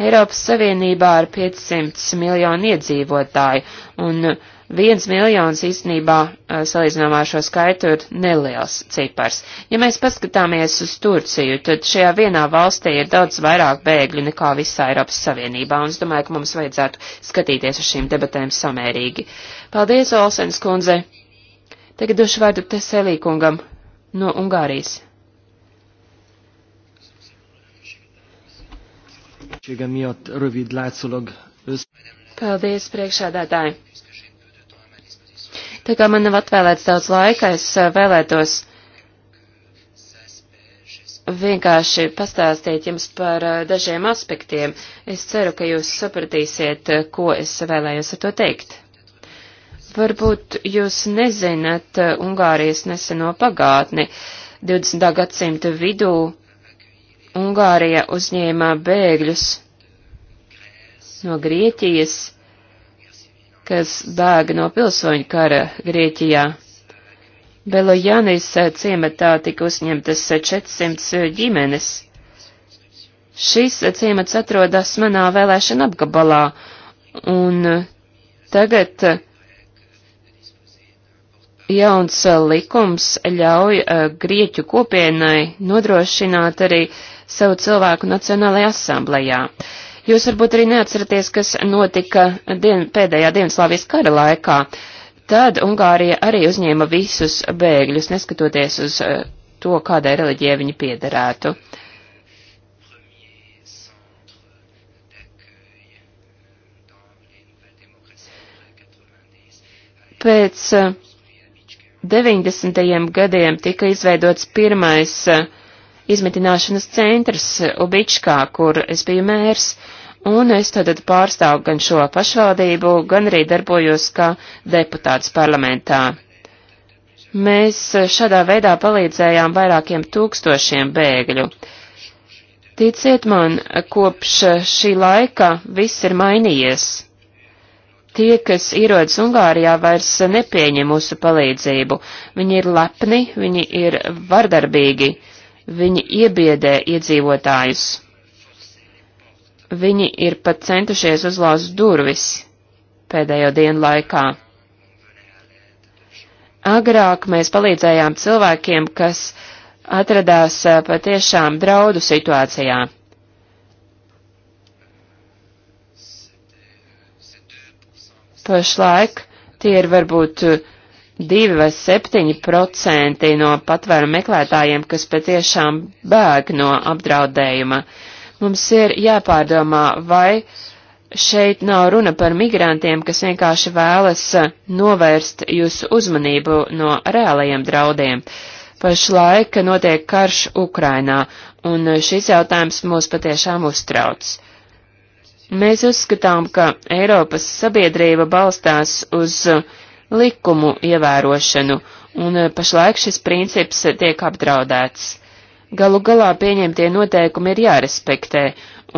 Speaker 3: Eiropas Savienībā ir 500 miljoni iedzīvotāji, un uh, Viens miljons īstenībā eh, salīdzinājumā ar šo skaitu ir neliels cipars. Ja mēs paskatāmies uz Turciju, tad šajā vienā valstī ir daudz vairāk bēgļu nekā visā Eiropas Savienībā, un es domāju, ka mums vajadzētu skatīties uz šīm debatēm samērīgi. Paldies, Olsens kundze! Tagad došu vārdu Teselī kungam no
Speaker 4: Ungārijas.
Speaker 3: Paldies, priekšādātāji! Tā kā man nav atvēlēts daudz laika, es eh, vēlētos vienkārši pastāstīt jums par eh, dažiem aspektiem. Es ceru, ka jūs sapratīsiet, eh, ko es vēlējos ar to teikt. Varbūt jūs nezinat Ungārijas neseno pagātni. 20. gadsimta vidū Ungārija uzņēma bēgļus no Grieķijas, kas bēga no pilsoņu kara Grieķijā. Belojanis eh, ciematā tika uzņemtas 400 eh, eh, ģimenes. Šis ciemats atrodas manā vēlēšana apgabalā, un tagad jauns likums ļauj Grieķu kopienai nodrošināt arī savu cilvēku Nacionālajā asamblējā. Uh, Jūs varbūt arī neatceraties, kas notika dien, pēdējā Dienaslāvijas kara laikā. Tad Ungārija arī uzņēma visus bēgļus, neskatoties uz eh, to, kādai reliģijai viņi piederētu. Pēc 90. Eh, gadiem tika izveidots pirmais uh, izmitināšanas centrs Ubičkā, kur es biju mērs, un es tad pārstāvu gan šo pašvaldību, gan arī darbojos kā deputāts parlamentā. Mēs šādā veidā palīdzējām vairākiem tūkstošiem bēgļu. Ticiet man, kopš šī laika viss ir mainījies. Tie, kas ierodas Ungārijā, vairs nepieņem mūsu palīdzību. Viņi ir lepni, viņi ir vardarbīgi. Viņi iebiedē iedzīvotājus. Viņi ir pat centušies uzlauzt durvis pēdējo dienu laikā. Agrāk mēs palīdzējām cilvēkiem, kas atradās eh, patiešām draudu situācijā. Pašlaik tie ir varbūt 2 vai 7 procenti no patvēru meklētājiem, kas patiešām bēg no apdraudējuma. Mums ir jāpārdomā, vai šeit nav runa par migrantiem, kas vienkārši vēlas novērst jūsu uzmanību no reālajiem draudiem. Pašlaik notiek karš Ukrainā, un šis jautājums mūs patiešām uztrauc. Mēs uzskatām, ka Eiropas sabiedrība balstās uz uh, likumu ievērošanu, un eh, pašlaik šis princips eh, tiek apdraudēts. Galu galā pieņemtie noteikumi ir jārespektē,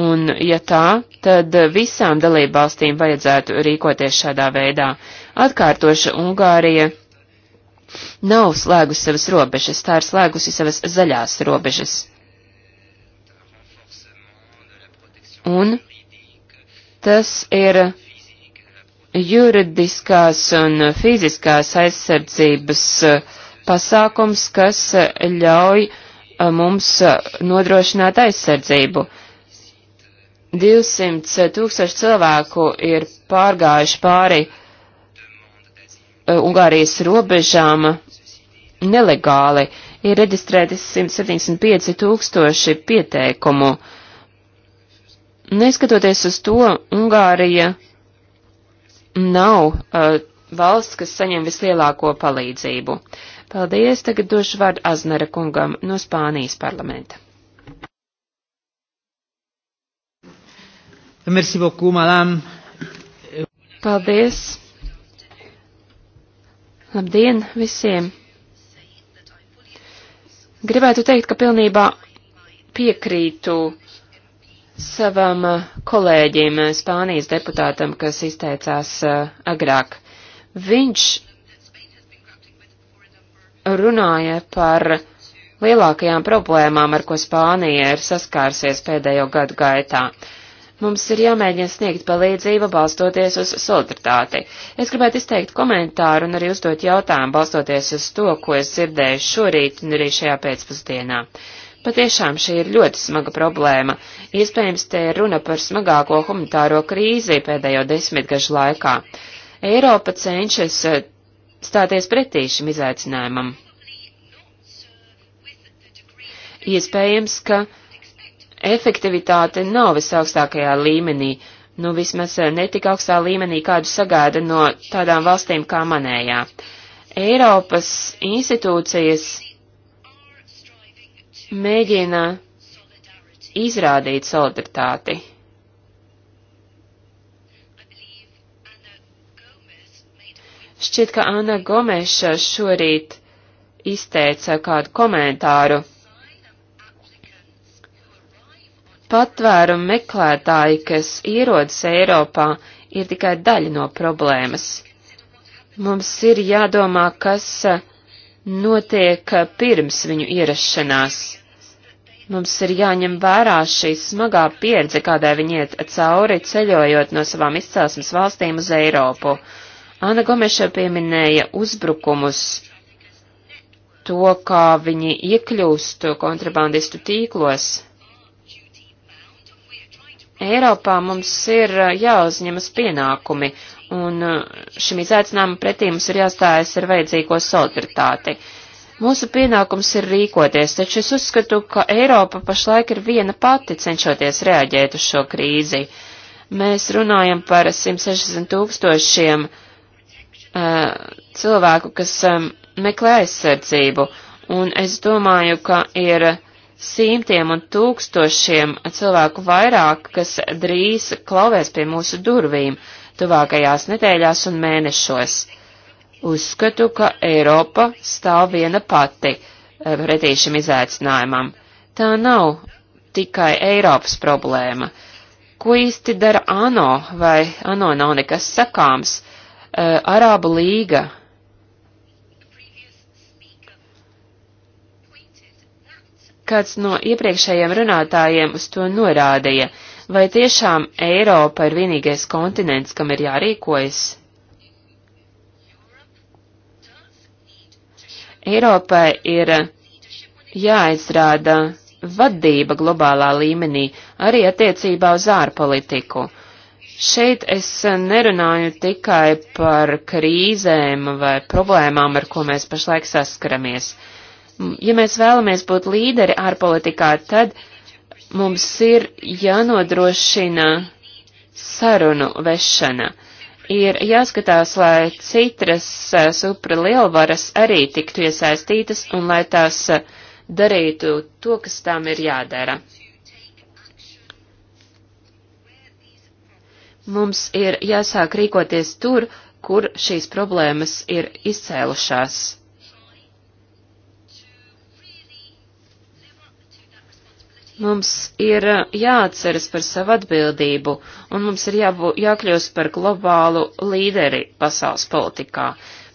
Speaker 3: un ja tā, tad visām dalībvalstīm vajadzētu rīkoties šādā veidā. Atkārtoša Ungārija nav slēgusi savas robežas, tā ir slēgusi savas zaļās robežas. Un tas ir juridiskās un fiziskās aizsardzības eh, pasākums, kas eh, ļauj eh, mums nodrošināt aizsardzību. 200 tūkstoši cilvēku ir pārgājuši pāri Ungārijas robežām nelegāli. Ir reģistrēti 175 tūkstoši pieteikumu. Neskatoties uz to, Ungārija nav uh, valsts, kas saņem vislielāko palīdzību. Paldies, tagad došu vārdu Aznara kungam no Spānijas parlamenta.
Speaker 2: Merci beaucoup, madame.
Speaker 3: Paldies. Labdien visiem. Gribētu teikt, ka pilnībā piekrītu savam eh, kolēģim, eh, Spānijas deputātam, kas izteicās eh, agrāk. Viņš runāja par lielākajām problēmām, ar ko Spānija ir saskārsies pēdējo gadu gaitā. Mums ir jāmēģina sniegt palīdzību balstoties uz solidaritāti. Es gribētu izteikt komentāru un arī uzdot jautājumu balstoties uz to, ko es dzirdēju šorīt un arī šajā pēcpusdienā. Uh, Patiešām šī ir ļoti smaga problēma. Iespējams, te ir runa par smagāko humanitāro krīzi pēdējo desmitgažu laikā. Eiropa cenšas eh, stāties pretī šim izaicinājumam. Iespējams, ka efektivitāte nav visaugstākajā līmenī, nu vismaz eh, netika augstā līmenī, kādu sagaida no tādām valstīm kā manējā. Eiropas institūcijas mēģina izrādīt solidaritāti. Šķiet, ka Anna Gomeša šorīt izteica kādu komentāru. Patvērumu meklētāji, kas ierodas Eiropā, ir tikai daļa no problēmas. Mums ir jādomā, kas notiek pirms viņu ierašanās. Mums ir jāņem vērā šī smagā pieredze, kādai viņi iet cauri, ceļojot no savām izcelsmes valstīm uz Eiropu. Ana Gomeša pieminēja uzbrukumus, to, kā viņi iekļūst kontrabandistu tīklos. Eiropā mums ir jāuzņemas pienākumi, un šim izaicinājumam pretī mums ir jāstājas ar vajadzīgo solidaritāti. Mūsu pienākums ir rīkoties, taču es uzskatu, ka Eiropa pašlaik ir viena pati cenšoties reaģēt uz šo krīzi. Mēs runājam par 160 tūkstošiem uh, cilvēku, kas um, meklē aizsardzību, un es domāju, ka ir simtiem un tūkstošiem cilvēku vairāk, kas drīz klauvēs pie mūsu durvīm tuvākajās nedēļās un mēnešos. Uh, Uzskatu, ka Eiropa stāv viena pati eh, pretī šim izaicinājumam. Tā nav tikai Eiropas problēma. Ko īsti dara ANO, vai ANO nav nekas sakāms? Uh, Arābu līga. Kāds no iepriekšējiem runātājiem uz to norādīja, vai tiešām Eiropa ir vienīgais kontinents, kam ir jārīkojas? Eiropai ir jāizrāda vadība globālā līmenī, arī attiecībā uz ārpolitiku. Šeit es nerunāju tikai par krīzēm vai problēmām, ar ko mēs pašlaik saskaramies. Ja mēs vēlamies būt līderi ārpolitikā, tad mums ir jānodrošina sarunu vešana. Uh, ir jāskatās, lai citas supralielvaras arī tiktu iesaistītas un lai tās darītu to, kas tām ir jādara. Mums ir jāsāk rīkoties tur, kur šīs problēmas ir izcēlušās. Mums ir eh, jāatceras par savu atbildību, un mums ir jābū, jākļūst par globālu līderi pasaules politikā.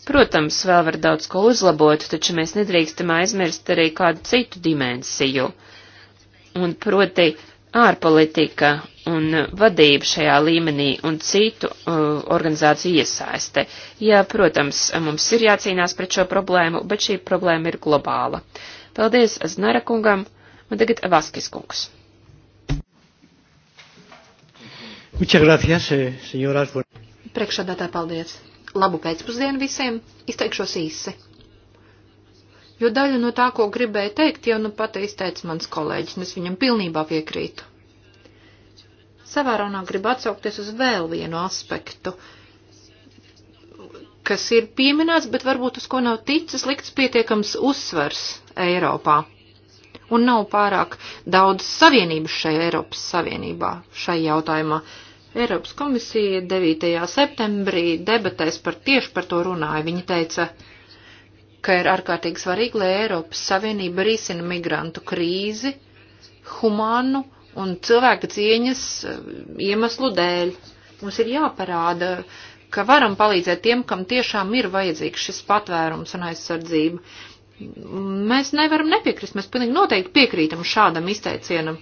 Speaker 3: Protams, vēl var daudz ko uzlabot, taču mēs nedrīkstam aizmirst arī kādu citu dimensiju, un proti ārpolitika un vadība šajā līmenī un citu uh, organizāciju iesaiste. Jā, protams, mums ir jācīnās pret šo problēmu, bet šī problēma ir globāla. Paldies Znarakungam! Un tagad Vaskis kungs.
Speaker 2: Muchas gracias, eh, señoras. Priekšādātā paldies. Labu pēcpusdienu visiem. Izteikšos īsi. Jo daļu no tā, ko gribēju teikt, jau nu pat izteica mans kolēģis, un es viņam pilnībā piekrītu. Savā runā gribu atsaukties uz vēl vienu aspektu, kas ir pieminēts, bet varbūt uz ko nav ticis likts pietiekams uzsvers Eiropā un nav pārāk daudz savienības šai Eiropas Savienībā šai jautājumā. Eiropas komisija 9. septembrī debatēs par tieši par to runāja. Viņa teica, ka ir ārkārtīgi svarīgi, lai Eiropas Savienība risina migrantu krīzi humānu un cilvēka cieņas eh, iemeslu dēļ. Mums ir jāparāda, ka varam palīdzēt tiem, kam tiešām ir vajadzīgs šis patvērums un aizsardzība. Mēs nevaram nepiekrist, mēs pilnīgi noteikti piekrītam šādam izteicienam.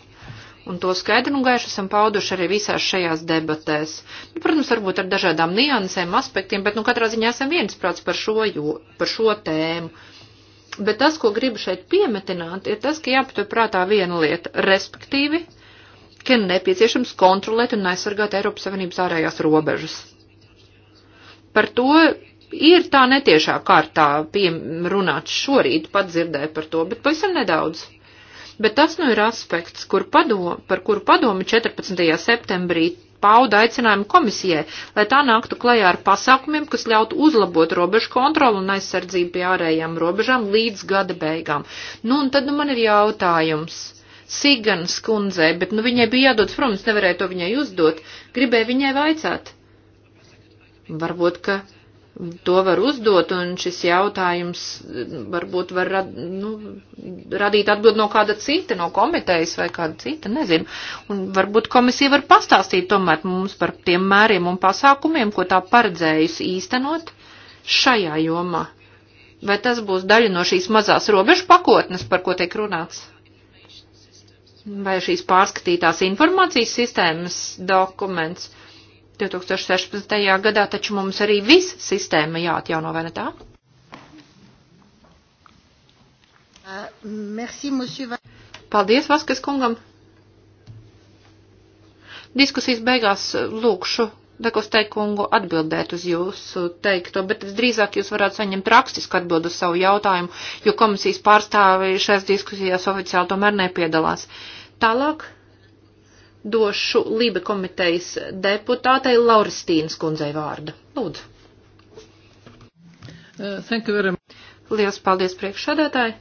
Speaker 2: Un to skaidri un gaiši esam pauduši arī visās šajās debatēs. Nu, protams, varbūt ar dažādām niansēm, aspektiem, bet nu katrā ziņā esam viensprāts par šo, jo, par šo tēmu. Bet tas, ko gribu šeit piemetināt, ir tas, ka jāpatur prātā viena lieta, respektīvi, ka ir nepieciešams kontrolēt un aizsargāt Eiropas Savienības ārējās robežas. Par to ir tā netiešā kārtā runāts šorīt, pat dzirdēju par to, bet pavisam nedaudz. Bet tas nu ir aspekts, kur padom, par kuru padomi 14. septembrī pauda aicinājumu komisijai, lai tā nāktu klajā ar pasākumiem, kas ļautu uzlabot robežu kontroli un aizsardzību pie ārējām robežām līdz gada beigām. Nu, un tad nu, man ir jautājums. Siganas kundzei, bet nu viņai bija jādod prom, es nevarēju to viņai uzdot, gribēju viņai vaicāt. Varbūt, ka to var uzdot, un šis jautājums varbūt var rad, nu, radīt atbild no kāda cita, no komitejas vai kāda cita, nezinu. Un varbūt komisija var pastāstīt tomēr mums par tiem mēriem un pasākumiem, ko tā paredzējusi īstenot šajā jomā. Vai tas būs daļa no šīs mazās robežu pakotnes, par ko tiek runāts? Vai šīs pārskatītās informācijas sistēmas dokuments? Uh, 2016. gadā, taču mums arī viss sistēma jāatjauno, vai ne tā? Uh, merci, monsieur. Paldies Vaskas kungam. Diskusijas beigās uh, lūkšu Dekostei kungu atbildēt uz jūsu teikto, bet visdrīzāk jūs varētu saņemt rakstisku atbildu uz savu jautājumu, jo komisijas pārstāvi šajās diskusijās oficiāli tomēr nepiedalās. Tālāk došu Lība komitejas deputātei Lauristīnas kundzei vārdu. Lūdzu. Uh, Lielas paldies priekšsādātāji.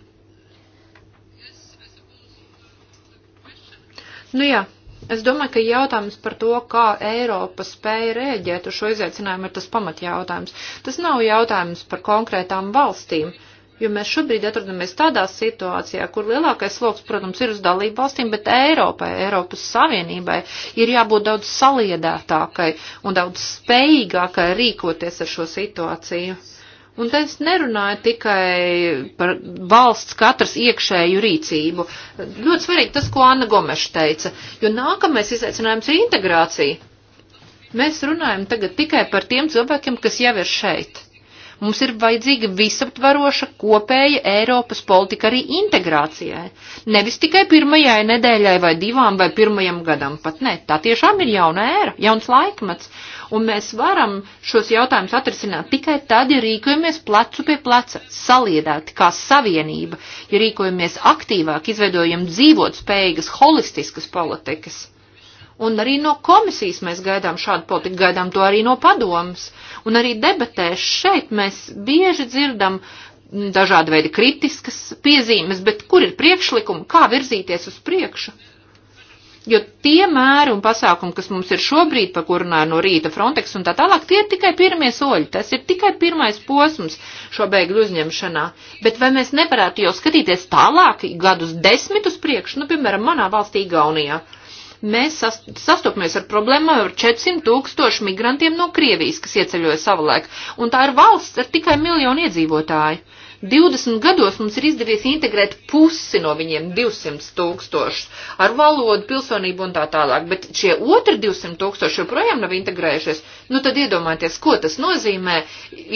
Speaker 2: Nu jā, es domāju, ka jautājums par to, kā Eiropa spēja rēģēt uz šo izaicinājumu, ir tas pamatjautājums. Tas nav jautājums par konkrētām valstīm. Uh, Jo mēs šobrīd atrodamies tādā situācijā, kur lielākais sloks, protams, ir uz dalību valstīm, bet Eiropai, Eiropas Savienībai ir jābūt daudz saliedētākai un daudz spējīgākai rīkoties ar šo situāciju. Un te es nerunāju tikai par valsts katras iekšēju rīcību. Ļoti svarīgi tas, ko Anna Gomeša teica, jo nākamais izaicinājums ir integrācija. Mēs runājam tagad tikai par tiem cilvēkiem, kas jau ir šeit. Mums ir vajadzīga visaptvaroša kopēja Eiropas politika arī integrācijai. Nevis tikai pirmajai nedēļai vai divām vai pirmajam gadam, pat ne. Tā tiešām ir jauna ēra, jauns laikmets. Un mēs varam šos jautājumus atrisināt tikai tad, ja rīkojamies plecu pie pleca, saliedēti kā savienība, ja rīkojamies aktīvāk, izveidojam dzīvotspējīgas, holistiskas politikas. Un arī no komisijas mēs gaidām šādu politiku, gaidām to arī no padomas. Un arī debatēs šeit mēs bieži dzirdam dažādi veidi kritiskas piezīmes, bet kur ir priekšlikumi, kā virzīties uz priekšu? Jo tie mēri un pasākumi, kas mums ir šobrīd, par kur runāja no rīta Frontex un tā tālāk, tie ir tikai pirmie soļi. Tas ir tikai pirmais posms šo bēgļu uzņemšanā. Bet vai mēs nevarētu jau skatīties tālāk, gadus desmit uz priekšu, nu, piemēram, manā valstī Gaunijā? Uh, Mēs sastopamies ar problēmām ar 400 tūkstošu migrantiem no Krievijas, kas ieceļoja savulaik. Un tā ir valsts ar tikai miljonu iedzīvotāju. 20 gados mums ir izdevies integrēt pusi no viņiem 200 tūkstošus ar valodu, pilsonību un tā tālāk, bet šie otri 200 tūkstoši joprojām nav integrējušies. Nu tad iedomājieties, ko tas nozīmē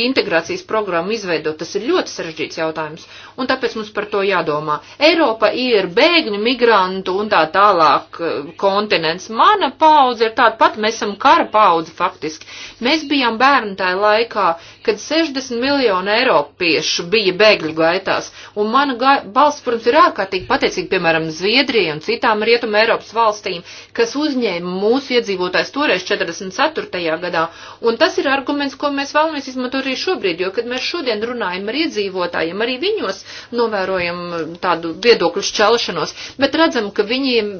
Speaker 2: integrācijas programmu izveidot. Tas ir ļoti sarežģīts jautājums. Un tāpēc mums par to jādomā. Eiropa ir bēgļu, migrantu un tā tālāk eh, kontinents. Mana paudze ir tāda pat, mēs esam kara paudze faktiski. Mēs bijām bērni tajā laikā, kad 60 miljonu eiropiešu bija bēgļi bēgļu gaitās. Un mana ga balss, protams, ir ārkārtīgi pateicīga, piemēram, Zviedrijai un citām Rietuma Eiropas valstīm, kas uzņēma mūsu iedzīvotājs toreiz 44. gadā. Un tas ir arguments, ko mēs vēlamies izmantot arī šobrīd, jo, kad mēs šodien runājam ar iedzīvotājiem, arī viņos novērojam eh, tādu viedokļu šķelšanos, bet redzam, ka viņiem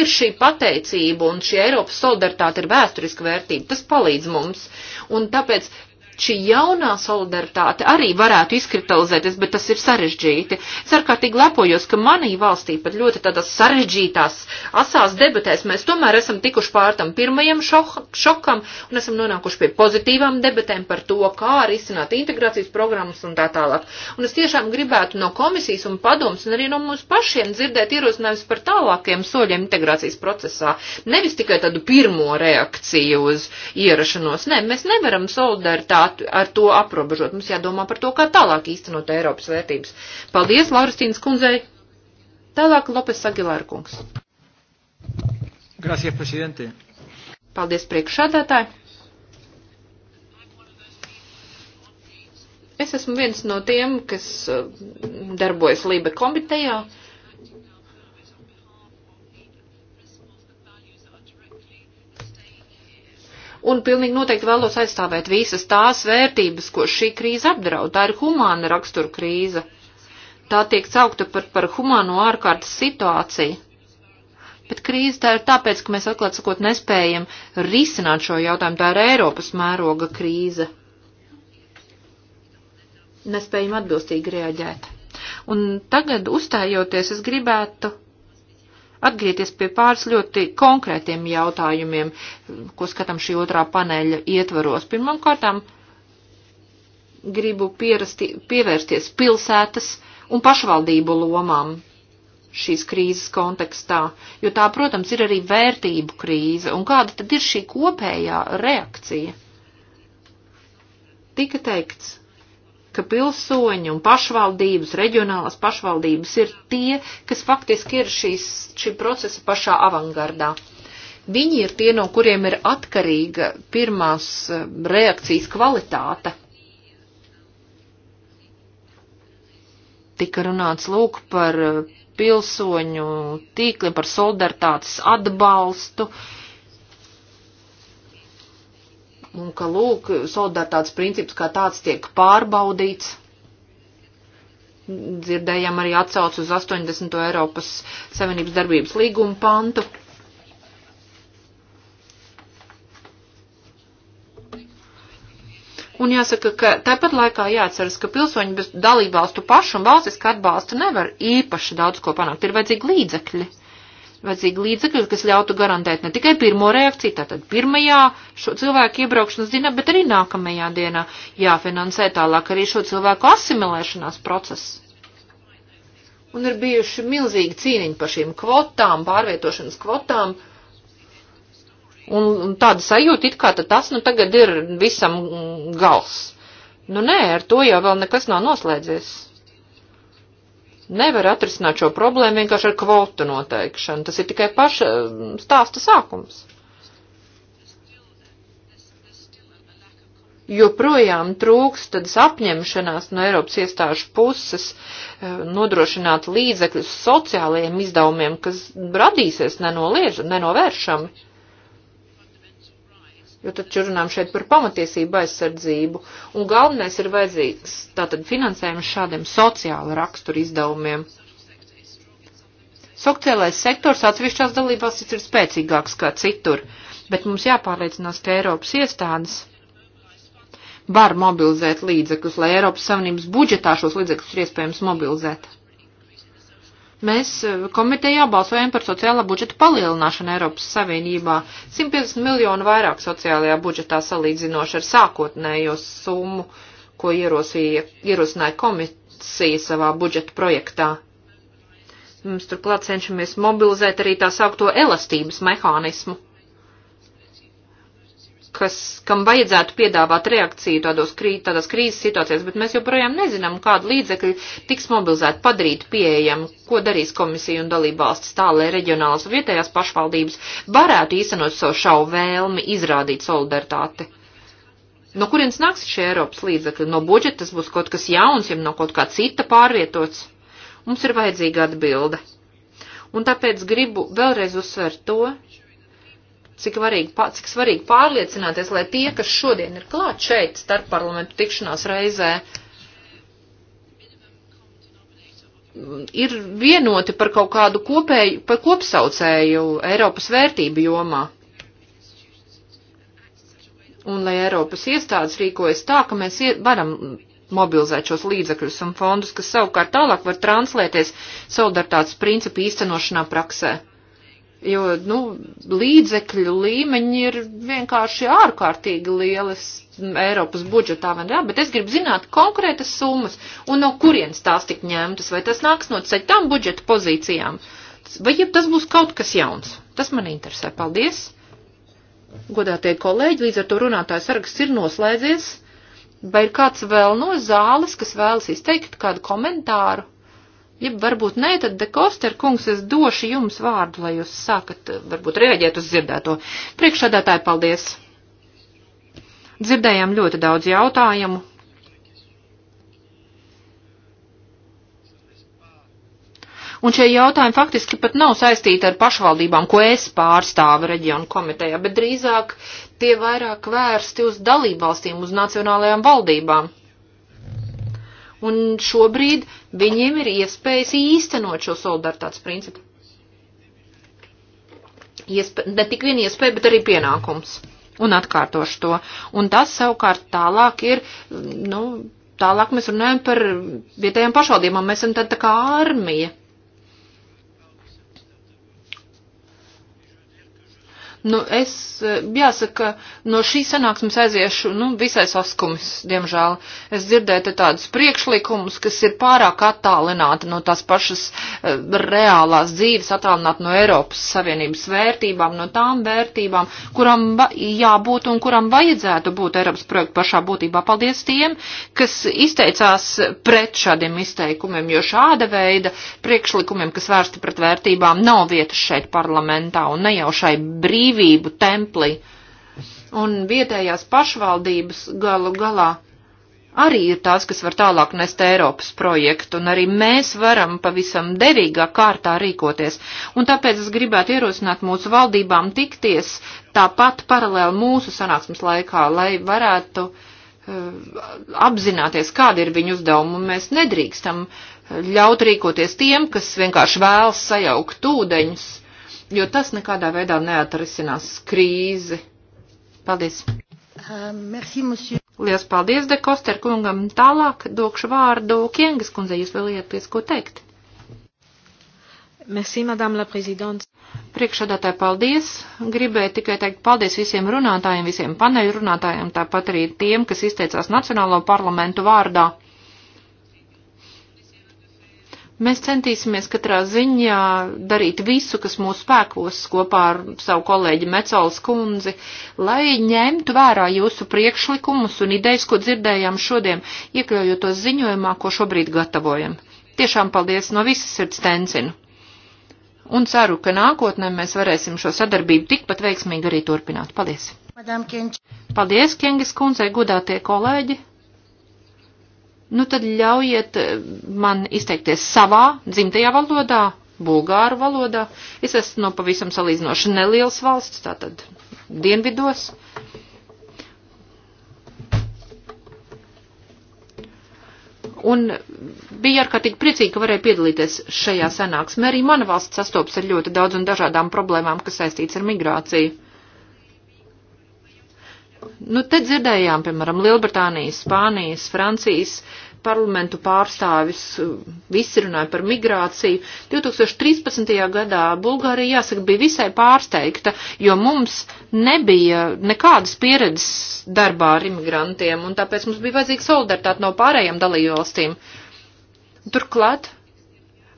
Speaker 2: ir šī pateicība un šī Eiropas solidaritāte ir vēsturiska vērtība. Tas palīdz mums. Un tāpēc šī jaunā solidaritāte arī varētu izkristalizēties, bet tas ir sarežģīti. Es ārkārtīgi lepojos, ka manī valstī pat ļoti tādās sarežģītās, asās debatēs mēs tomēr esam tikuši pārtam pirmajam šokam un esam nonākuši pie pozitīvām debatēm par to, kā arī izcināt integrācijas programmas un tā tālāk. Un es tiešām gribētu no komisijas un padoms un arī no mums pašiem dzirdēt ierosinājums par tālākiem soļiem integrācijas procesā. Nevis tikai tādu pirmo reakciju uz ierašanos. Nē, mēs nevaram solidaritāti at, ar to aprobežot. Mums jādomā par to, kā tālāk īstenot Eiropas vērtības. Paldies, Lauristīnas kundzei. Tālāk Lopes Agilāra kungs.
Speaker 4: Gracias, presidente.
Speaker 2: Paldies, priekšādātāji. Es esmu viens no tiem, kas eh, darbojas Lībe komitejā. un pilnīgi noteikti vēlos aizstāvēt visas tās vērtības, ko šī krīze apdraud. Tā ir humāna rakstura krīze. Tā tiek saukta par, par humāno ārkārtas situāciju. Bet krīze tā ir tāpēc, ka mēs atklāt sakot nespējam risināt šo jautājumu. Tā ir Eiropas mēroga krīze. Nespējam atbilstīgi reaģēt. Un tagad uzstājoties, es gribētu atgrieties pie pāris ļoti konkrētiem jautājumiem, ko skatām šī otrā paneļa ietvaros. Pirmam kārtām gribu pierasti, pievērsties pilsētas un pašvaldību lomām šīs krīzes kontekstā, jo tā, protams, ir arī vērtību krīze. Un kāda tad ir šī kopējā reakcija? Tika teikts, ka pilsoņi un pašvaldības, reģionālās pašvaldības ir tie, kas faktiski ir šīs, šī procesa pašā avangardā. Viņi ir tie, no kuriem ir atkarīga pirmās eh, reakcijas kvalitāte. Tika runāts lūk par eh, pilsoņu tīkliem, par solidaritātes atbalstu. Uh, un ka, lūk, solidaritātes princips kā tāds tiek pārbaudīts. Dzirdējām arī atsaucu uz 80. Eiropas Savienības darbības līguma pantu. Un jāsaka, ka tāpat laikā jāatceras, ka pilsoņi bez dalībvalstu pašu un valstiska atbalsta nevar īpaši daudz ko panākt. Ir vajadzīgi līdzekļi vajadzīgi līdzekļi, kas ļautu garantēt ne tikai pirmo reakciju, tātad pirmajā šo cilvēku iebraukšanas dienā, bet arī nākamajā dienā jāfinansē tālāk arī šo cilvēku asimilēšanās process. Un ir bijuši milzīgi cīniņi par šīm kvotām, pārvietošanas kvotām. Un, un tāda sajūta, it kā tas, nu, tagad ir visam gals. Nu, nē, ar to jau vēl nekas nav noslēdzies nevar atrisināt šo problēmu vienkārši ar kvotu noteikšanu. Tas ir tikai paša mm, stāsta sākums. joprojām trūks tādas apņemšanās no Eiropas iestāžu puses eh, nodrošināt līdzekļus sociālajiem izdevumiem, kas radīsies nenoliedz, nenovēršami jo taču runām šeit par pamatiesību aizsardzību, un galvenais ir vajadzīgs tātad finansējums šādiem sociāla rakstura izdevumiem. Sociālais sektors atsevišķās dalībvalstis ir spēcīgāks kā citur, bet mums jāpārliecinās, ka Eiropas iestādes var mobilizēt līdzekļus, lai Eiropas Savienības budžetā šos līdzekļus ir iespējams mobilizēt. Mēs e, komitejā balsojam par sociālā budžeta palielināšanu Eiropas Savienībā. 150 miljonu vairāk sociālajā budžetā salīdzinoši ar sākotnējo summu, ko ierosīja, ierosināja komisija savā budžeta projektā. Mums turklāt cenšamies mobilizēt arī tā saukto elastības mehānismu kas, kam vajadzētu piedāvāt reakciju tādos krī, tādās krīzes situācijās, bet mēs joprojām nezinām, kāda līdzekļa tiks mobilizēta, padarīt pieejama, ko darīs komisija un dalībvalstis tā, lai reģionālas vietējās pašvaldības varētu īstenot savu šau vēlmi izrādīt solidaritāti. No kurienes nāks šie Eiropas līdzekļi? No budžeta tas būs kaut kas jauns, ja no kaut kā cita pārvietots. Mums ir vajadzīga atbilde. Un tāpēc gribu vēlreiz uzsvērt to, cik, varīgi, cik svarīgi pārliecināties, lai tie, kas šodien ir klāt šeit starp parlamentu tikšanās reizē, ir vienoti par kaut kādu kopēju, par kopsaucēju Eiropas vērtību jomā. Un lai Eiropas iestādes rīkojas tā, ka mēs varam mobilizēt šos līdzekļus un fondus, kas savukārt tālāk var translēties solidaritātes principu īstenošanā praksē jo, nu, līdzekļu līmeņi ir vienkārši ārkārtīgi lielas Eiropas budžetā, vai ne? Bet es gribu zināt konkrētas summas un no kurienes tās tik ņemtas, vai tas nāks no ceļtām budžeta pozīcijām, vai ja tas būs kaut kas jauns. Tas man interesē. Paldies! Godātie kolēģi, līdz ar to runātājs saraksts ir noslēdzies. Vai ir kāds vēl no zāles, kas vēlas izteikt kādu komentāru? Ja varbūt nē, tad Dekoster kungs, es došu jums vārdu, lai jūs sākat eh, varbūt reaģēt uz dzirdēto. Priekšādātāji, paldies! Dzirdējām ļoti daudz jautājumu. Un šie jautājumi faktiski pat nav saistīti ar pašvaldībām, ko es pārstāvu reģionu komitejā, bet drīzāk tie vairāk vērsti uz dalībvalstīm, uz nacionālajām valdībām un šobrīd viņiem ir iespējas īstenot šo solidaritātes principu. Iespē, ne tik vien iespēja, bet arī pienākums. Un atkārtošu to. Un tas savukārt tālāk ir, nu, tālāk mēs runājam par vietējām pašvaldībām. Mēs esam tad tā kā armija. Nu, es eh, jāsaka, no šīs sanāksmes aiziešu, nu, visai saskumis, diemžēl. Es dzirdēju tādus priekšlikumus, kas ir pārāk attālināti no tās pašas eh, reālās dzīves, attālināti no Eiropas Savienības vērtībām, no tām vērtībām, kuram jābūt un kuram vajadzētu būt Eiropas projektu pašā būtībā. Paldies tiem, kas izteicās pret šādiem izteikumiem, jo šāda veida priekšlikumiem, kas vērsti pret vērtībām, nav vietas šeit parlamentā un ne jau šai brīdī brīvību templi. Un vietējās pašvaldības galu galā arī ir tās, kas var tālāk nest Eiropas projektu, un arī mēs varam pavisam derīgā kārtā rīkoties. Un tāpēc es gribētu ierosināt mūsu valdībām tikties tāpat paralēli mūsu sanāksmes laikā, lai varētu uh, apzināties, kāda ir viņu uzdevuma, un mēs nedrīkstam ļaut rīkoties tiem, kas vienkārši vēlas sajaukt ūdeņus jo tas nekādā veidā neatrisinās krīzi. Paldies!
Speaker 1: Uh, merci, monsieur.
Speaker 2: Lielas paldies, de Koster kungam. Tālāk dokšu vārdu Kiengas kundzei, jūs vēlieties ko teikt. Merci, madame la présidente. Priekšādātāji, paldies. Gribēju tikai teikt paldies visiem runātājiem, visiem paneļu runātājiem, tāpat arī tiem, kas izteicās Nacionālo parlamentu vārdā. Mēs centīsimies katrā ziņā darīt visu, kas mūsu spēkos kopā ar savu kolēģi Mecolas kundzi, lai ņemtu vērā jūsu priekšlikumus un idejas, ko dzirdējām šodien, iekļaujot to ziņojumā, ko šobrīd gatavojam. Tiešām paldies no visas sirds tencinu. Un ceru, ka nākotnē mēs varēsim šo sadarbību tikpat veiksmīgi arī turpināt. Paldies! Paldies, Kengas kundzei, godātie kolēģi! nu tad ļaujiet eh, man izteikties savā dzimtajā valodā, bulgāru valodā. Es esmu no pavisam salīdzinoši nelielas valsts, tātad dienvidos. Un bija ārkārtīgi priecīgi, ka varēja piedalīties šajā sanāksmē. Arī mana valsts sastopas ar ļoti daudz un dažādām problēmām, kas saistīts ar migrāciju Nu, te dzirdējām, piemēram, Lielbritānijas, Spānijas, Francijas parlamentu pārstāvis, uh, visi runāja par migrāciju. 2013. gadā Bulgārija, jāsaka, bija visai pārsteigta, jo mums nebija nekādas pieredzes darbā ar imigrantiem, un tāpēc mums bija vajadzīga solidaritāte no pārējām dalībvalstīm. Turklāt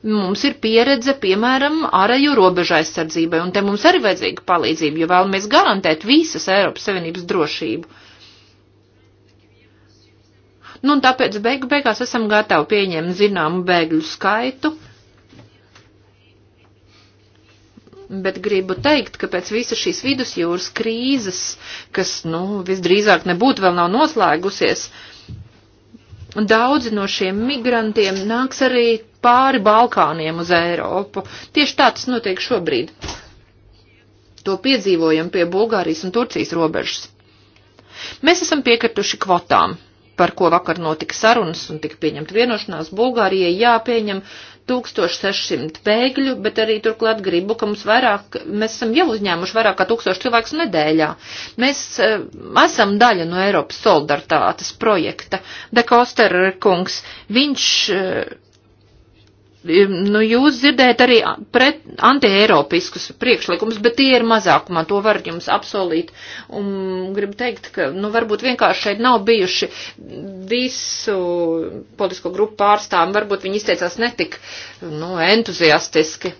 Speaker 2: Nu, mums ir pieredze, piemēram, ārējo robežu aizsardzībai, un te mums arī vajadzīga palīdzība, jo vēlamies garantēt visas Eiropas Savienības drošību. Nu, un tāpēc beigu beigās esam gatavi pieņemt zināmu bēgļu skaitu. Bet gribu teikt, ka pēc visa šīs vidusjūras krīzes, kas, nu, visdrīzāk nebūtu vēl nav noslēgusies, uh, Daudzi no šiem migrantiem nāks arī pāri Balkāniem uz Eiropu. Tieši tā tas notiek šobrīd. To piedzīvojam pie Bulgārijas un Turcijas robežas. Mēs esam piekrituši kvotām, par ko vakar notika sarunas un tika pieņemta vienošanās Bulgārijai jāpieņem uh, 1600 bēgļu, bet arī turklāt gribu, ka mums vairāk, mēs esam jau uzņēmuši vairāk kā 1000 cilvēkus nedēļā. Mēs uh, esam daļa no Eiropas solidaritātes projekta. De Koster kungs, viņš. Uh, Nu, jūs dzirdējat arī pret antieiropiskus priekšlikumus, bet tie ir mazākumā, to var jums apsolīt. Un gribu teikt, ka, nu, varbūt vienkārši šeit nav bijuši visu politisko grupu pārstāvi, varbūt viņi izteicās netik, nu, entuziastiski.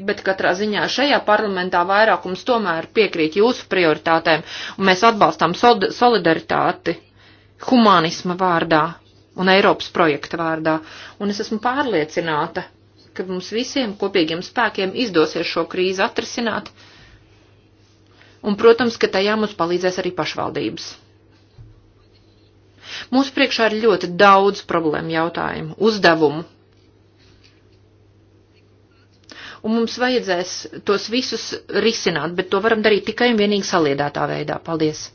Speaker 2: Bet katrā ziņā šajā parlamentā vairākums tomēr piekrīt jūsu prioritātēm, un mēs atbalstām solidaritāti humanisma vārdā un Eiropas projekta vārdā. Un es esmu pārliecināta, ka mums visiem kopīgiem spēkiem izdosies šo krīzi atrisināt. Un, protams, ka tajā mums palīdzēs arī pašvaldības. Mūsu priekšā ir ļoti daudz problēmu jautājumu, uzdevumu. Un mums vajadzēs tos visus risināt, bet to varam darīt tikai un vienīgi saliedētā veidā. Paldies!